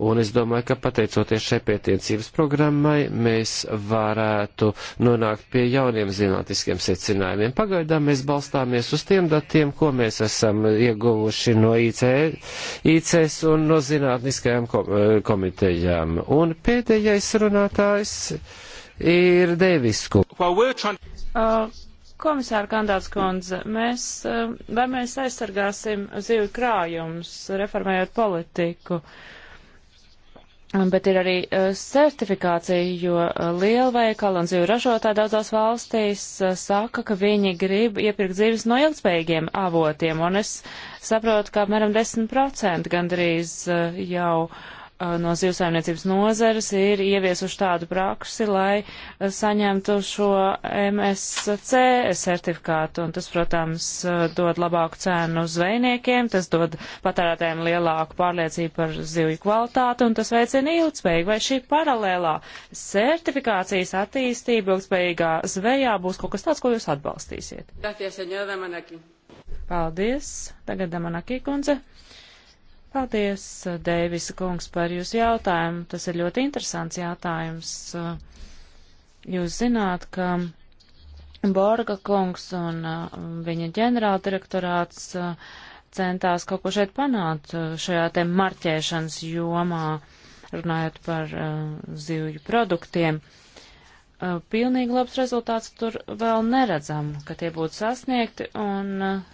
Un es domāju, ka pateicoties šai pētniecības programmai, mēs varētu nonākt pie jauniem zinātniskiem secinājumiem. Pagaidām mēs balstāmies uz tiem datiem, ko mēs esam ieguvuši no IC, ICS un no zinātniskajām eh, komitejām. Un pēdējais runātājs ir Devisku. Uh, Komisāra Kandāts kundze, mēs, uh, vai mēs aizsargāsim zivju krājumus, reformējot politiku? Uh, Um, bet ir arī uh, certifikācija, jo uh, lielveikali un dzīvu ražotāji daudzās valstīs uh, saka, ka viņi grib iepirkt dzīves no ilgspējīgiem avotiem, un es saprotu, ka apmēram 10% gandrīz jau uh, Uh, no zivsaimniecības nozares ir ieviesuši tādu praksi, lai uh, saņemtu šo MSC certifikātu. Un tas, protams, uh, dod labāku cenu zvejniekiem, tas dod patērētājiem lielāku pārliecību par zivju kvalitāti un tas veicina ilgspējīgu. Vai šī paralēlā certifikācijas attīstība ilgspējīgā zvejā būs kaut kas tāds, ko jūs atbalstīsiet? Paldies. Tagad Damanakī kundze. Paldies, uh, Deivisa kungs, par jūsu jautājumu. Tas ir ļoti interesants jautājums. Uh, jūs zināt, ka Borga kungs un uh, viņa ģenerāldirektorāts centās kaut ko šeit panākt šajā te marķēšanas jomā, runājot par zivju produktiem. Pilnīgi labs rezultāts tur vēl neredzam, ka tie būtu sasniegti, un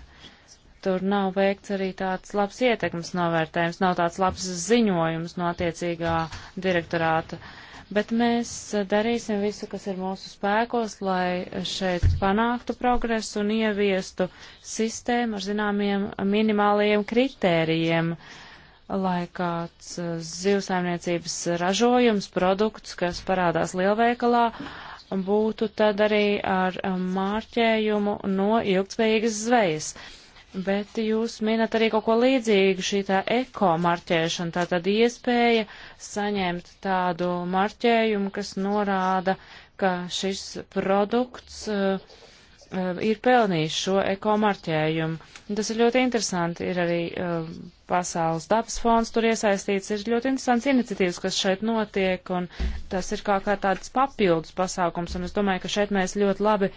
tur nav veikts arī tāds labs ietekmes novērtējums, nav tāds labs ziņojums no attiecīgā direktorāta. Bet mēs darīsim visu, kas ir mūsu spēkos, lai šeit panāktu progresu un ieviestu sistēmu ar zināmiem minimālajiem kritērijiem, lai kāds zivsaimniecības ražojums, produkts, kas parādās lielveikalā, būtu tad arī ar mārķējumu no ilgtspējīgas zvejas. Bet jūs minat arī kaut ko līdzīgu šī tā eko marķēšana, tā tad iespēja saņemt tādu marķējumu, kas norāda, ka šis produkts uh, Uh, ir pelnījuši šo ekomarķējumu. Tas ir ļoti interesanti. Ir arī uh, Pasaules dabas fonds tur iesaistīts. Ir ļoti interesants iniciatīvas, kas šeit notiek, un tas ir kā, kā tāds papildus pasākums. Un es domāju, ka šeit mēs ļoti labi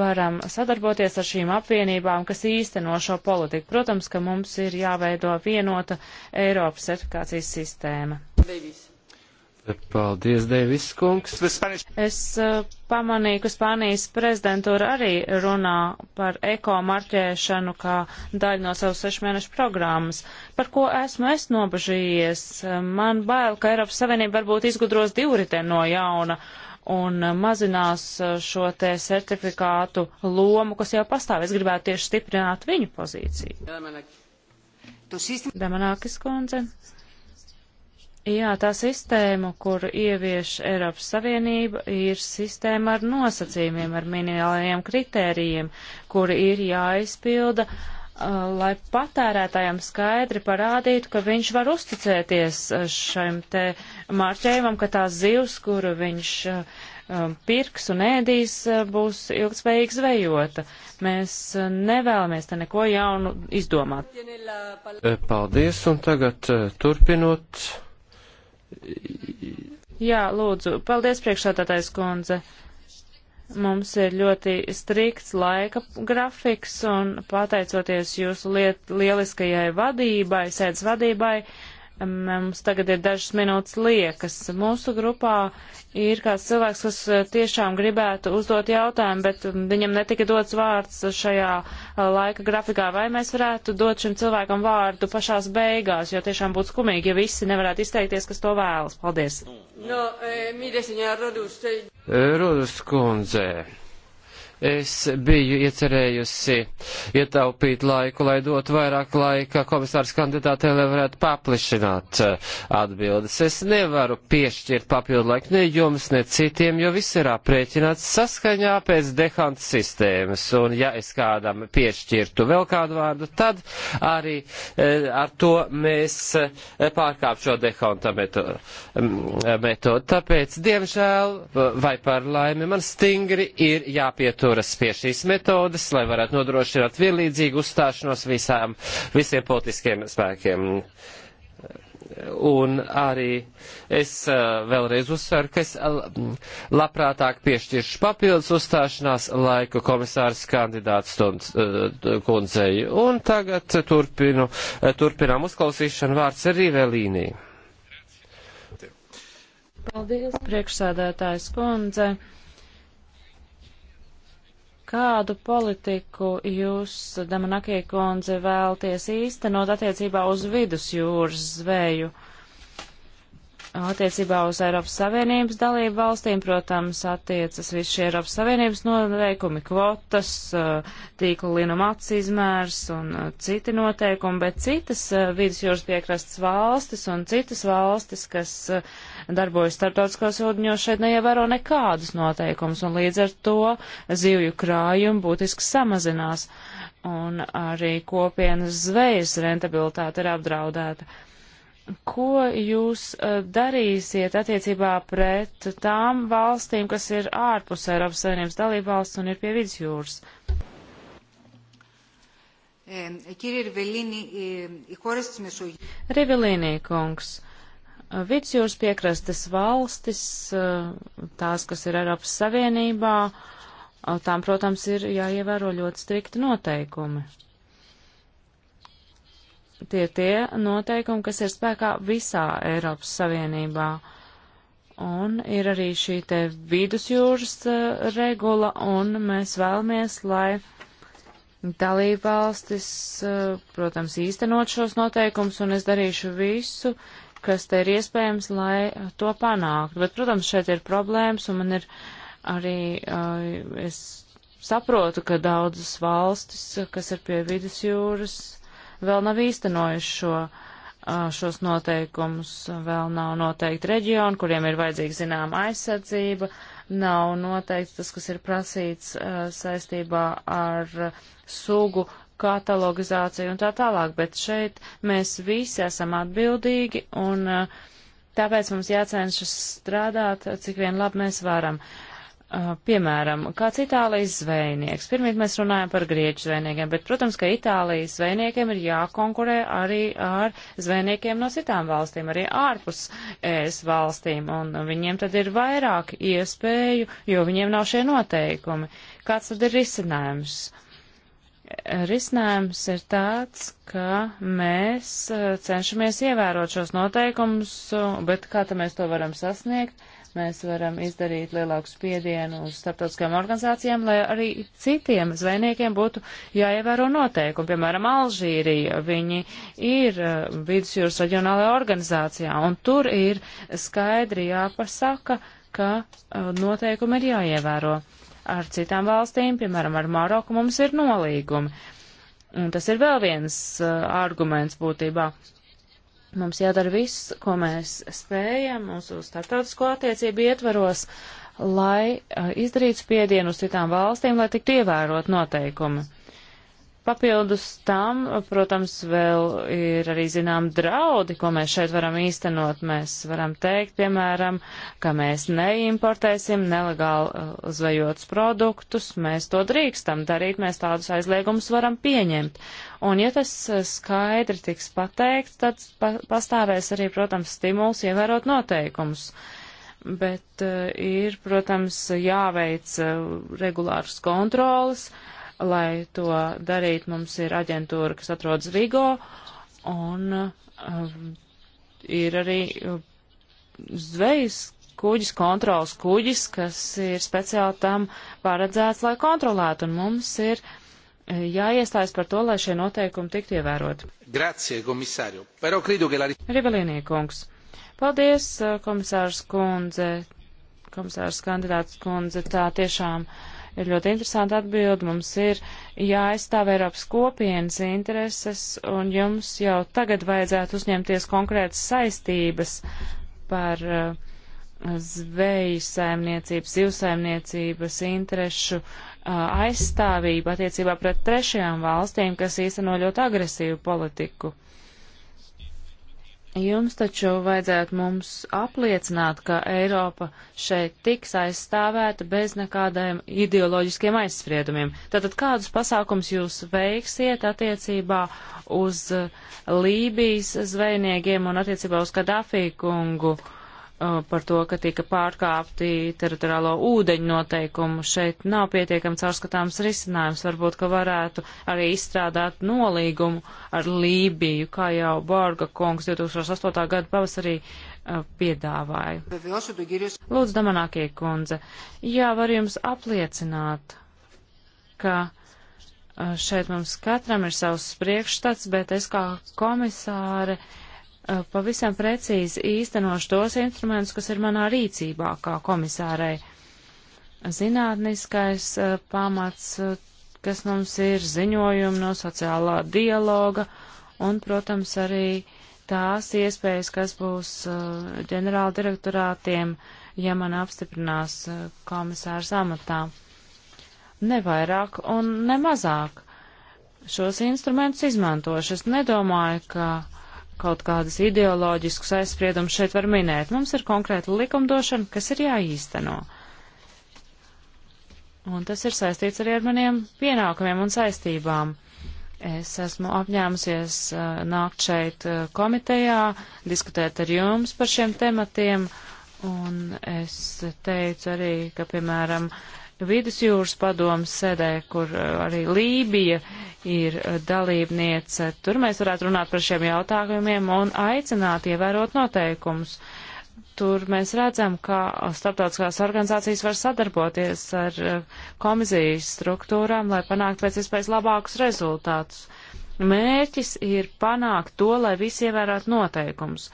varam sadarboties ar šīm apvienībām, kas īsteno šo politiku. Protams, ka mums ir jāveido vienota Eiropas certifikācijas sistēma. Babies. Paldies, Deivis Kungs. Es uh, pamanīju, ka Spānijas prezidentūra arī runā par eko marķēšanu kā daļu no savas sešu mēnešu programmas. Par ko esmu es nobažījies? Eh, man bail, ka Eiropas Savienība varbūt izgudros divriteni no jauna un mazinās eh, šo te certifikātu lomu, kas jau pastāv. Es gribētu tieši stiprināt viņu pozīciju. Damanākis kundze. Jā, tā sistēma, kuru ievieš Eiropas Savienība, ir sistēma ar nosacījumiem, ar minimālajiem kritērijiem, kuri ir jāizpilda, uh, lai patērētājiem skaidri parādītu, ka viņš var uzticēties uh, šim te marķējumam, ka tās zivs, kuru viņš uh, um, pirks un ēdīs, būs ilgspējīgi zvejota. Mēs nevēlamies te neko jaunu izdomāt. Paldies, un tagad turpinot Jā, lūdzu. Paldies, priekšsādātais kundze. Mums ir ļoti strikts laika grafiks, un pateicoties jūsu liet, lieliskajai vadībai, sēdz vadībai, uh, Mums tagad ir dažas minūtes liekas. Mūsu grupā ir kāds cilvēks, kas eh, tiešām gribētu uzdot jautājumu, bet um, viņam netika dots vārds šajā eh, laika grafikā. Vai mēs varētu dot šim cilvēkam vārdu pašās beigās, jo tiešām būtu skumīgi, ja visi nevarētu izteikties, kas to vēlas. Paldies. No, e, Rodus kundze es biju iecerējusi ietaupīt laiku, lai dotu vairāk laika komisārs kandidātiem, lai varētu paplišināt eh, atbildes. Es nevaru piešķirt papildu laiku ne jums, ne citiem, jo viss ir aprēķināts saskaņā pēc dehanta sistēmas. Un ja es kādam piešķirtu vēl kādu vārdu, tad arī e, ar to mēs e, pārkāp šo dehanta metodu. Mm, metodu. Tāpēc, diemžēl, vai par laimi, man stingri ir jāpietur pieturas pie šīs metodes, lai varētu nodrošināt vienlīdzīgu uzstāšanos visām, visiem politiskiem spēkiem. Un arī es eh, vēlreiz uzsveru, ka es eh, labprātāk piešķiršu papildus uzstāšanās laiku komisārs kandidāts eh, kundzei. Un tagad turpinu, turpinām uzklausīšanu vārds arī Velīnī. Paldies, priekšsēdētājs kundze. Kādu politiku jūs, Damanakie kundze, vēlties īstenot attiecībā uz vidusjūras zvēju? Attiecībā uz Eiropas Savienības dalību valstīm, protams, attiecas visi šie Eiropas Savienības noteikumi, kvotas, eh, tīkla linumats izmērs un eh, citi noteikumi, bet citas eh, vidusjūras piekrastas valstis un citas valstis, kas uh, darbojas starptautiskos ūdeņos, šeit neievēro nekādus noteikumus, un līdz ar to zivju krājumi būtiski samazinās, un arī kopienas zvejas rentabilitāte ir apdraudēta. Ko jūs eh, darīsiet attiecībā pret tām valstīm, kas ir ārpus Eiropas Savienības dalība valsts un ir pie vidusjūras? Rivelīnī eh, kungs, Eh, vidusjūras piekrastes valstis, eh, tās, kas ir Eiropas Savienībā, eh, tām, protams, ir jāievēro ļoti strikti noteikumi. Tie ir tie noteikumi, kas ir spēkā visā Eiropas Savienībā. Un ir arī šī te vidusjūras regula, un mēs vēlamies, lai dalībvalstis, protams, īstenot šos noteikumus, un es darīšu visu, uh, kas te ir iespējams, lai uh, to panāktu. Bet, protams, šeit ir problēmas, un man ir arī, uh, es saprotu, ka daudzas valstis, uh, kas ir pie vidus jūras, vēl nav īstenojuši šo, šos noteikumus, vēl nav noteikti reģioni, kuriem ir vajadzīga zināma aizsardzība, nav noteikts tas, kas ir prasīts saistībā ar sugu katalogizāciju un tā tālāk, bet šeit mēs visi esam atbildīgi un eh, tāpēc mums jācenšas strādāt, cik vien labi mēs varam. Eh, piemēram, kāds Itālijas zvejnieks. Pirmīt mēs runājam par grieķu zvejniekiem, bet, protams, ka Itālijas zvejniekiem ir jākonkurē arī ar zvejniekiem no citām valstīm, arī ārpus ES valstīm, un viņiem tad ir vairāk iespēju, jo viņiem nav šie noteikumi. Kāds tad ir risinājums? Uh, risinājums ir tāds, ka mēs uh, cenšamies ievērot šos noteikumus, uh, bet kā tad mēs to varam sasniegt? Mēs varam izdarīt lielāku spiedienu uz starptautiskajām organizācijām, lai arī citiem zvejniekiem būtu jāievēro noteikumi. Piemēram, Alžīrija, viņi ir uh, vidusjūras reģionālajā organizācijā, un tur ir skaidri jāpasaka, ka noteikumi ir jāievēro. Uh, ar citām valstīm, piemēram, ar Maroku mums ir nolīgumi. Un tas ir vēl viens uh, arguments būtībā. Mums jādara viss, ko mēs spējam mūsu starptautisko attiecību ietvaros, lai uh, izdarītu spiedienu uz citām valstīm, lai tiktu ievērot noteikumi. Papildus tam, protams, vēl ir arī zinām draudi, ko mēs šeit varam īstenot. Mēs varam teikt, piemēram, ka mēs neimportēsim nelegāli uh, zvejotus produktus. Mēs to drīkstam darīt, mēs tādus aizliegumus varam pieņemt. Un ja tas uh, skaidri tiks pateikts, tad pa pastāvēs arī, protams, stimuls ievērot noteikumus bet uh, ir, protams, jāveic uh, regulāras kontrolas, Lai to darītu, mums ir aģentūra, kas atrodas Rigo, un um, ir arī uh, zvejas kuģis, kontrols kuģis, kas ir speciāli tam paredzēts, lai kontrolētu, un mums ir uh, jāiestājas par to, lai šie noteikumi tiktu ievēroti. Grazie, komisārio. Pero credo, ka la... Ribelīnī kungs. Paldies, uh, komisārs kundze, komisārs kandidāts kundze, tā tiešām. Uh, ir ļoti interesanti atbildi. Mums ir jāaizstāv Eiropas kopienas intereses, un jums jau tagad vajadzētu uzņemties konkrētas saistības par uh, zvejas saimniecības, zivsaimniecības interešu uh, aizstāvību attiecībā pret trešajām valstīm, kas īsteno ļoti agresīvu politiku. Jums taču vajadzētu mums apliecināt, ka Eiropa šeit tiks aizstāvēta bez nekādiem ideoloģiskiem aizspriedumiem. Tātad kādus pasākums jūs veiksiet attiecībā uz Lībijas zvejniekiem un attiecībā uz Kadafī kungu? Uh, Uh, par to, ka tika pārkāpti teritoriālo ūdeņu noteikumu. Šeit nav pietiekami caurskatāms risinājums. Varbūt, ka varētu arī izstrādāt nolīgumu ar Lībiju, kā jau Borga kungs 2008. gada pavasarī uh, piedāvāja. Lūdzu, Damanākie kundze, jā, var jums apliecināt, ka uh, šeit mums katram ir savs priekšstats, bet es kā komisāre. Uh, Eh, pavisam precīzi īstenošu tos instrumentus, kas ir manā rīcībā kā komisārai. Zinātniskais uh, pamats, eh, kas mums ir ziņojumi no sociālā dialoga un, protams, arī tās iespējas, kas būs uh, ģenerāla direktorātiem, ja man apstiprinās uh, komisārs amatā. Ne vairāk un ne mazāk. Šos instrumentus izmantošu. Es nedomāju, ka uh, kaut kādus ideoloģiskus aizspriedumus šeit var minēt. Mums ir konkrēta likumdošana, kas ir jāīsteno. Un tas ir saistīts arī ar maniem pienākumiem un saistībām. Es esmu apņēmusies uh, nākt šeit uh, komitejā, diskutēt ar jums par šiem tematiem, un es teicu arī, ka, piemēram, uh, vidusjūras padomas sēdē, kur eh, arī Lībija ir eh, dalībniece. Tur mēs varētu runāt par šiem jautājumiem un aicināt ievērot noteikumus. Tur mēs redzam, ka starptautiskās organizācijas var sadarboties ar eh, komisijas struktūrām, lai panāktu pēc iespējas labākus rezultātus. Mērķis ir panākt to, lai visi ievērot noteikumus.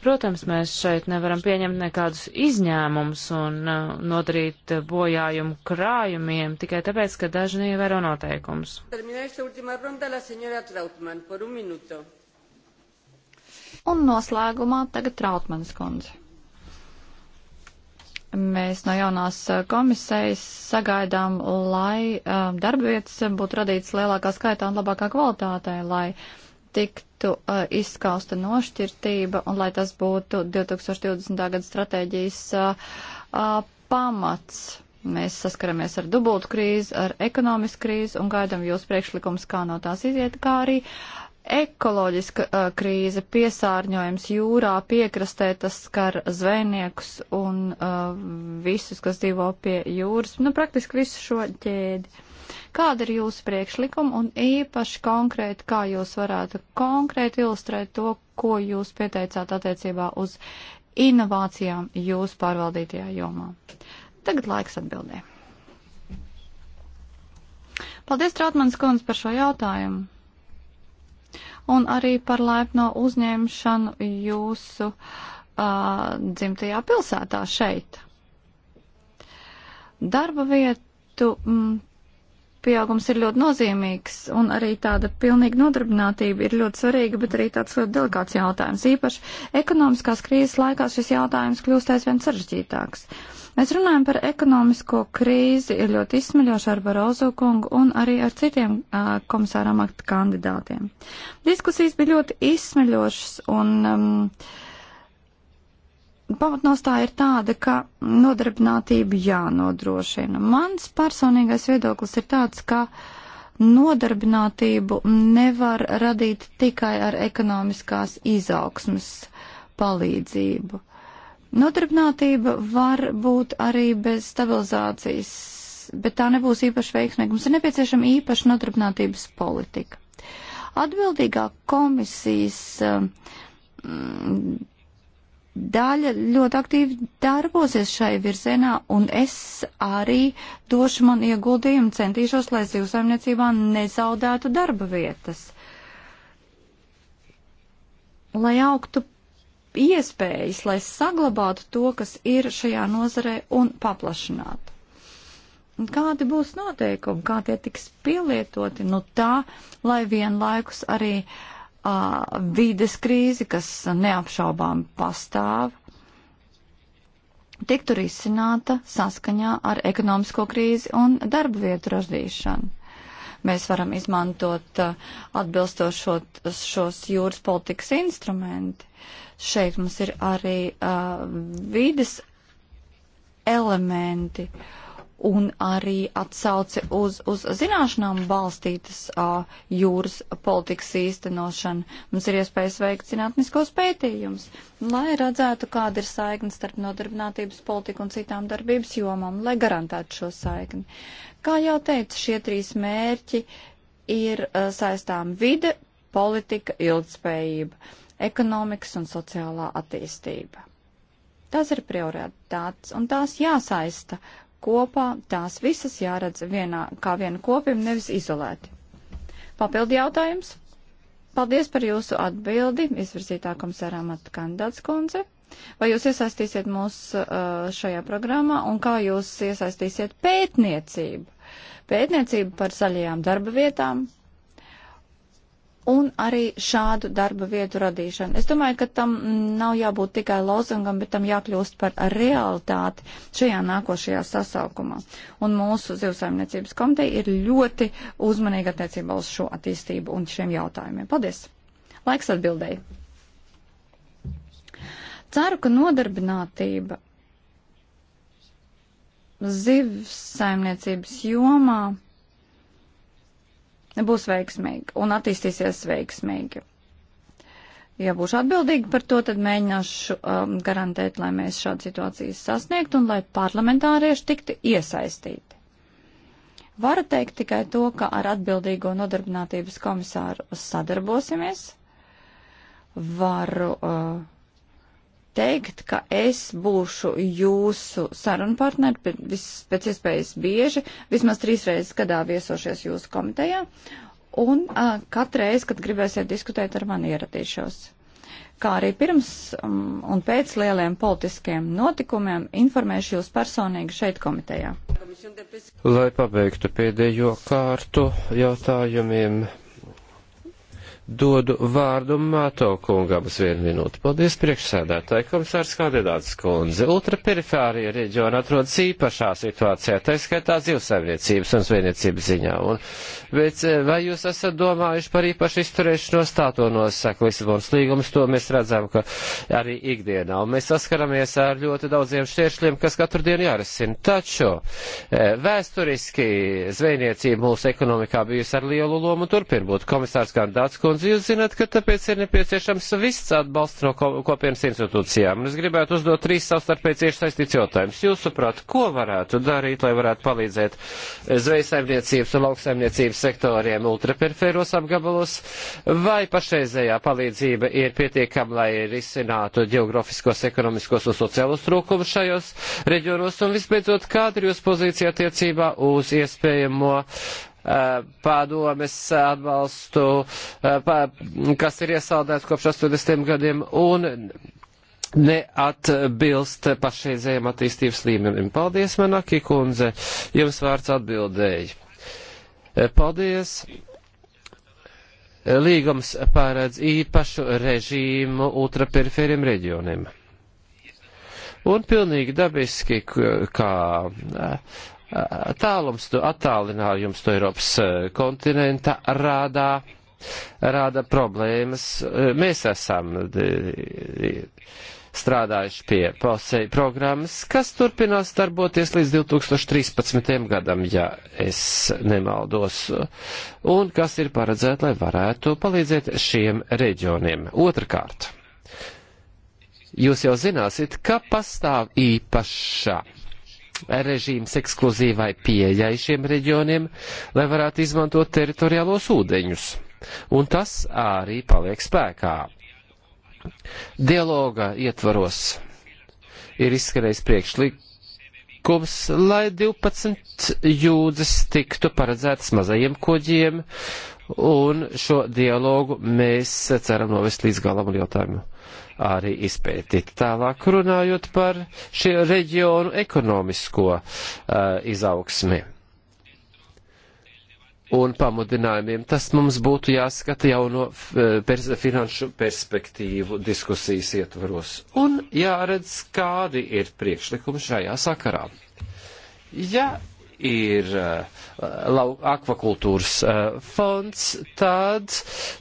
Protams, mēs šeit nevaram pieņemt nekādus izņēmumus un uh, nodarīt uh, bojājumu krājumiem tikai tāpēc, ka daži neievēro noteikumus. Un noslēgumā tagad Trautmanis kundze. Mēs no jaunās uh, komisijas sagaidām, lai um, darbvietas būtu radītas lielākā skaitā un labākā kvalitātē, lai uh, tiktu uh, izskausta nošķirtība un lai tas būtu 2020. gada stratēģijas uh, uh, pamats. Mēs saskaramies ar dubultu krīzi, ar ekonomisku krīzi un gaidām jūs priekšlikums, kā no tās iziet, kā arī ekoloģiska uh, krīze, piesārņojums jūrā, piekrastē, tas skar zvejniekus un uh, visus, kas dzīvo pie jūras, nu praktiski visu šo ķēdi. Kāda ir jūsu priekšlikuma un īpaši konkrēti, kā jūs varētu konkrēti ilustrēt to, ko jūs pieteicāt attiecībā uz inovācijām jūsu pārvaldītajā jomā? Tagad laiks atbildē. Paldies, Trautmanis kundze, par šo jautājumu. Un arī par laipno uzņemšanu jūsu uh, dzimtajā pilsētā šeit. Darba vietu mm, pieaugums ir ļoti nozīmīgs, un arī tāda pilnīga nodarbinātība ir ļoti svarīga, bet arī tāds ļoti delikāts jautājums. Īpaši ekonomiskās krīzes laikā šis jautājums kļūst aizvien sarežģītāks. Mēs runājam par ekonomisko krīzi, ir ļoti izsmeļoši ar Barozo kungu un arī ar citiem uh, komisāram aktu kandidātiem. Diskusijas bija ļoti izsmeļošas un. Um, pamatnostāja ir tāda, ka nodarbinātība jānodrošina. Mans personīgais viedoklis ir tāds, ka nodarbinātību nevar radīt tikai ar ekonomiskās izaugsmas palīdzību. Nodarbinātība var būt arī bez stabilizācijas, bet tā nebūs īpaši veiksmīga. Mums ir nepieciešama īpaša nodarbinātības politika. Atbildīgā komisijas mm, daļa ļoti aktīvi darbosies šai virzienā, un es arī došu man ieguldījumu, centīšos, lai zivsaimniecībā nezaudētu darba vietas, lai augtu iespējas, lai saglabātu to, kas ir šajā nozarē, un paplašinātu. Un kādi būs noteikumi, kā tie tiks pielietoti, nu tā, lai vienlaikus arī uh, uh, vides krīzi, kas neapšaubām pastāv, tiktu risināta saskaņā ar ekonomisko krīzi un darba vietu radīšanu. Mēs varam izmantot uh, atbilstošos šos jūras politikas instrumenti. Šeit mums ir arī uh, vides elementi. Uh, un arī atsauci uz, uz zināšanām balstītas uh, jūras politikas īstenošanu. Mums ir iespējas veikt zinātniskos pētījumus, lai redzētu, kāda ir saikne starp nodarbinātības politiku un citām darbības jomām, lai garantētu šo saikni. Kā jau teicu, šie trīs mērķi ir uh, saistām vide, politika, ilgspējība, ekonomikas un sociālā attīstība. Tas ir prioritāts, un tās jāsaista kopā, tās visas jāredz vienā, kā vienu kopumu, nevis izolēti. Papildi jautājums. Paldies par jūsu atbildi, izvirzītā komisārā Mata Kandāts kundze. Vai jūs iesaistīsiet mūs uh, šajā programmā un kā jūs iesaistīsiet pētniecību? Pētniecību par zaļajām darba vietām, un arī šādu darba vietu radīšanu. Es domāju, ka tam nav jābūt tikai lozungam, bet tam jākļūst par realitāti šajā nākošajā sasaukumā. Un mūsu zivsaimniecības komiteja ir ļoti uzmanīga attiecībā uz šo attīstību un šiem jautājumiem. Paldies! Laiks atbildēji. Ceru, ka nodarbinātība zivsaimniecības jomā būs veiksmīgi un attīstīsies veiksmīgi. Ja būšu atbildīgi par to, tad mēģināšu um, garantēt, lai mēs šādu situāciju sasniegtu un lai parlamentārieši tiktu iesaistīti. Varu teikt tikai to, ka ar atbildīgo nodarbinātības komisāru sadarbosimies. Varu uh, teikt, ka es būšu jūsu sarunu partneri pēc, pēc iespējas bieži, vismaz trīs reizes gadā viesošies jūsu komitejā, un uh, katreiz, kad gribēsiet diskutēt ar mani, ieradīšos kā arī pirms um, un pēc lieliem politiskiem notikumiem informēšu jūs personīgi šeit komitejā. Lai pabeigtu pēdējo kārtu jautājumiem, dodu vārdu Māto kungam uz vienu minūti. Paldies priekšsēdētāji, komisārs kandidāts kundze. Ultraperifārija reģiona atrodas īpašā situācijā, tā skaitā zivsaimniecības un zvejniecības ziņā. Un, bet eh, vai jūs esat domājuši par īpašu izturēšanos tā to nosaka Lisabonas līgums, to mēs redzam, ka arī ikdienā. Un mēs saskaramies ar ļoti daudziem šķēršļiem, kas katru dienu jārisina. Taču eh, vēsturiski zvejniecība mūsu ekonomikā bijusi ar lielu lomu un turpin būt komisārs kandidāts kundze kundze, jūs zināt, ka tāpēc ir nepieciešams viss atbalsts no kopienas institūcijām. Un es gribētu uzdot trīs savstarpēji cieši saistīts jautājumus. Jūsuprāt, ko varētu darīt, lai varētu palīdzēt zvejsaimniecības un lauksaimniecības sektoriem ultraperferos apgabalos, vai pašreizējā palīdzība ir pietiekama, lai risinātu geografiskos, ekonomiskos un sociālos trūkumus šajos reģionos, un visbeidzot, kāda ir jūsu pozīcija attiecībā uz iespējamo uh, Eh, padomes atbalstu, eh, kas ir iesaldēts kopš 80 gadiem un neatbilst pašreizējiem attīstības līmenim. Paldies, Manaki kundze, jums vārds atbildēji. Eh, paldies. Līgums pārēdz īpašu režīmu ultraperifēriem reģioniem. Un pilnīgi dabiski, kā tālums, attālinājums no Eiropas e, kontinenta rādā rāda problēmas. E, mēs esam e, strādājuši pie POSEI programmas, kas turpinās darboties līdz 2013. gadam, ja es nemaldos, un kas ir paredzēta, lai varētu palīdzēt šiem reģioniem. Otrakārt, jūs jau zināsiet, ka pastāv īpašā režīms ekskluzīvai pieejai šiem reģioniem, lai varētu izmantot teritoriālos ūdeņus. Un tas arī paliek spēkā. Dialoga ietvaros ir izskanējis priekšlikums, lai 12 jūdzes tiktu paredzētas mazajiem koģiem, un šo dialogu mēs ceram novest līdz galam un jautājumu arī izpētīt. Tālāk runājot par šie reģionu ekonomisko uh, izaugsmi un pamudinājumiem. Tas mums būtu jāskata jau no eh, pers finanšu perspektīvu diskusijas ietvaros un jāredz, kādi ir priekšlikumi šajā sakarā. Ja ir eh, lau, akvakultūras eh, fonds, tad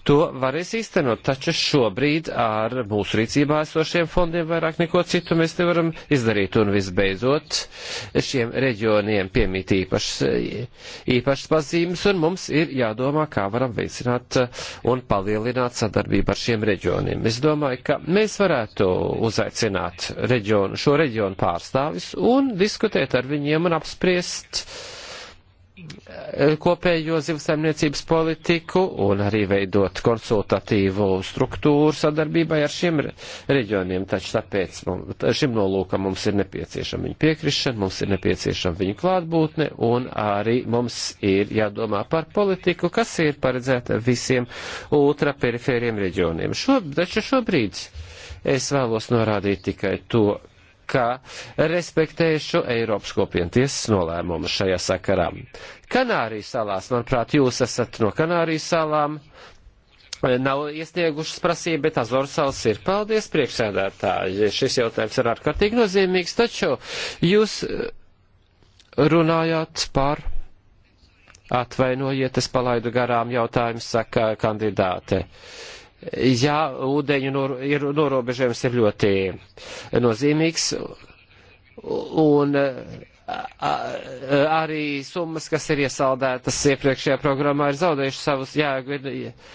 to varēs īstenot. Taču šobrīd ar mūsu rīcībā esošiem fondiem vairāk neko citu mēs nevaram izdarīt. Un visbeidzot, šiem reģioniem piemīt īpašas, eh, īpašas pazīmes, un mums ir jādomā, kā varam veicināt un palielināt sadarbību ar šiem reģioniem. Es domāju, ka mēs varētu uzaicināt reģionu, šo reģionu pārstāvis un diskutēt ar viņiem un apspriest, kopējo zivsaimniecības politiku un arī veidot konsultatīvu struktūru sadarbībai ar šiem reģioniem. Taču tāpēc mums, šim nolūkam mums ir nepieciešama viņa piekrišana, mums ir nepieciešama viņa klātbūtne un arī mums ir jādomā par politiku, kas ir paredzēta visiem ultraperifēriem reģioniem. Šo, taču šobrīd es vēlos norādīt tikai to ka respektēšu Eiropas kopienu tiesas nolēmumu šajā sakarā. Kanārijas salās, manuprāt, jūs esat no Kanārijas salām. E, nav iesniegušas prasību, bet Azorsals ir. Paldies, priekšsēdētāji. Šis jautājums ir ārkārtīgi nozīmīgs, taču jūs e, runājāt par. Atvainojiet, es palaidu garām jautājumu, saka kandidāte. Uh, ja ūdeņu nor, ir, norobežojums ir ļoti nozīmīgs. Un arī summas, kas ir iesaldētas iepriekšējā programmā, ir zaudējušas savus jēgu. Ir,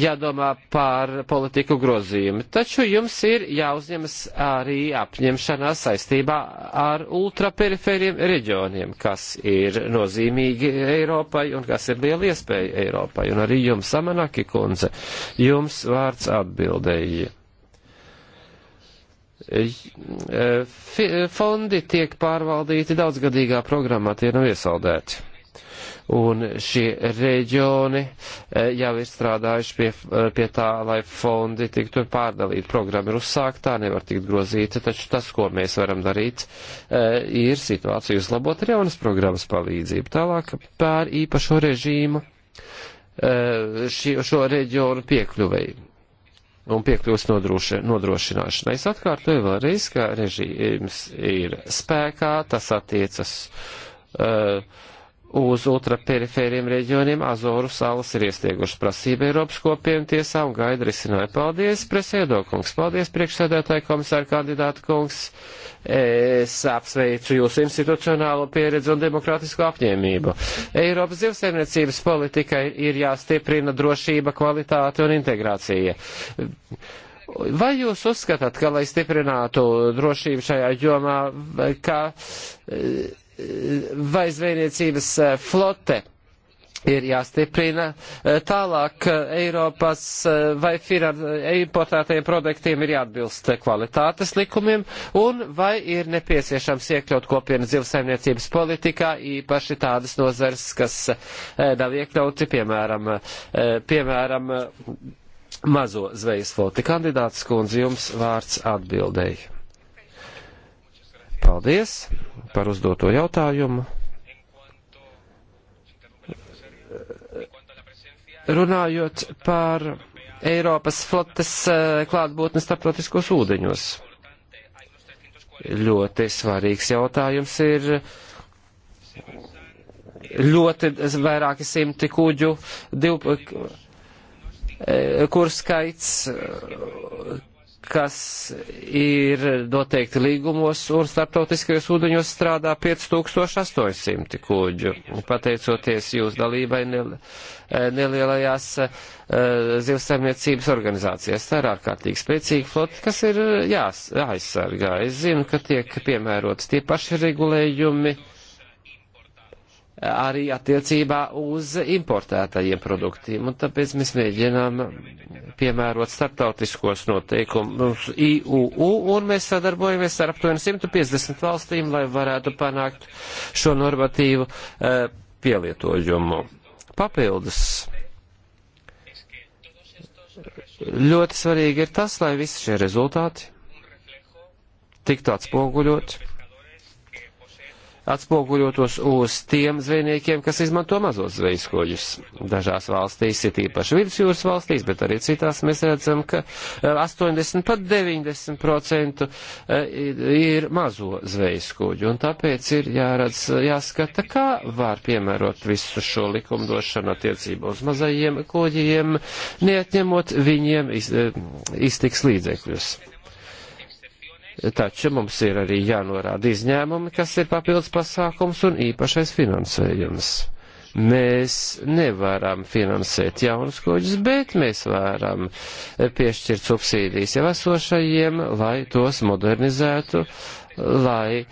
jādomā par politiku grozījumu. Taču jums ir jāuzņemas arī apņemšanās saistībā ar ultraperiferiem reģioniem, kas ir nozīmīgi Eiropai un kas ir liela iespēja Eiropai. Un arī jums, Samanaki kundze, jums vārds atbildēji. Fondi tiek pārvaldīti daudzgadīgā programmā, tie nav iesaldēti un šie reģioni eh, jau ir strādājuši pie, eh, pie tā, lai fondi tiktu pārdalīti. Programma ir uzsāktā, nevar tikt grozīta, taču tas, ko mēs varam darīt, eh, ir situāciju uzlabot ar jaunas programmas palīdzību. Tālāk pār īpašo režīmu šī, šo reģionu piekļuvēju un piekļuvas nodrošināšanai. Es atkārtoju vēlreiz, ka režīms ir spēkā, tas attiecas uh, uz ultraperifēriem reģioniem Azoru salas ir iestieguši prasību Eiropas kopienu tiesā un gaida risināja. Paldies, presēdo kungs, paldies, priekšsēdētāji komisāra kandidāta kungs. Es apsveicu jūsu institucionālo pieredzi un demokrātisko apņēmību. Eiropas zivsēmniecības politikai ir jāstiprina drošība, kvalitāte un integrācija. Vai jūs uzskatāt, ka, lai stiprinātu drošību šajā jomā, ka vai zvejniecības e, flote ir jāstiprina. E, tālāk e, Eiropas vai importētajiem produktiem ir jāatbilst kvalitātes likumiem un vai ir nepieciešams iekļaut kopienas zivsaimniecības politikā īpaši tādas nozars, kas nav iekļauti, piemēram, piemēram mazo zvejas floti. Kandidāts kundze, jums vārds atbildēja. Paldies par uzdoto jautājumu. Runājot par Eiropas flotes eh, klātbūtni starptautiskos ūdeņos. Ļoti svarīgs jautājums ir ļoti vairāki simti kuģu, div, eh, kur skaits, kas ir noteikti līgumos un starptautiskajos ūdeņos strādā 5800 kuģu. Pateicoties jūs dalībai eh, nelielajās eh, zivsaimniecības organizācijās, tā ir ārkārtīgi spēcīga flota, kas ir eh, jāaizsargā. Es zinu, ka tiek piemērots tie paši regulējumi arī attiecībā uz importētajiem produktiem. Un tāpēc mēs mēģinām piemērot starptautiskos noteikumus IUU, un mēs sadarbojamies ar aptuveni 150 valstīm, lai varētu panākt šo normatīvu eh, pielietojumu. Papildus. Ļoti svarīgi ir tas, lai visi šie rezultāti tiktu atspoguļoti atspoguļotos uz tiem zvejniekiem, kas izmanto mazos zvejskoģus. Dažās valstīs, ir īpaši vidusjūras valstīs, bet arī citās mēs redzam, ka 80 eh, pat 90% eh, ir mazo zvejskoģu, un tāpēc ir jāredz, jāskata, kā var piemērot visu šo likumdošanu attiecībā uz mazajiem koģiem, neatņemot viņiem iz, eh, iztiks līdzekļus taču mums ir arī jānorāda izņēmumi, kas ir papildus pasākums un īpašais finansējums. Mēs nevaram finansēt jaunus kuģus, bet mēs varam piešķirt subsīdijas jau esošajiem, lai tos modernizētu, lai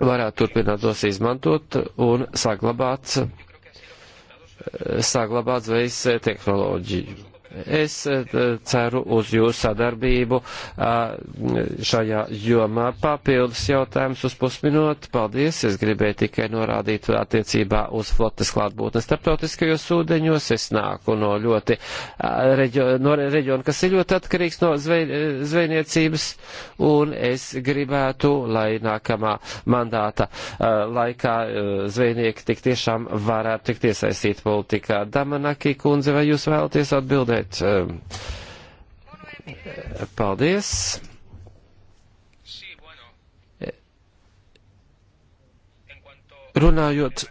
varētu turpināt tos izmantot un saglabāt, saglabāt zvejas tehnoloģiju. Es eh, ceru uz jūsu sadarbību eh, šajā jomā. Papildus jautājums uz pusminūti. Paldies. Es gribēju tikai norādīt attiecībā uz flotes klātbūtnes starptautiskajos ūdeņos. Es nāku no ļoti eh, reģiona, no reģiona kas ir ļoti atkarīgs no zvej, zvejniecības. Un es gribētu, lai nākamā mandāta laikā zvejnieki tik tiešām varētu tikt iesaistīti politikā. Damanaki kundze, vai jūs vēlaties atbildēt? precizēt. Eh, paldies! Runājot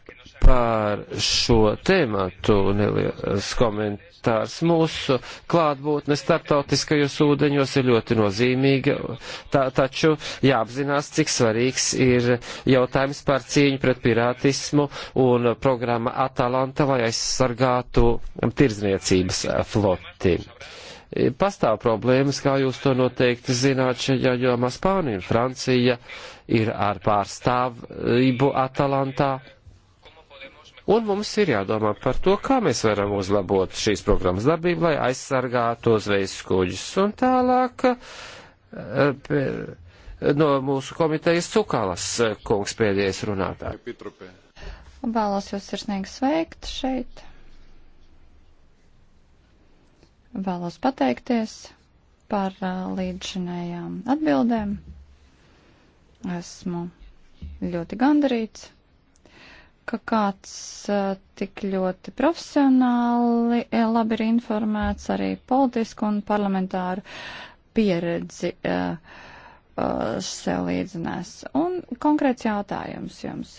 par šo tēmatu neliels komentārs. Mūsu klātbūtne starptautiskajos ūdeņos ir ļoti nozīmīga, tā, taču jāapzinās, cik svarīgs ir jautājums par cīņu pret pirātismu un programma Atalanta, lai aizsargātu tirdzniecības floti. Pastāv problēmas, kā jūs to noteikti zināt, šajā jomā Spānija un Francija ir ar pārstāvību Atalantā Un mums ir jādomā par to, kā mēs varam uzlabot šīs programmas darbību, lai aizsargātu zvejas kuģus un tālāk. Eh, no mūsu komitejas Cukalas eh, kungs pēdējais runātājs. Vēlos jūs sirsnīgi sveikt šeit. Vēlos pateikties par eh, līdzšinējām atbildēm. Esmu ļoti gandarīts ka kāds eh, tik ļoti profesionāli eh, labi ir informēts arī politisku un parlamentāru pieredzi eh, sev līdzinās. Un konkrēts jautājums jums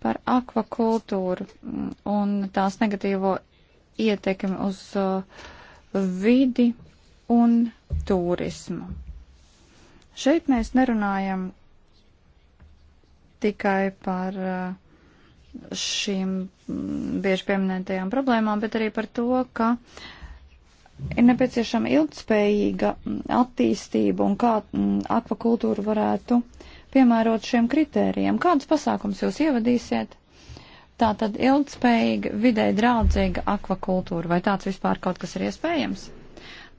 par akvakultūru mm, un tās negatīvo ietekmi uz vidi un turismu. Šeit mēs nerunājam tikai par eh, šīm mm, bieži pieminētajām problēmām, bet arī par to, ka ir nepieciešama ilgtspējīga mm, attīstība un kā mm, akvakultūra varētu piemērot šiem kritērijiem. Kādus pasākums jūs ievadīsiet? Tā tad ilgspējīga, vidē draudzīga akvakultūra, vai tāds vispār kaut kas ir iespējams?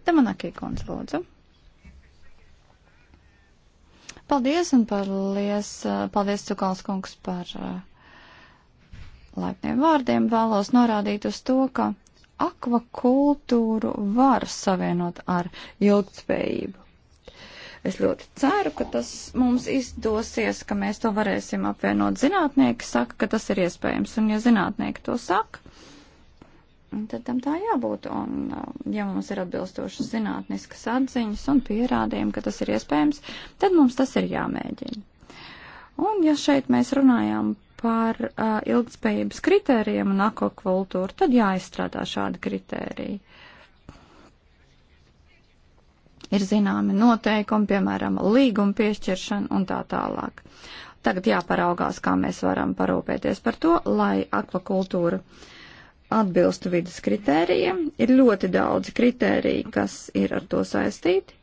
Te manakī konsultūra. Paldies un paldies, eh, paldies Cukals kungs par eh, laipniem vārdiem. Vēlos norādīt uz to, ka akvakultūru var savienot ar ilgtspējību. Es ļoti ceru, ka tas mums izdosies, ka mēs to varēsim apvienot. Zinātnieki saka, ka tas ir iespējams, un ja zinātnieki to saka, tad tam tā jābūt. Un, um, ja mums ir atbilstošas zinātniskas atziņas un pierādījumi, ka tas ir iespējams, tad mums tas ir jāmēģina. Un, ja šeit mēs runājām par uh, ilgspējības kritērijiem un akvakultūru, tad jāizstrādā šādi kritēriji. Ir zināmi noteikumi, piemēram, līguma piešķiršana un tā tālāk. Tagad jāparaugās, kā mēs varam parūpēties par to, lai akvakultūra uh, atbilstu vidas kritērijiem. Ir ļoti daudz kritēriju, kas ir ar to saistīti.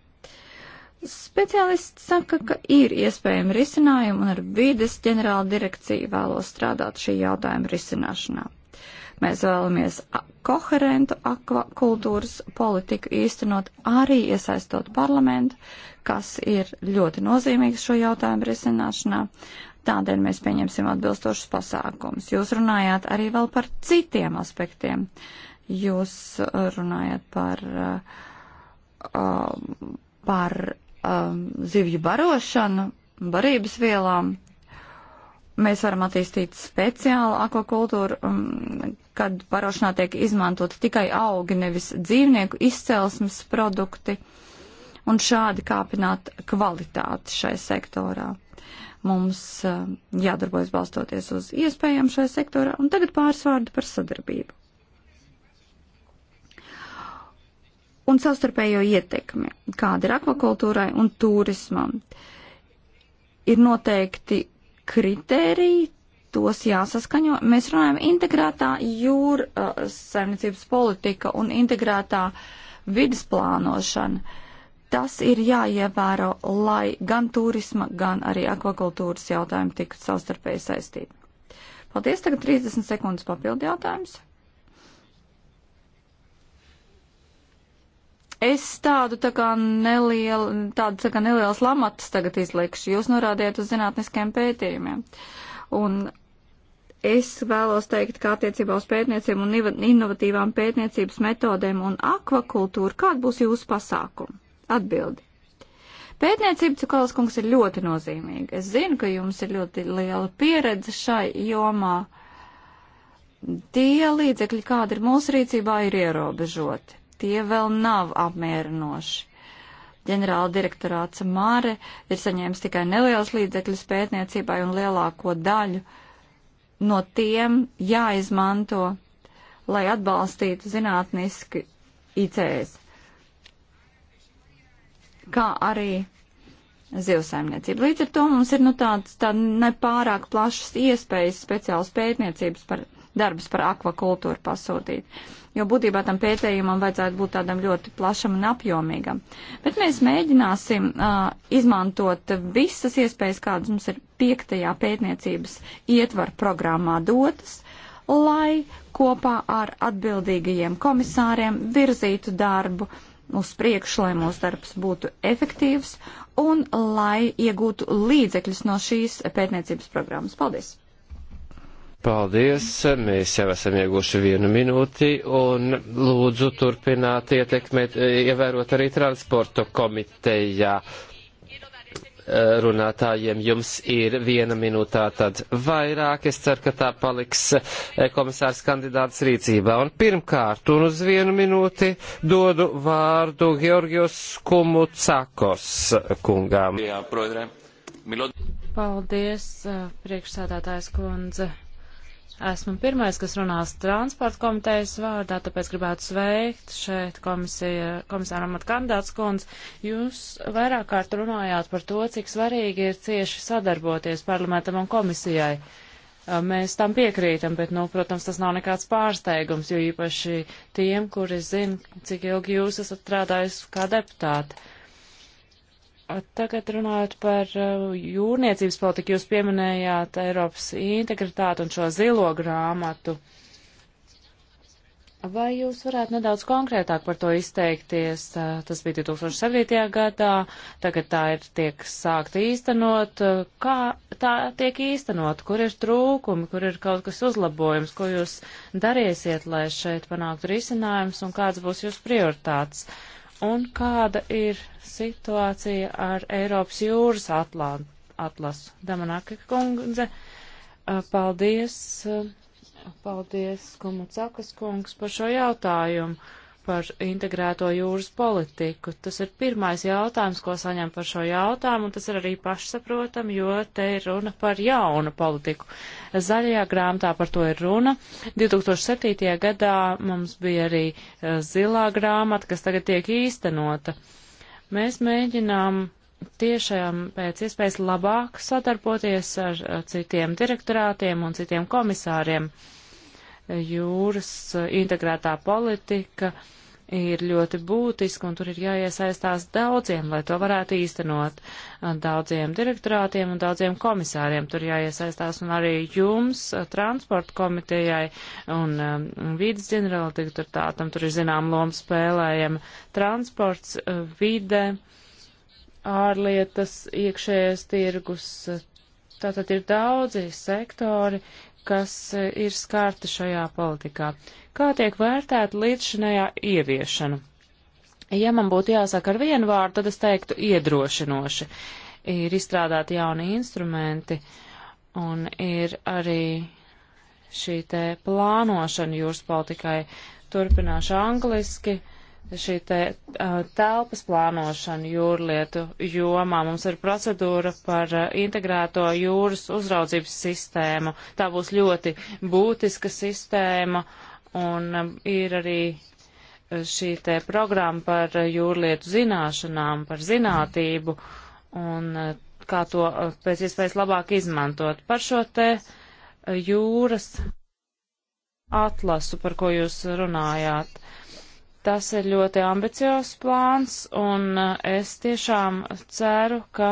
Speciālists saka, ka ir iespējami risinājumi un ar vides ģenerāla direkciju vēlos strādāt šī jautājuma risināšanā. Mēs vēlamies koherentu akvakultūras politiku īstenot arī iesaistot parlamentu, kas ir ļoti nozīmīgs šo jautājumu risināšanā. Tādēļ mēs pieņemsim atbilstošus pasākumus. Jūs runājāt arī vēl par citiem aspektiem. Jūs uh, runājāt par, uh, um, par um, zivju barošanu, barības vielām. Mēs varam attīstīt speciālu akvakultūru, um, kad barošanā tiek izmantot tikai augi, nevis dzīvnieku izcelsmes produkti, un šādi kāpināt kvalitāti šai sektorā. Mums eh, jādarbojas balstoties uz iespējām šajā sektorā. Un tagad pāris vārdu par sadarbību. Un savstarpējo ietekmi, kāda ir akvakultūrai un turismam. Ir noteikti kritēriji, tos jāsaskaņo. Mēs runājam integrētā jūra eh, saimniecības politika un integrētā vidas plānošana. Tas ir jāievēro, lai gan turisma, gan arī akvakultūras jautājumi tiktu savstarpēji saistīti. Paldies, tagad 30 sekundes papildu jautājums. Es tādu tā kā nelielu, tādu tā kā nelielas lamatas tagad izlikšu. Jūs norādījat uz zinātniskiem pētījumiem. Un es vēlos teikt, ka attiecībā uz pētniecību un inovatīvām pētniecības metodēm un akvakultūru, kāda būs jūsu pasākuma? Atbildi. Pētniecība, Cikolas kungs, ir ļoti nozīmīga. Es zinu, ka jums ir ļoti liela pieredze šai jomā. Tie līdzekļi, kādi ir mūsu rīcībā, ir ierobežoti. Tie vēl nav apmierinoši. Ģenerāla direktorāts Māre ir saņēmis tikai neliels līdzekļus pētniecībai un lielāko daļu no tiem jāizmanto, lai atbalstītu zinātniski ICS kā arī zivsaimniecību. Līdz ar to mums ir nu, tāds tā nepārāk plašas iespējas speciālas pētniecības par darbus par akvakultūru pasūtīt. Jo būtībā tam pētījumam vajadzētu būt tādam ļoti plašam un apjomīgam. Bet mēs mēģināsim uh, izmantot visas iespējas, kādas mums ir piektajā pētniecības ietvaru programmā dotas, lai kopā ar atbildīgajiem komisāriem virzītu darbu uh, uz priekšu, lai mūsu darbs būtu efektīvs un lai iegūtu līdzekļus no šīs pētniecības programmas. Paldies! Paldies, mēs jau esam ieguši vienu minūti un lūdzu turpināt ietekmēt, ievērot arī transporta komitejā runātājiem jums ir viena minūtā tad vairāk. Es ceru, ka tā paliks eh, komisārs kandidāts rīcībā. Un pirmkārt, un uz vienu minūti dodu vārdu Georgios Kumucakos kungām. Jā, Paldies, eh, priekšsādātājs kundze. Esmu pirmais, kas runās transporta komitejas vārdā, tāpēc gribētu sveikt šeit komisija, komisāra amata kandidāts kundz. Jūs vairāk kārt runājāt par to, cik svarīgi ir cieši sadarboties parlamentam un komisijai. Mēs tam piekrītam, bet, nu, protams, tas nav nekāds pārsteigums, jo īpaši tiem, kuri zina, cik ilgi jūs esat strādājis kā deputāti. Tagad runājot par uh, jūrniecības politiku, jūs pieminējāt Eiropas integritātu un šo zilo grāmatu. Vai jūs varētu nedaudz konkrētāk par to izteikties? Uh, tas bija 2007. gadā, tagad tā ir tiek sākta īstenot. Uh, kā tā tiek īstenot? Kur ir trūkumi, kur ir kaut kas uzlabojums, ko jūs darīsiet, lai šeit panāktu risinājums un kāds būs jūsu prioritāts? Uh, Un kāda ir situācija ar Eiropas jūras atlā, atlasu? Damanaka kundze, paldies, paldies, Kumucakas kungs par šo jautājumu par integrēto jūras politiku. Tas ir pirmais jautājums, ko saņem par šo jautājumu, un tas ir arī pašsaprotam, jo te ir runa par jaunu politiku. Zaļajā grāmatā par to ir runa. 2007. gadā mums bija arī eh, zilā grāmata, kas tagad tiek īstenota. Mēs mēģinām tiešām pēc iespējas labāk sadarboties ar eh, citiem direktorātiem un citiem komisāriem. Uh, jūras eh, integrētā politika ir ļoti būtiska, un tur ir jāiesaistās daudziem, lai to varētu īstenot, eh, daudziem direktorātiem un daudziem komisāriem. Tur jāiesaistās un arī jums, eh, transporta komitejai un um, vidas ģenerāla direktorātam, tur ir zinām loma spēlējama transports, vide, ārlietas, iekšējais tirgus. Tātad ir daudzi sektori, kas eh, ir skārti šajā politikā. Kā tiek vērtēta līdzšinējā ieviešana? Ja man būtu jāsaka ar vienu vārdu, tad es teiktu iedrošinoši. Ir izstrādāti jauni instrumenti un ir arī šī te plānošana jūras politikai. Turpināšu angliski. Uh, šī te telpas plānošana jūrlietu jomā. Mums ir procedūra par integrēto jūras uzraudzības sistēmu. Tā būs ļoti būtiska sistēma un ir arī šī te programma par jūrlietu zināšanām, par zinātību un kā to pēc iespējas labāk izmantot. Par šo te jūras atlasu, par ko jūs runājāt. Uh, Tas ir ļoti ambiciozs plāns, un uh, es tiešām ceru, ka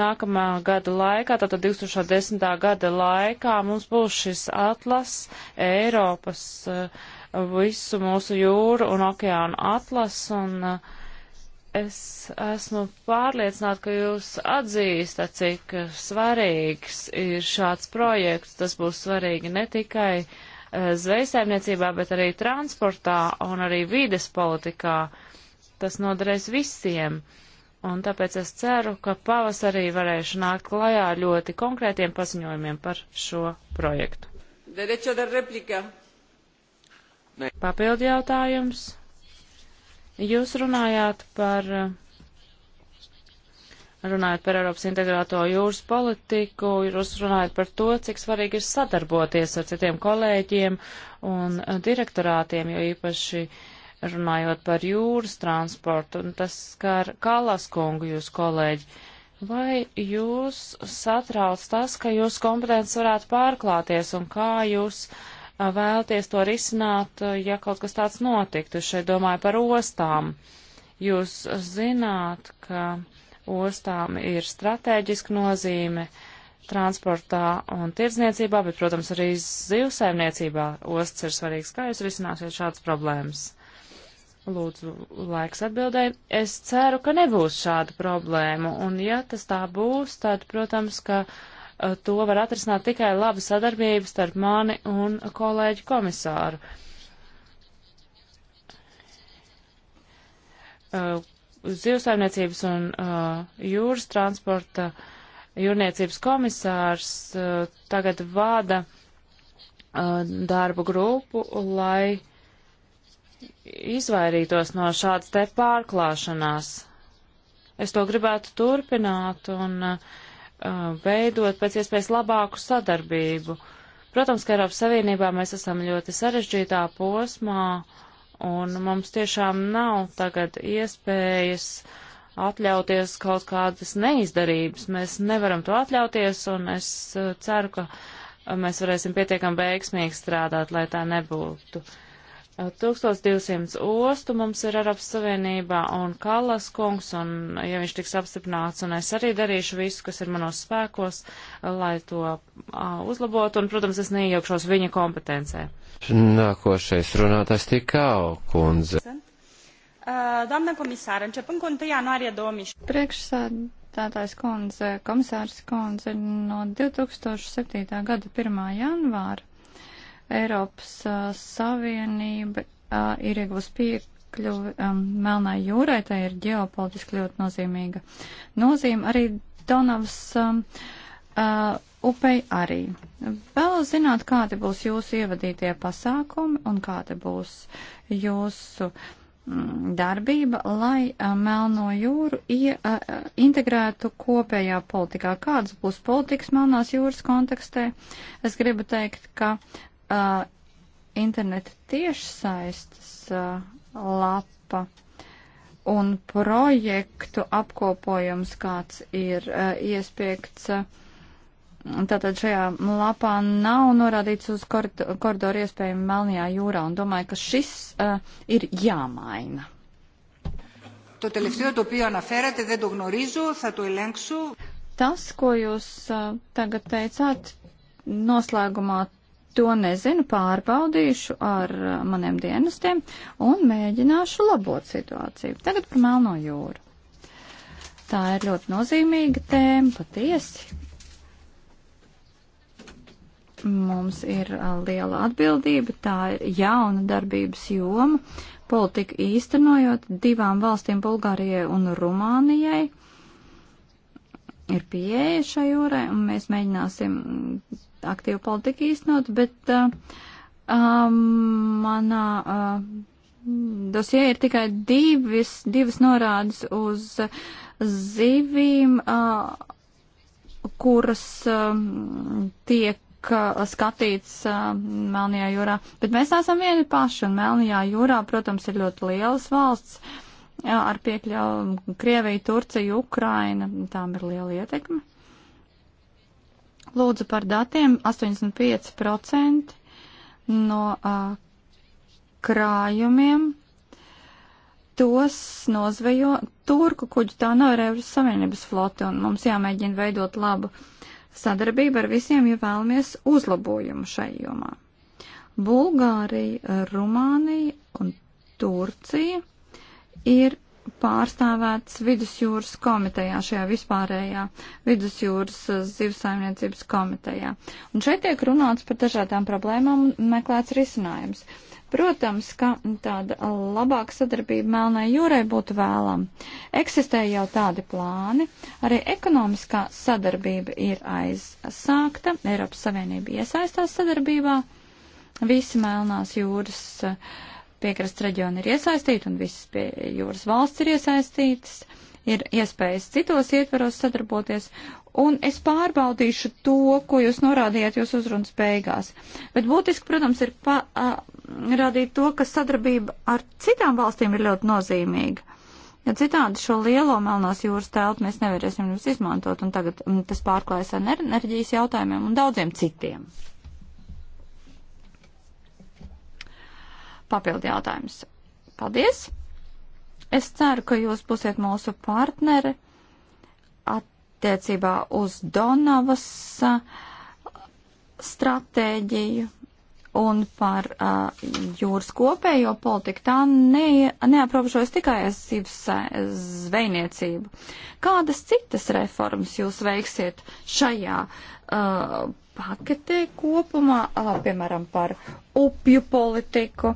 nākamā gada laikā, tātad 2010. gada laikā, mums būs šis atlas Eiropas, uh, visu mūsu jūru un okeānu atlas, un uh, es esmu pārliecināta, ka jūs atzīstat, cik svarīgs ir šāds projekts. Tas būs svarīgi ne tikai uh, Eh, zvejsaimniecībā, bet arī transportā un arī vides politikā. Tas noderēs visiem. Un tāpēc es ceru, ka pavasarī varēšu nākt klajā ļoti konkrētiem paziņojumiem par šo projektu. Derecho de replika. Papildu jautājums. Jūs runājāt par uh, runājot par Eiropas integrēto jūras politiku, jūs runājat par to, cik svarīgi ir sadarboties ar citiem kolēģiem un direktorātiem, jo īpaši runājot par jūras transportu, un tas skar Kalas kungu jūs kolēģi. Vai jūs satrauc tas, ka jūs kompetences varētu pārklāties un kā jūs vēlties to risināt, ja kaut kas tāds notiktu? Šeit domāju par ostām. Jūs zināt, ka uh, ostām ir strateģiska nozīme transportā un tirdzniecībā, bet, protams, arī zivsaimniecībā ostas ir svarīgs. Kā jūs risināsiet šādas problēmas? Lūdzu, laiks atbildēt. Es ceru, ka nebūs šāda problēma, un ja tas tā būs, tad, protams, ka uh, to var atrisināt tikai laba sadarbība starp mani un kolēģi komisāru. Uh, zivsaimniecības un uh, jūras transporta jūrniecības komisārs uh, tagad vada uh, darbu grupu, lai izvairītos no šādas te pārklāšanās. Es to gribētu turpināt un uh, veidot pēc iespējas labāku sadarbību. Protams, ka Eiropas Savienībā mēs esam ļoti sarežģītā posmā, uh, Un mums tiešām nav tagad iespējas atļauties kaut kādas neizdarības. Mēs nevaram to atļauties, un es uh, ceru, ka mēs varēsim pietiekami veiksmīgi strādāt, lai tā nebūtu. Uh, 1200 ostu mums ir Arab Savienībā un Kallas kungs, un ja viņš tiks apstiprināts, un es arī darīšu visu, kas ir manos spēkos, lai to uh, uzlabotu, un, protams, es neiejaukšos viņa kompetencē. Nākošais runātājs tikau, kundze. Doamna comisar, începând cu 1 ianuarie 2000. Priekšsādātājs kundze, komisārs kundze, no 2007. gada 1. janvāra Eiropas uh, Savienība uh, ir iegūs piekļuvi um, Melnai jūrai, tā ir ģeopolitiski ļoti nozīmīga nozīme. Arī Donavas um, uh, upei arī. Vēl zināt, kādi būs jūsu ievadītie pasākumi un kāda būs jūsu mm, darbība, lai uh, Melno jūru ie, uh, integrētu kopējā politikā. Kādas būs politikas Melnās jūras kontekstē? Es gribu teikt, ka uh, interneta tiešsaistes uh, lapa un projektu apkopojums, kāds ir uh, iespiegts. Uh, tātad šajā lapā nav norādīts uz koridoru iespējami Melnajā jūrā un domāju, ka šis uh, ir jāmaina. To τελευταίο το οποίο αναφέρατε δεν το γνωρίζω, θα το ελέγξω. Tas, ko jūs uh, tagad teicāt, noslēgumā To nezinu, pārbaudīšu ar uh, maniem dienestiem un mēģināšu labot situāciju. Tagad par Melno jūru. Tā ir ļoti nozīmīga tēma, patiesi. Mums ir uh, liela atbildība, tā ir jauna darbības joma. Politiku īstenojot divām valstīm, Bulgārijai un Rumānijai, ir pieeja šai jūrai, un mēs mēģināsim aktīvu politiku īstenot, bet uh, um, manā uh, dosijā ir tikai divis, divas norādes uz zivīm, uh, kuras um, uh, tiek skatīts uh, Melnajā jūrā, bet mēs esam vieni paši, un Melnajā jūrā, protams, ir ļoti lielas valsts uh, ar piekļauju Krieviju, Turciju, Ukraina, tām ir liela ietekme. Lūdzu par datiem 85% no uh, krājumiem tos nozvejo turku kuģi, tā nav Eiropas Savienības flote, un mums jāmēģina veidot labu sadarbību ar visiem, ja vēlamies uzlabojumu šai jomā. Bulgārija, Rumānija un Turcija ir pārstāvēts vidusjūras komitejā, šajā vispārējā vidusjūras eh, zivsaimniecības komitejā. Un šeit tiek runāts par dažādām problēmām un meklēts risinājums. Protams, ka tāda labāka sadarbība Melnai jūrai būtu vēlama. Eksistē jau tādi plāni, arī ekonomiskā sadarbība ir aizsākta, Eiropas Savienība iesaistās sadarbībā, visi Melnās jūras uh, piekrasts reģioni ir iesaistīti un visas pie jūras valsts ir iesaistītas, ir iespējas citos ietveros sadarboties, un es pārbaudīšu to, ko jūs norādījāt jūs uzrunas beigās. Bet būtiski, protams, ir parādīt to, ka sadarbība ar citām valstīm ir ļoti nozīmīga. Ja citādi šo lielo Melnās jūras teltu mēs nevarēsim jums izmantot, un tagad un mm, tas pārklājas ar enerģijas jautājumiem un daudziem citiem. papildi jautājums. Paldies! Es ceru, ka jūs būsiet mūsu partneri attiecībā uz Donavas uh, stratēģiju un par uh, jūras kopējo politiku. Tā ne, neaprobežojas tikai aizsības uh, zvejniecību. Kādas citas reformas jūs veiksiet šajā uh, uh, paketē kopumā, uh, piemēram, par upju politiku,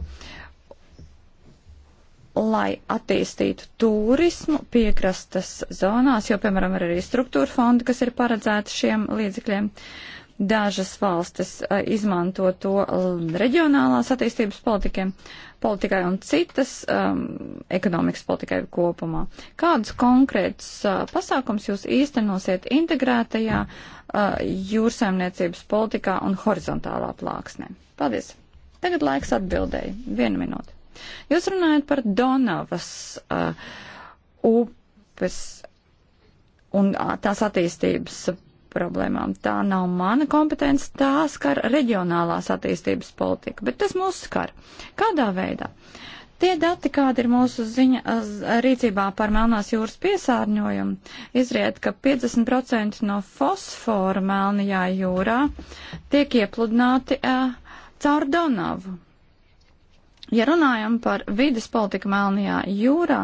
lai attīstītu turismu piekrastas zonās, jo, piemēram, ir arī struktūra fondi, kas ir paredzēti šiem līdzekļiem. Uh, Dažas valstis eh, izmanto to eh, reģionālās attīstības politikai, politikai un citas um, ekonomikas politikai kopumā. Kādus konkrētus uh, pasākums jūs īstenosiet integrētajā uh, jūrsaimniecības politikā un horizontālā plāksnē? Paldies! Tagad laiks atbildēji. Vienu minūti. Jūs runājat par Donavas uh, upes un ah, tās attīstības problēmām. Tā nav mana kompetence, tā skar reģionālās attīstības politika, bet tas mūs skar. Kādā veidā? Tie dati, kādi ir mūsu ziņa, rīcībā par Melnās jūras piesārņojumu, izriet, ka 50% no fosforu Melnajā jūrā tiek iepludināti uh, caur Donavu. Ja runājam par vidas politiku Melnajā jūrā,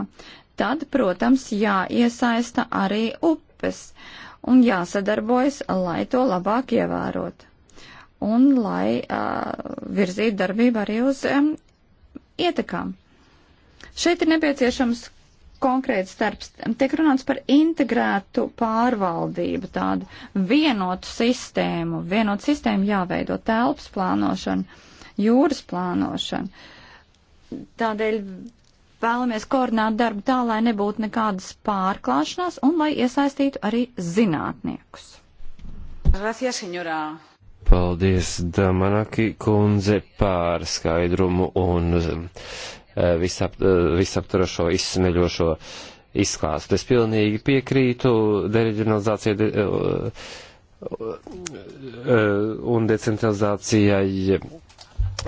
tad, protams, jāiesaista arī upes. Uh, un jāsadarbojas, lai to labāk ievērot un lai uh, virzītu darbību arī uz um, ietekām. Šeit ir nepieciešams konkrēts darbs. Tiek runāts par integrētu pārvaldību, tādu vienotu sistēmu. Vienotu sistēmu jāveido telpas plānošana, jūras plānošana. Tādēļ vēlamies koordinēt darbu tā, lai nebūtu nekādas pārklāšanās un lai iesaistītu arī zinātniekus. Gracias, senora. Paldies, Damanaki kundze, par skaidrumu un e, visap, e, visaptarošo izsmeļošo izklāstu. Es pilnīgi piekrītu dereģionalizācijai de, e, un decentralizācijai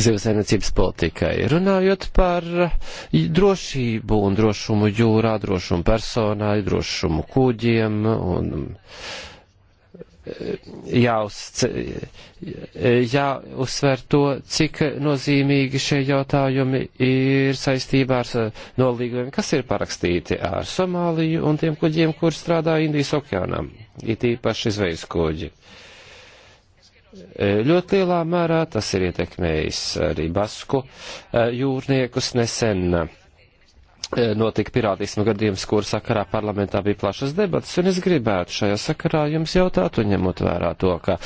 zivsainiecības politikai. Runājot par drošību un drošumu jūrā, drošumu personai, drošumu kuģiem un e, jāuzce, jāuzsver to, cik nozīmīgi šie jautājumi ir saistībā ar nolīgumiem, kas ir parakstīti ar Somāliju un tiem kuģiem, kur strādā Indijas okeānā, it īpaši zvejas kuģi. Uh, E, ļoti lielā mērā tas ir ietekmējis arī basku e, jūrniekus nesen. E, notika pirātismu gadījums, kur sakarā parlamentā bija plašas debatas, un es gribētu šajā sakarā jums jautāt, un ņemot vērā to, ka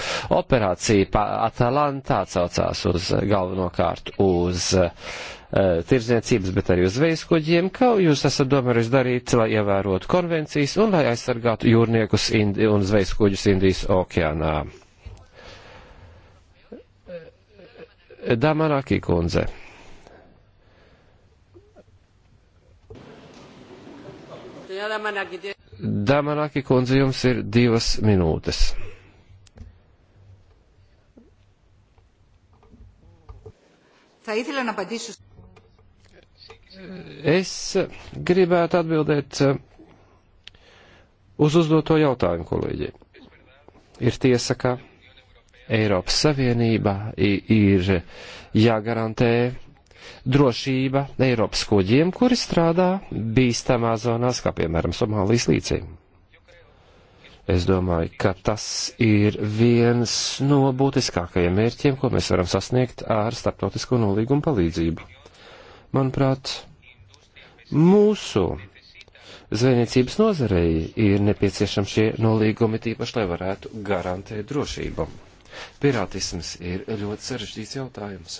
operācija Atalanta atsaucās uz galvenokārt uz uh, tirdzniecības, bet arī uz veiskuģiem, ka jūs esat domājuši darīt, lai ievērotu konvencijas un lai aizsargātu jūrniekus Indi un zvejskuģus Indijas okeānā. Damanākī kundze. Damanāki kundze, jums ir divas minūtes. Es gribētu atbildēt uz uzdoto jautājumu kolēģiem. Ir tiesa, ka. Kā... Eiropas Savienībā ir jāgarantē drošība Eiropas kuģiem, kuri strādā bīstamā zonās, kā piemēram Somālijas līcī. Es domāju, ka tas ir viens no būtiskākajiem mērķiem, ko mēs varam sasniegt ar starptautisko nolīgumu palīdzību. Manuprāt, mūsu zvejniecības nozarei ir nepieciešami šie nolīgumi tīpaši, lai varētu garantēt drošību. Pirātisms ir ļoti sarežģīts jautājums.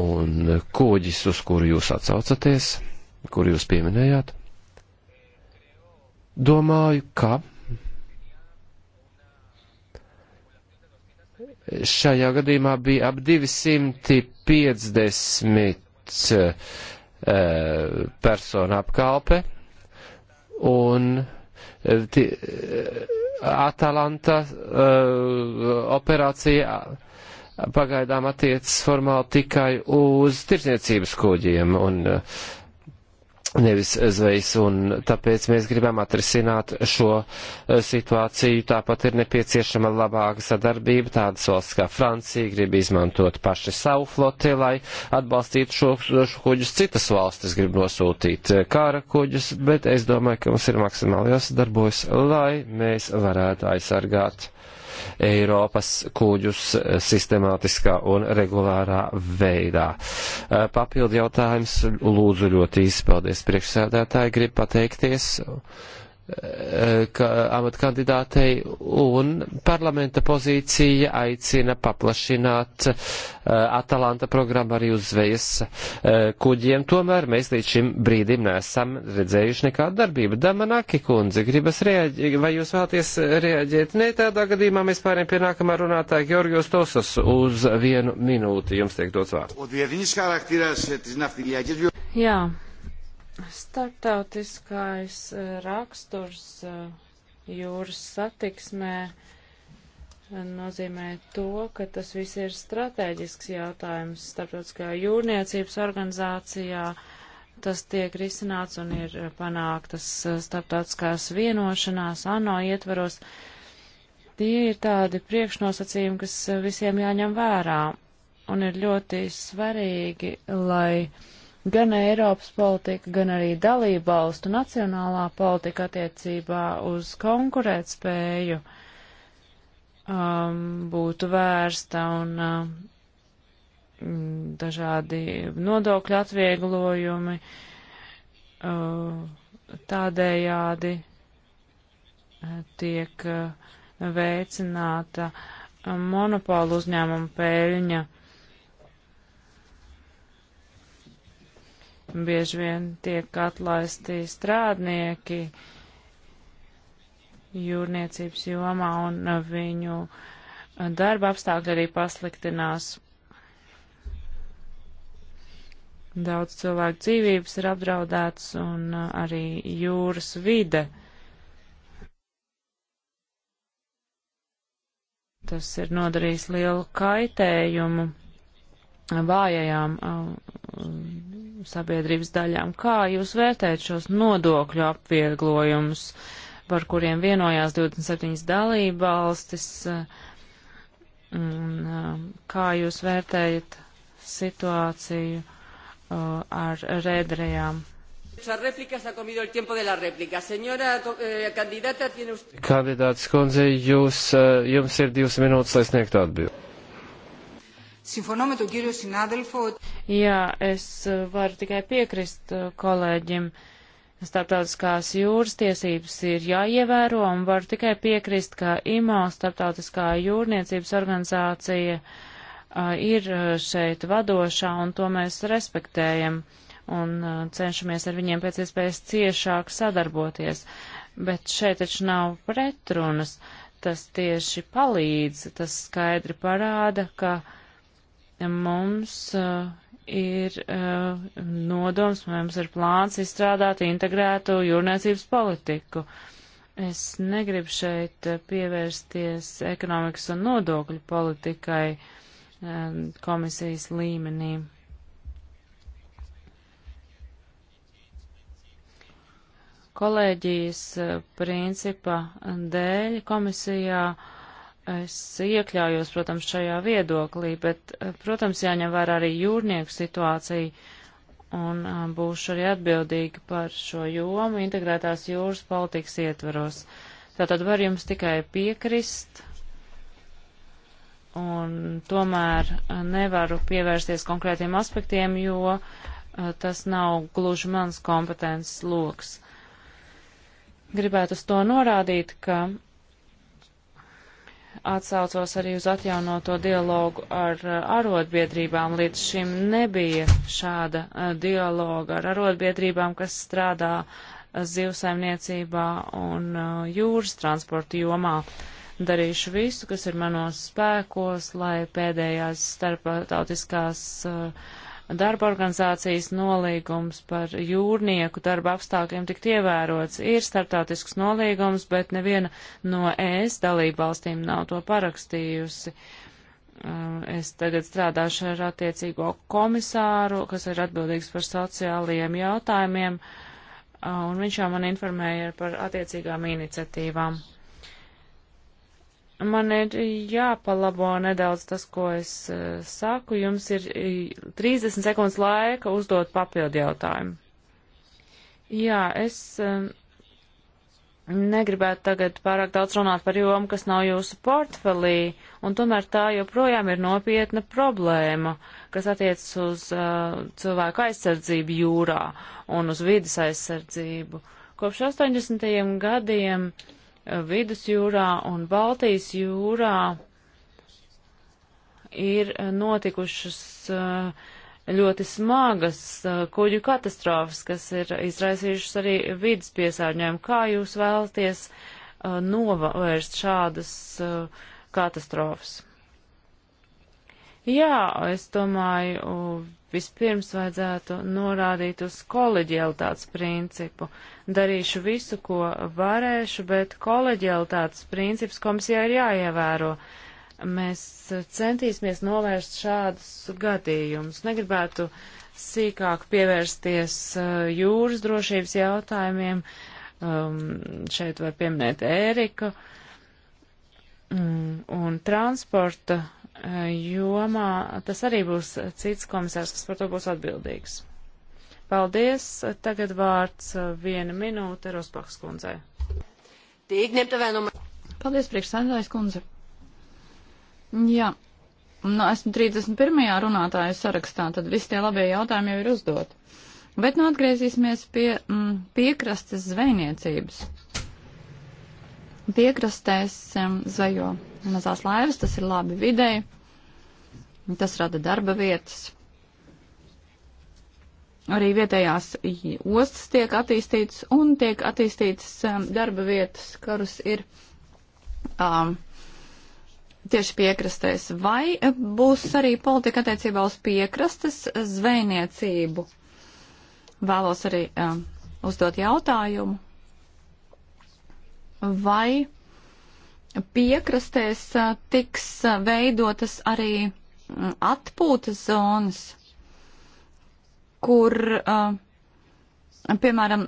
Un koģis, uz kuru jūs atsaucaties, kuru jūs pieminējāt, domāju, ka šajā gadījumā bija ap 250 uh, eh, personu apkalpe, un uh, tie, uh, Atalanta eh, operācija pagaidām attiecas formāli tikai uz tirsniecības kuģiem, un eh, nevis zvejas, un tāpēc mēs gribam atrisināt šo eh, situāciju. Tāpat ir nepieciešama labāka sadarbība, tādas valsts kā Francija grib izmantot paši savu floti, lai atbalstītu šo, šo kuģus. Citas valstis grib nosūtīt eh, kara kuģus, bet es domāju, ka mums ir maksimāli jāsadarbojas, lai mēs varētu aizsargāt Eiropas kuģus eh, sistemātiskā un regulārā veidā. Eh, papildu jautājums lūdzu ļoti īsi. Paldies priekšsēdētāji, grib pateikties Eh, ka, amatkandidātei un parlamenta pozīcija aicina paplašināt uh, Atalanta programmu arī uz zvejas uh, kuģiem. Tomēr mēs līdz šim brīdim nesam redzējuši nekādu darbību. Damanaki kundze, gribas reaģēt, vai jūs vēlaties reaģēt? Nē, tādā gadījumā mēs pāriem pie nākamā runātāja Georgijos Tosas uz vienu minūti. Jums tiek dots vārds. Jā. Startautiskais eh, raksturs eh, jūras satiksmē eh, nozīmē to, ka tas viss ir strateģisks jautājums starptautiskajā jūrniecības organizācijā. Tas tiek risināts un ir panāktas starptautiskās vienošanās ANO ietvaros. Tie ir tādi priekšnosacījumi, kas visiem jāņem vērā un ir ļoti svarīgi, lai gan Eiropas politika, gan arī dalība valstu nacionālā politika attiecībā uz konkurētspēju um, būtu vērsta un um, dažādi nodokļu atvieglojumi um, tādējādi uh, tiek uh, veicināta monopolu uzņēmumu pēļņa Bieži vien tiek atlaisti strādnieki jūrniecības jomā un viņu darba apstākļi arī pasliktinās. Daudz cilvēku dzīvības ir apdraudētas un uh, arī jūras vide. tas ir nodarījis lielu kaitējumu vājajām uh, sabiedrības daļām. Kā jūs vērtējat šos nodokļu apvieglojumus, par kuriem vienojās 27 dalība valstis? Un, um, kā jūs vērtējat situāciju uh, ar rēdrējām? Eh, Kandidāts kundze, jūs, eh, jums ir divas minūtes, lai sniegtu atbildi. Συμφωνώ με τον κύριο συνάδελφο ότι... Jā, es uh, varu tikai piekrist uh, kolēģim. Starptautiskās jūras tiesības ir jāievēro un varu tikai piekrist, ka IMO, Starptautiskā jūrniecības organizācija, uh, ir šeit vadošā un to mēs respektējam un cenšamies ar viņiem pēc iespējas ciešāk sadarboties. Bet šeit taču nav pretrunas. Tas tieši palīdz, tas skaidri parāda, ka uh, Mums uh, ir uh, nodoms, mums ir plāns izstrādāt integrētu jūrniecības politiku. Es negribu šeit uh, pievērsties ekonomikas un nodokļu politikai um, komisijas līmenī. Kolēģijas uh, principa dēļ komisijā uh, Es iekļaujos, protams, šajā viedoklī, bet, eh, protams, jāņem vērā arī jūrnieku situācija un eh, būšu arī atbildīgi par šo jomu integrētās jūras politikas ietveros. Tātad var jums tikai piekrist un tomēr eh, nevaru pievērsties konkrētiem aspektiem, jo tas nav gluži mans kompetences loks. Gribētu uz to norādīt, ka atsaucos arī uz atjaunoto dialogu ar uh, arotbiedrībām. Līdz šim nebija šāda uh, dialoga ar arotbiedrībām, kas strādā uh, zivsaimniecībā un jūras transporta jomā. Darīšu visu, kas ir manos spēkos, lai pēdējās starptautiskās uh, darba organizācijas nolīgums par jūrnieku darba apstākļiem tikt ievērots. Ir startautisks nolīgums, bet neviena no ES dalību valstīm nav to parakstījusi. Uh, es tagad strādāšu ar attiecīgo komisāru, kas ir atbildīgs par sociālajiem jautājumiem, uh, un viņš jau man informēja par attiecīgām iniciatīvām. Man ir jāpalabo nedaudz tas, ko es uh, saku. Jums ir 30 e, sekundes laika uzdot papildu jautājumu. Jā, es uh, negribētu tagad pārāk daudz runāt par jomu, kas nav jūsu portfelī, un tomēr tā joprojām ir nopietna problēma, kas attiecas uz uh, cilvēku aizsardzību jūrā un uz vidas aizsardzību. Kopš 80. gadiem uh, Vidusjūrā un Baltijas jūrā ir eh, notikušas eh, ļoti smagas eh, kuģu katastrofas, kas ir izraisījušas arī vidas piesārņojumu. Kā jūs vēlaties novērst šādas katastrofas? Jā, es domāju, Vispirms vajadzētu norādīt uz koleģialitātes principu. Darīšu visu, ko varēšu, bet koleģialitātes princips komisijā ir jāievēro. Mēs centīsimies novērst šādus gadījumus. Negribētu sīkāk pievērsties uh, jūras drošības jautājumiem. Um, šeit var pieminēt Ēriku. Um, un transporta jomā tas arī būs cits komisārs, kas par to būs atbildīgs. Paldies. Tagad vārds uh, viena minūte Rospaks kundzei. Paldies, priekšsēdētājs kundze. Jā, nu, esmu 31. runātāju sarakstā, tad visi tie labie jautājumi jau ir uzdot. Bet nu atgriezīsimies pie mm, piekrastes zvejniecības. Piekrastēs zvejo mazās laivas, tas ir labi videi, tas rada darba vietas. Arī vietējās ostas tiek attīstītas un tiek attīstītas darba vietas, kuras ir um, tieši piekrastēs. Vai e, būs arī politika attiecībā uz piekrastes zvejniecību? Vēlos arī um, uzdot jautājumu vai piekrastēs tiks veidotas arī atpūtas zonas, kur, piemēram,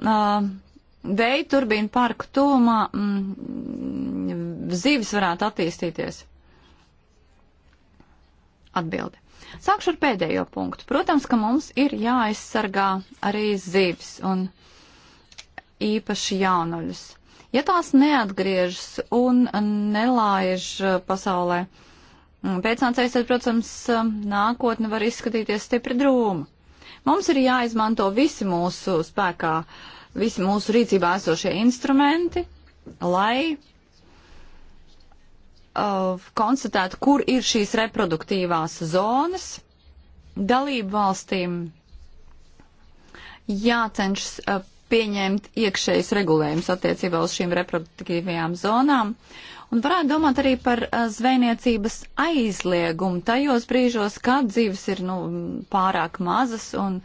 vēja turbīnu parku tūmā zīves varētu attīstīties? Atbildi. Sākšu ar pēdējo punktu. Protams, ka mums ir jāaizsargā arī zīves un īpaši jaunuļus. Ja tās neatgriežas un nelaiž uh, pasaulē mm, pēcnācējs, tad, protams, um, nākotne var izskatīties stipri drūma. Mums ir jāizmanto visi mūsu spēkā, visi mūsu rīcībā esošie instrumenti, lai uh, konstatētu, kur ir šīs reproduktīvās zonas dalību valstīm jācenšas uh, pieņemt iekšējus regulējumus attiecībā uz šīm reproduktīvajām zonām. Un varētu domāt arī par zvejniecības aizliegumu tajos brīžos, kad dzīves ir nu, pārāk mazas un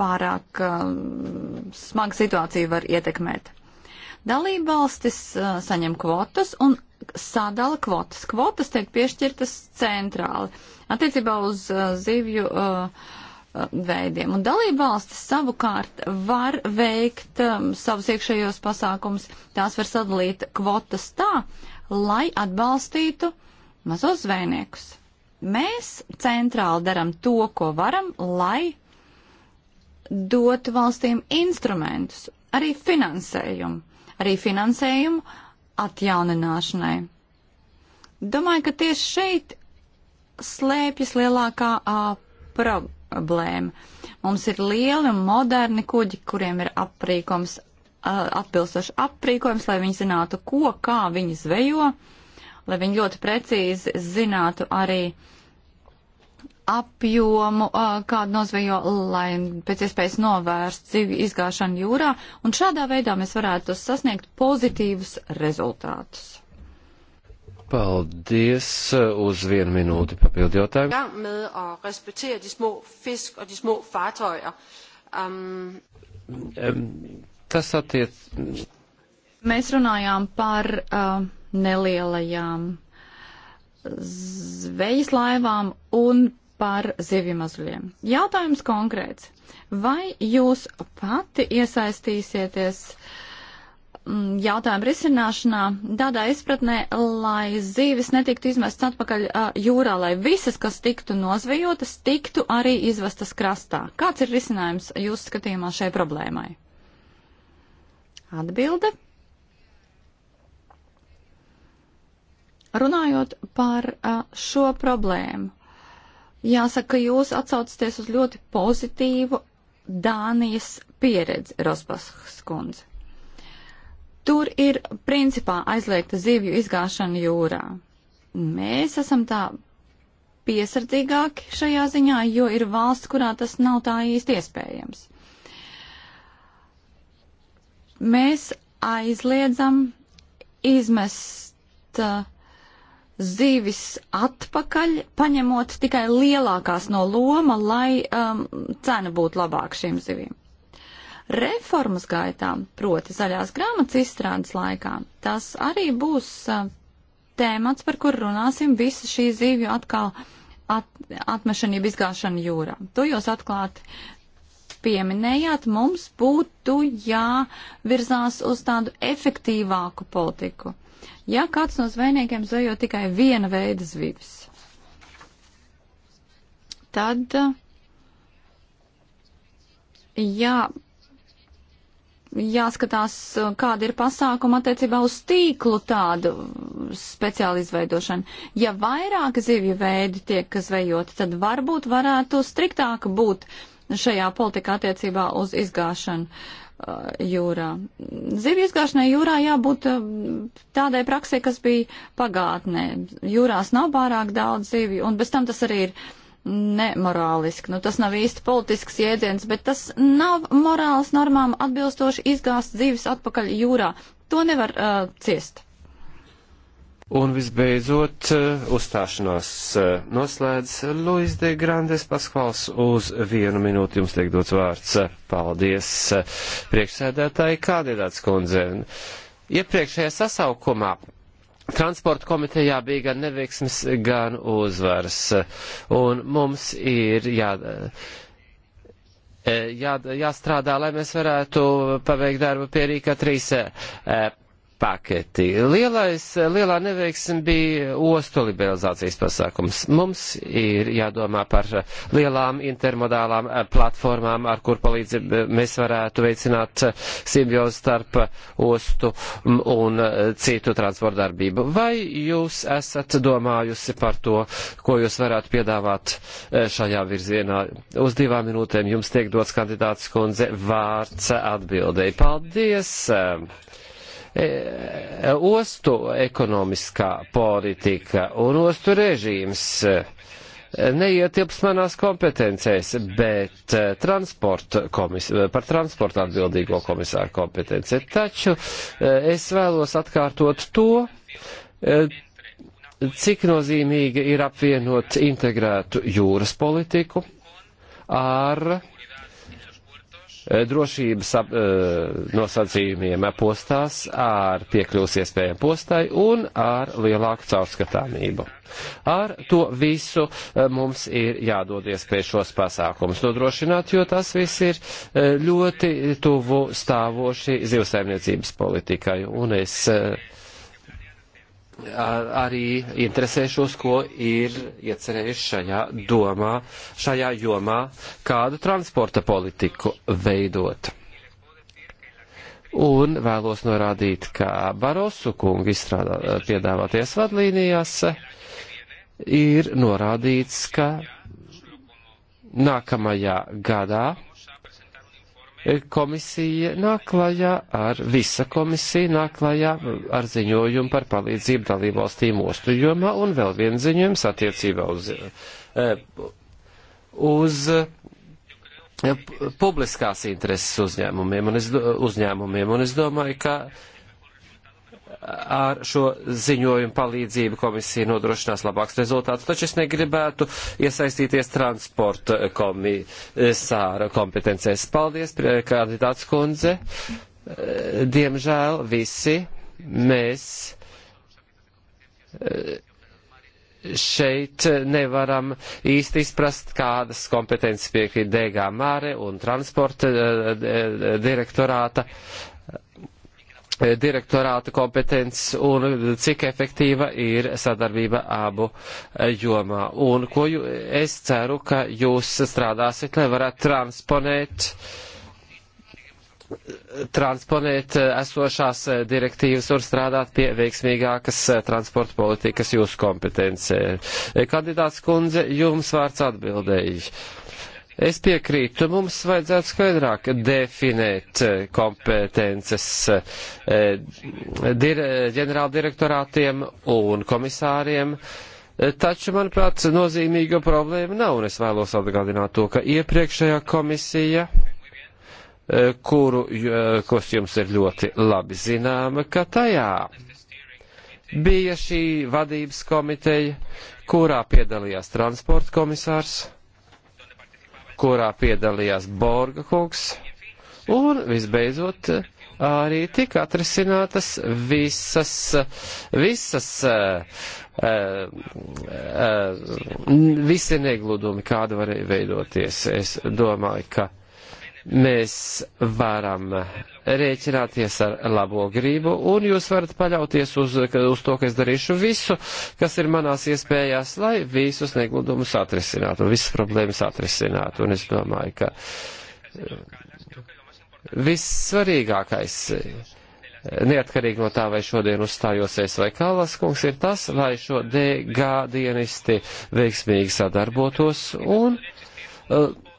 pārāk uh, smaga situācija var ietekmēt. Dalībvalstis uh, saņem kvotas un sadala kvotas. Kvotas tiek piešķirtas centrāli. Attiecībā uz uh, zivju uh, Uh, veidiem. Un dalībvalstis savukārt var veikt um, savus iekšējos pasākumus, tās var sadalīt kvotas tā, lai atbalstītu mazos zvejniekus. Mēs centrāli daram to, ko varam, lai dotu valstīm instrumentus, arī finansējumu, arī finansējumu atjaunināšanai. Domāju, ka tieši šeit slēpjas lielākā uh, problēma problēma. Mums ir lieli un moderni kuģi, kuriem ir aprīkums, atbilstoši aprīkojums, lai viņi zinātu, ko, kā viņi zvejo, lai viņi ļoti precīzi zinātu arī apjomu, kādu nozvejo, lai pēc iespējas novērst dzīvi izgāšanu jūrā, un šādā veidā mēs varētu sasniegt pozitīvus rezultātus. Paldies uh, uz vienu minūti papildu jautājumu. Um, um, tas attiec. Mēs runājām par uh, nelielajām zvejas laivām un par zivju mazuļiem. Jautājums konkrēts. Vai jūs pati iesaistīsieties uh, Mm, jautājumu risināšanā tādā izpratnē, lai zīves netiktu izmestas atpakaļ uh, jūrā, lai visas, kas tiktu nozvejotas, tiktu arī izvestas krastā. Kāds ir risinājums jūsu skatījumā šai problēmai? Atbilde. Runājot par uh, šo problēmu, jāsaka, ka jūs atsaucaties uz ļoti pozitīvu Dānijas pieredzi, Rosbachs kundze. Tur ir principā aizliegta zivju izgāšana jūrā. Mēs esam tā piesardzīgāki šajā ziņā, jo ir valsts, kurā tas nav tā īsti iespējams. Mēs aizliedzam izmest uh, zivis atpakaļ, paņemot tikai lielākās no loma, lai um, cena būtu labāka šīm zivīm reformas gaitā, proti zaļās grāmatas izstrādes laikā. Tas arī būs tēmats, par kur runāsim visu šī zīvju atkal at, atmešana, jeb izgāšana jūrā. To jūs atklāti pieminējāt, mums būtu jāvirzās uz tādu efektīvāku politiku. Ja kāds no zvejniekiem zvejo tikai viena veida zivis, tad jā, jāskatās, kāda ir pasākuma attiecībā uz tīklu tādu speciāli izveidošanu. Ja vairāk zivju veidi tiek zvejoti, tad varbūt varētu striktāk būt šajā politikā attiecībā uz izgāšanu uh, jūrā. Zivju izgāšanai jūrā jābūt uh, tādai praksē, kas bija pagātnē. Jūrās nav pārāk daudz zivju, un bez tam tas arī ir nemorāliski. Nu, tas nav īsti politisks jēdziens, bet tas nav morāls normām atbilstoši izgāst dzīves atpakaļ jūrā. To nevar uh, ciest. Un visbeidzot, uh, uzstāšanās uh, noslēdz Luis de Grandes Paskvals uz vienu minūti. Jums tiek dots vārds. Paldies, uh, priekšsēdētāji, kandidāts kundze. Iepriekšējā sasaukumā Transporta komitejā bija gan neveiksmes, gan uzvaras. Un mums ir jā, jā, jāstrādā, lai mēs varētu pabeigt darbu pie Rīka 3 paketi. Lielais, lielā neveiksme bija ostu liberalizācijas pasākums. Mums ir jādomā par lielām intermodālām eh, platformām, ar kur palīdzību eh, mēs varētu veicināt eh, simbiozi starp ostu un citu transportu darbību. Vai jūs esat domājusi par to, ko jūs varētu piedāvāt šajā virzienā? Uz divām minūtēm jums tiek dots kandidāts kundze vārds atbildēji. Paldies! E, ostu ekonomiskā politika un ostu režīms e, neietilps manās kompetencēs, bet e, transporta komis, par transportu atbildīgo komisāru kompetenci. Taču es vēlos atkārtot to, cik nozīmīgi ir apvienot integrētu jūras politiku ar Eh, drošības ap, eh, nosacījumiem postās, ar piekļūs iespējām postai un ar lielāku caurskatāmību. Ar to visu eh, mums ir jādod iespēju šos pasākumus nodrošināt, jo tas viss ir ļoti tuvu stāvoši zivsaimniecības politikai. Un es ar, arī interesēšos, ko ir iecerējuši šajā domā, šajā jomā, kādu transporta politiku veidot. Un vēlos norādīt, ka Barosu kunga izstrādā piedāvāties vadlīnijās ir norādīts, ka nākamajā gadā komisija nāk klajā ar, visa komisija nāk klajā ar ziņojumu par palīdzību dalībvalstīm ostu jomā un vēl viens ziņojums attiecībā uz, eh, uz eh, publiskās intereses uzņēmumiem un, es, uzņēmumiem. Un es domāju, ka ar šo ziņojumu palīdzību komisija nodrošinās labāks rezultāts, taču es negribētu iesaistīties transporta komisāra kompetencēs. Paldies, kandidāts kundze. Eh, diemžēl visi mēs eh, šeit nevaram īsti izprast, kādas kompetences piekrīt DG Māre un transporta eh, direktorāta direktorāta kompetences un cik efektīva ir sadarbība abu e, jomā. Un ko jū, es ceru, ka jūs strādāsiet, lai varētu transponēt transponēt esošās direktīvas un strādāt pie veiksmīgākas transporta politikas jūsu kompetencē. E, kandidāts kundze, jums vārds atbildēji. Es piekrītu, mums vajadzētu skaidrāk definēt eh, kompetences eh, dir ģenerāldirektorātiem un komisāriem. Eh, taču, manuprāt, nozīmīga problēma nav, un es vēlos atgādināt to, ka iepriekšējā komisija, kuru, kas jums ir ļoti labi zināma, ka tajā bija šī vadības komiteja, kurā piedalījās transporta komisārs kurā piedalījās Borga kungs, un visbeidzot arī tika atrisinātas visas, visas, uh, uh, uh, visi negludumi, kāda varēja veidoties. Es domāju, ka mēs varam rēķināties ar labo gribu, un jūs varat paļauties uz, uz to, ka es darīšu visu, kas ir manās iespējās, lai visus negludumus atrisinātu, un visas problēmas atrisinātu. Un es domāju, ka eh, vissvarīgākais, eh, neatkarīgi no tā, vai šodien uzstājos es vai Kalas kungs, ir tas, lai šo DG dienisti veiksmīgi sadarbotos un uh,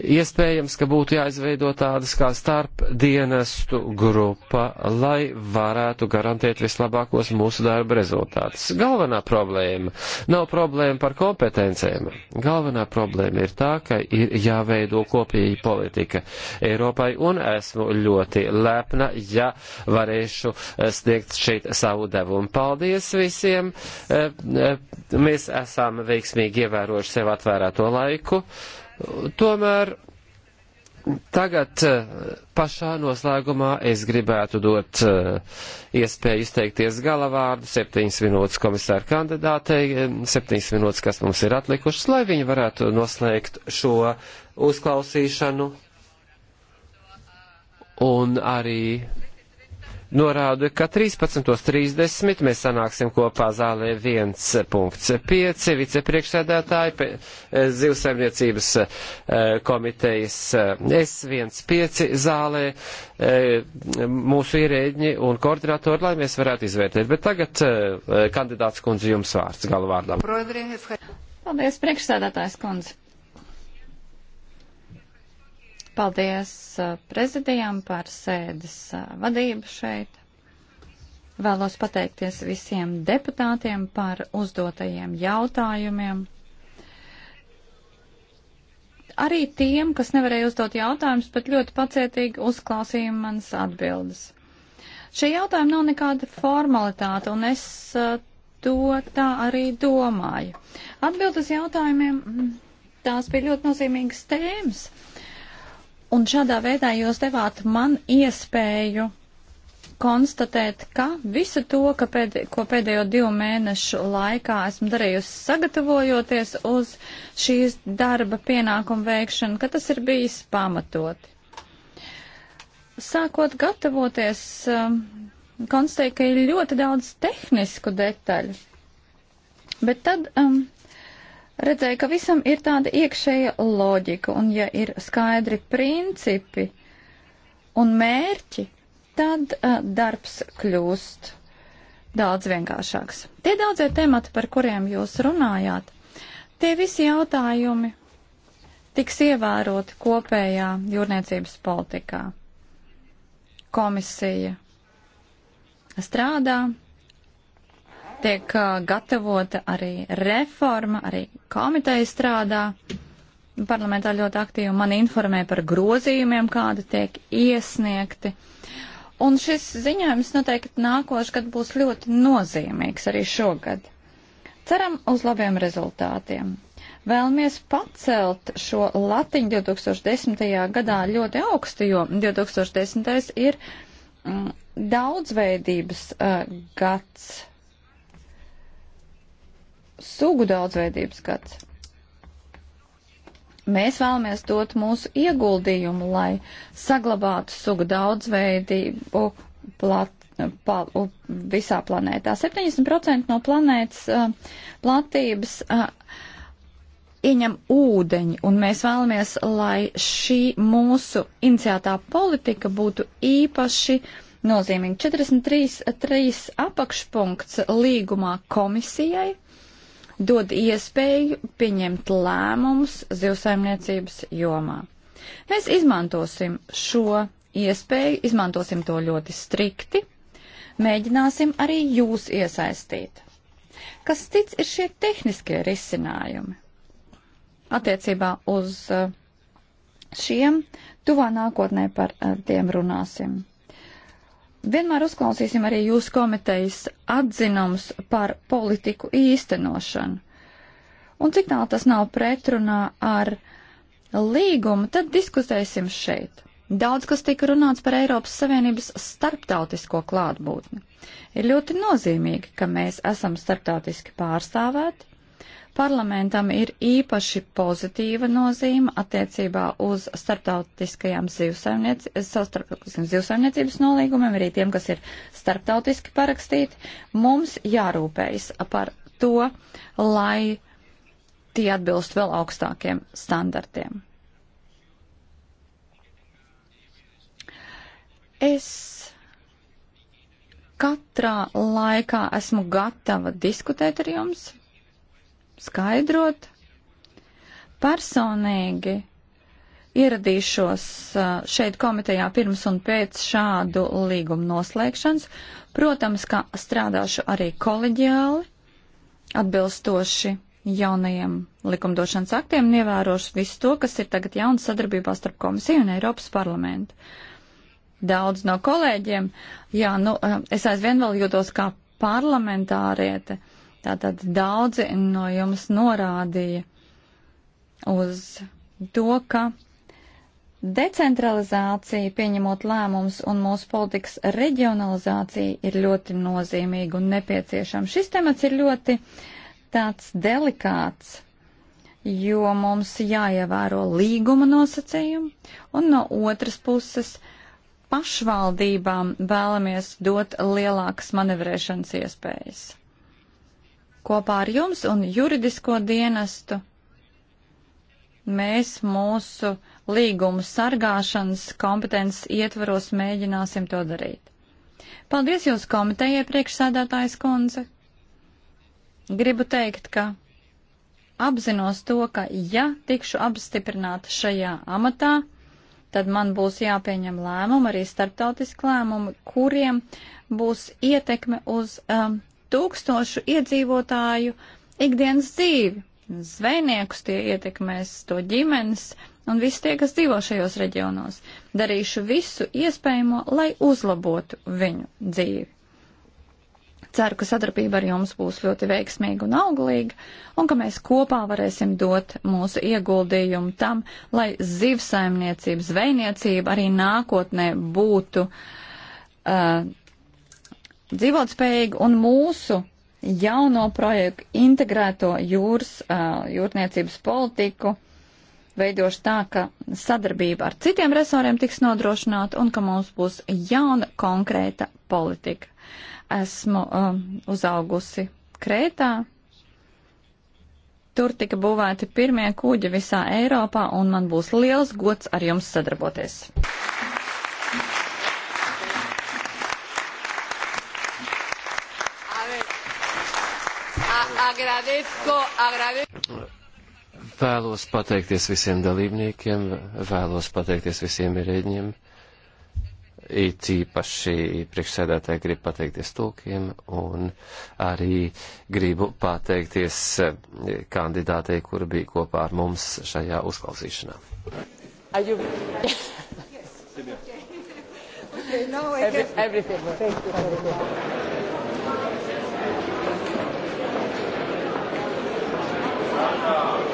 Iespējams, ka būtu jāizveido tādas kā starpdienestu grupa, lai varētu garantēt vislabākos mūsu darba rezultātus. Galvenā problēma nav problēma par kompetencēm. Galvenā problēma ir tā, ka ir jāveido kopīga politika Eiropai, un esmu ļoti lepna, ja varēšu sniegt šeit savu devumu. Paldies visiem! Eh, eh, mēs esam veiksmīgi ievērojuši sev atvērēto laiku. Tomēr Tagad eh, pašā noslēgumā es gribētu dot eh, iespēju izteikties galavārdu septiņas minūtes komisāra kandidātei, eh, septiņas minūtes, kas mums ir atlikušas, lai viņi varētu noslēgt šo uzklausīšanu un arī norādu, ka 13.30 mēs sanāksim kopā zālē 1.5 vicepriekšsēdētāji eh, zivsaimniecības eh, komitejas eh, S1.5 zālē mūsu ierēģi un koordinatori, lai mēs varētu izvērtēt. Bet tagad kandidāts kundze jums vārds galvārdām. Paldies, priekšsēdētājs kundze. Paldies uh, prezidijām par sēdes uh, vadību šeit. Vēlos pateikties visiem deputātiem par uzdotajiem jautājumiem. Arī tiem, kas nevarēja uzdot jautājumus, bet ļoti pacietīgi uzklausīja manas atbildes. Šie jautājumi nav nekāda formalitāte, un es uh, to tā arī domāju. Atbildes jautājumiem mm, tās bija ļoti nozīmīgas tēmas. Uh, Un šādā veidā jūs devāt man iespēju konstatēt, ka visu to, ka pēd, ko pēdējo divu mēnešu laikā esmu darījusi sagatavojoties uz šīs darba pienākumu veikšanu, ka tas ir bijis pamatoti. Sākot gatavoties, um, konstatēju, ka ir ļoti daudz tehnisku detaļu, bet tad um, redzēju, ka visam ir tāda iekšēja loģika, un ja ir skaidri principi un mērķi, tad uh, darbs kļūst daudz vienkāršāks. Tie daudzie temati, par kuriem jūs runājāt, tie visi jautājumi tiks ievēroti kopējā jūrniecības politikā. Komisija strādā, tiek gatavota arī reforma, arī komiteja strādā. Parlamentā ļoti aktīvi man informē par grozījumiem, kādi tiek iesniegti. Un šis ziņojums noteikti nākošais gads būs ļoti nozīmīgs arī šogad. Ceram uz labiem rezultātiem. Vēlamies pacelt šo latiņu 2010. gadā ļoti augstu, jo 2010. ir mm, daudzveidības uh, gads sugu daudzveidības gads. Mēs vēlamies dot mūsu ieguldījumu, lai saglabātu sugu daudzveidību plat, pa, visā planētā. 70% no planētas uh, platības uh, ieņem ūdeņi, un mēs vēlamies, lai šī mūsu iniciētā politika būtu īpaši nozīmīga. 43.3 apakšpunkts līgumā komisijai dod iespēju pieņemt lēmumus zivsaimniecības jomā. Mēs izmantosim šo iespēju, izmantosim to ļoti strikti, mēģināsim arī jūs iesaistīt. Kas cits ir šie tehniskie risinājumi? Attiecībā uz uh, šiem tuvā nākotnē par uh, tiem runāsim. Vienmēr uzklausīsim arī jūsu komitejas atzinums par politiku īstenošanu. Un cik tālu tas nav pretrunā ar līgumu, tad diskutēsim šeit. Daudz kas tika runāts par Eiropas Savienības starptautisko klātbūtni. Ir ļoti nozīmīgi, ka mēs esam starptautiski pārstāvēti, Parlamentam ir īpaši pozitīva nozīme attiecībā uz starptautiskajām zivsaimniecības nolīgumiem, arī tiem, kas ir starptautiski parakstīti. Mums jārūpējas par to, lai tie atbilst vēl augstākiem standartiem. Es katrā laikā esmu gatava diskutēt ar jums skaidrot. Personīgi ieradīšos šeit komitejā pirms un pēc šādu līgumu noslēgšanas. Protams, ka strādāšu arī koleģiāli, atbilstoši jaunajiem likumdošanas aktiem un ievērošu visu to, kas ir tagad jauns sadarbībā starp komisiju un Eiropas parlamentu. Daudz no kolēģiem, jā, nu, es aizvien vēl jūtos kā parlamentāriete. Uh, Tātad daudzi no jums norādīja uz to, ka decentralizācija, pieņemot lēmumus un mūsu politikas reģionalizācija ir ļoti nozīmīga un nepieciešama. Šis temats ir ļoti tāds delikāts, jo mums jāievēro līguma nosacījumi un no otras puses pašvaldībām vēlamies dot lielākas manevrēšanas iespējas. Kopā ar jums un juridisko dienestu mēs mūsu līgumu sargāšanas kompetences ietvaros mēģināsim to darīt. Paldies jūs komitejai priekšsēdētājs kundze. Gribu teikt, ka apzinos to, ka ja tikšu apstiprināta šajā amatā, tad man būs jāpieņem lēmumi, arī starptautiski lēmumi, kuriem būs ietekme uz um, tūkstošu iedzīvotāju ikdienas dzīvi. Zvejniekus tie ietekmēs to ģimenes un visi tie, kas dzīvo šajos reģionos. Darīšu visu iespējamo, lai uzlabotu viņu dzīvi. Ceru, ka sadarbība ar jums būs ļoti veiksmīga un auglīga, un ka mēs kopā varēsim dot mūsu ieguldījumu tam, lai zivsaimniecība, zvejniecība arī nākotnē būtu uh, dzīvotspējīgu un mūsu jauno projektu integrēto jūras, jūrniecības politiku veidoši tā, ka sadarbība ar citiem resoriem tiks nodrošināta un ka mums būs jauna konkrēta politika. Esmu um, uzaugusi Krētā. Tur tika būvēti pirmie kuģi visā Eiropā, un man būs liels gods ar jums sadarboties. Agradezco, agradezco. Vēlos pateikties visiem dalībniekiem, vēlos pateikties visiem ierēģiem. It īpaši priekšsēdētāji grib pateikties tūkiem un arī gribu pateikties eh, kandidātei, kura bija kopā ar mums šajā uzklausīšanā. You... Yes. Yes. Okay. Okay, now I Every, everything. Thank you. Sākā!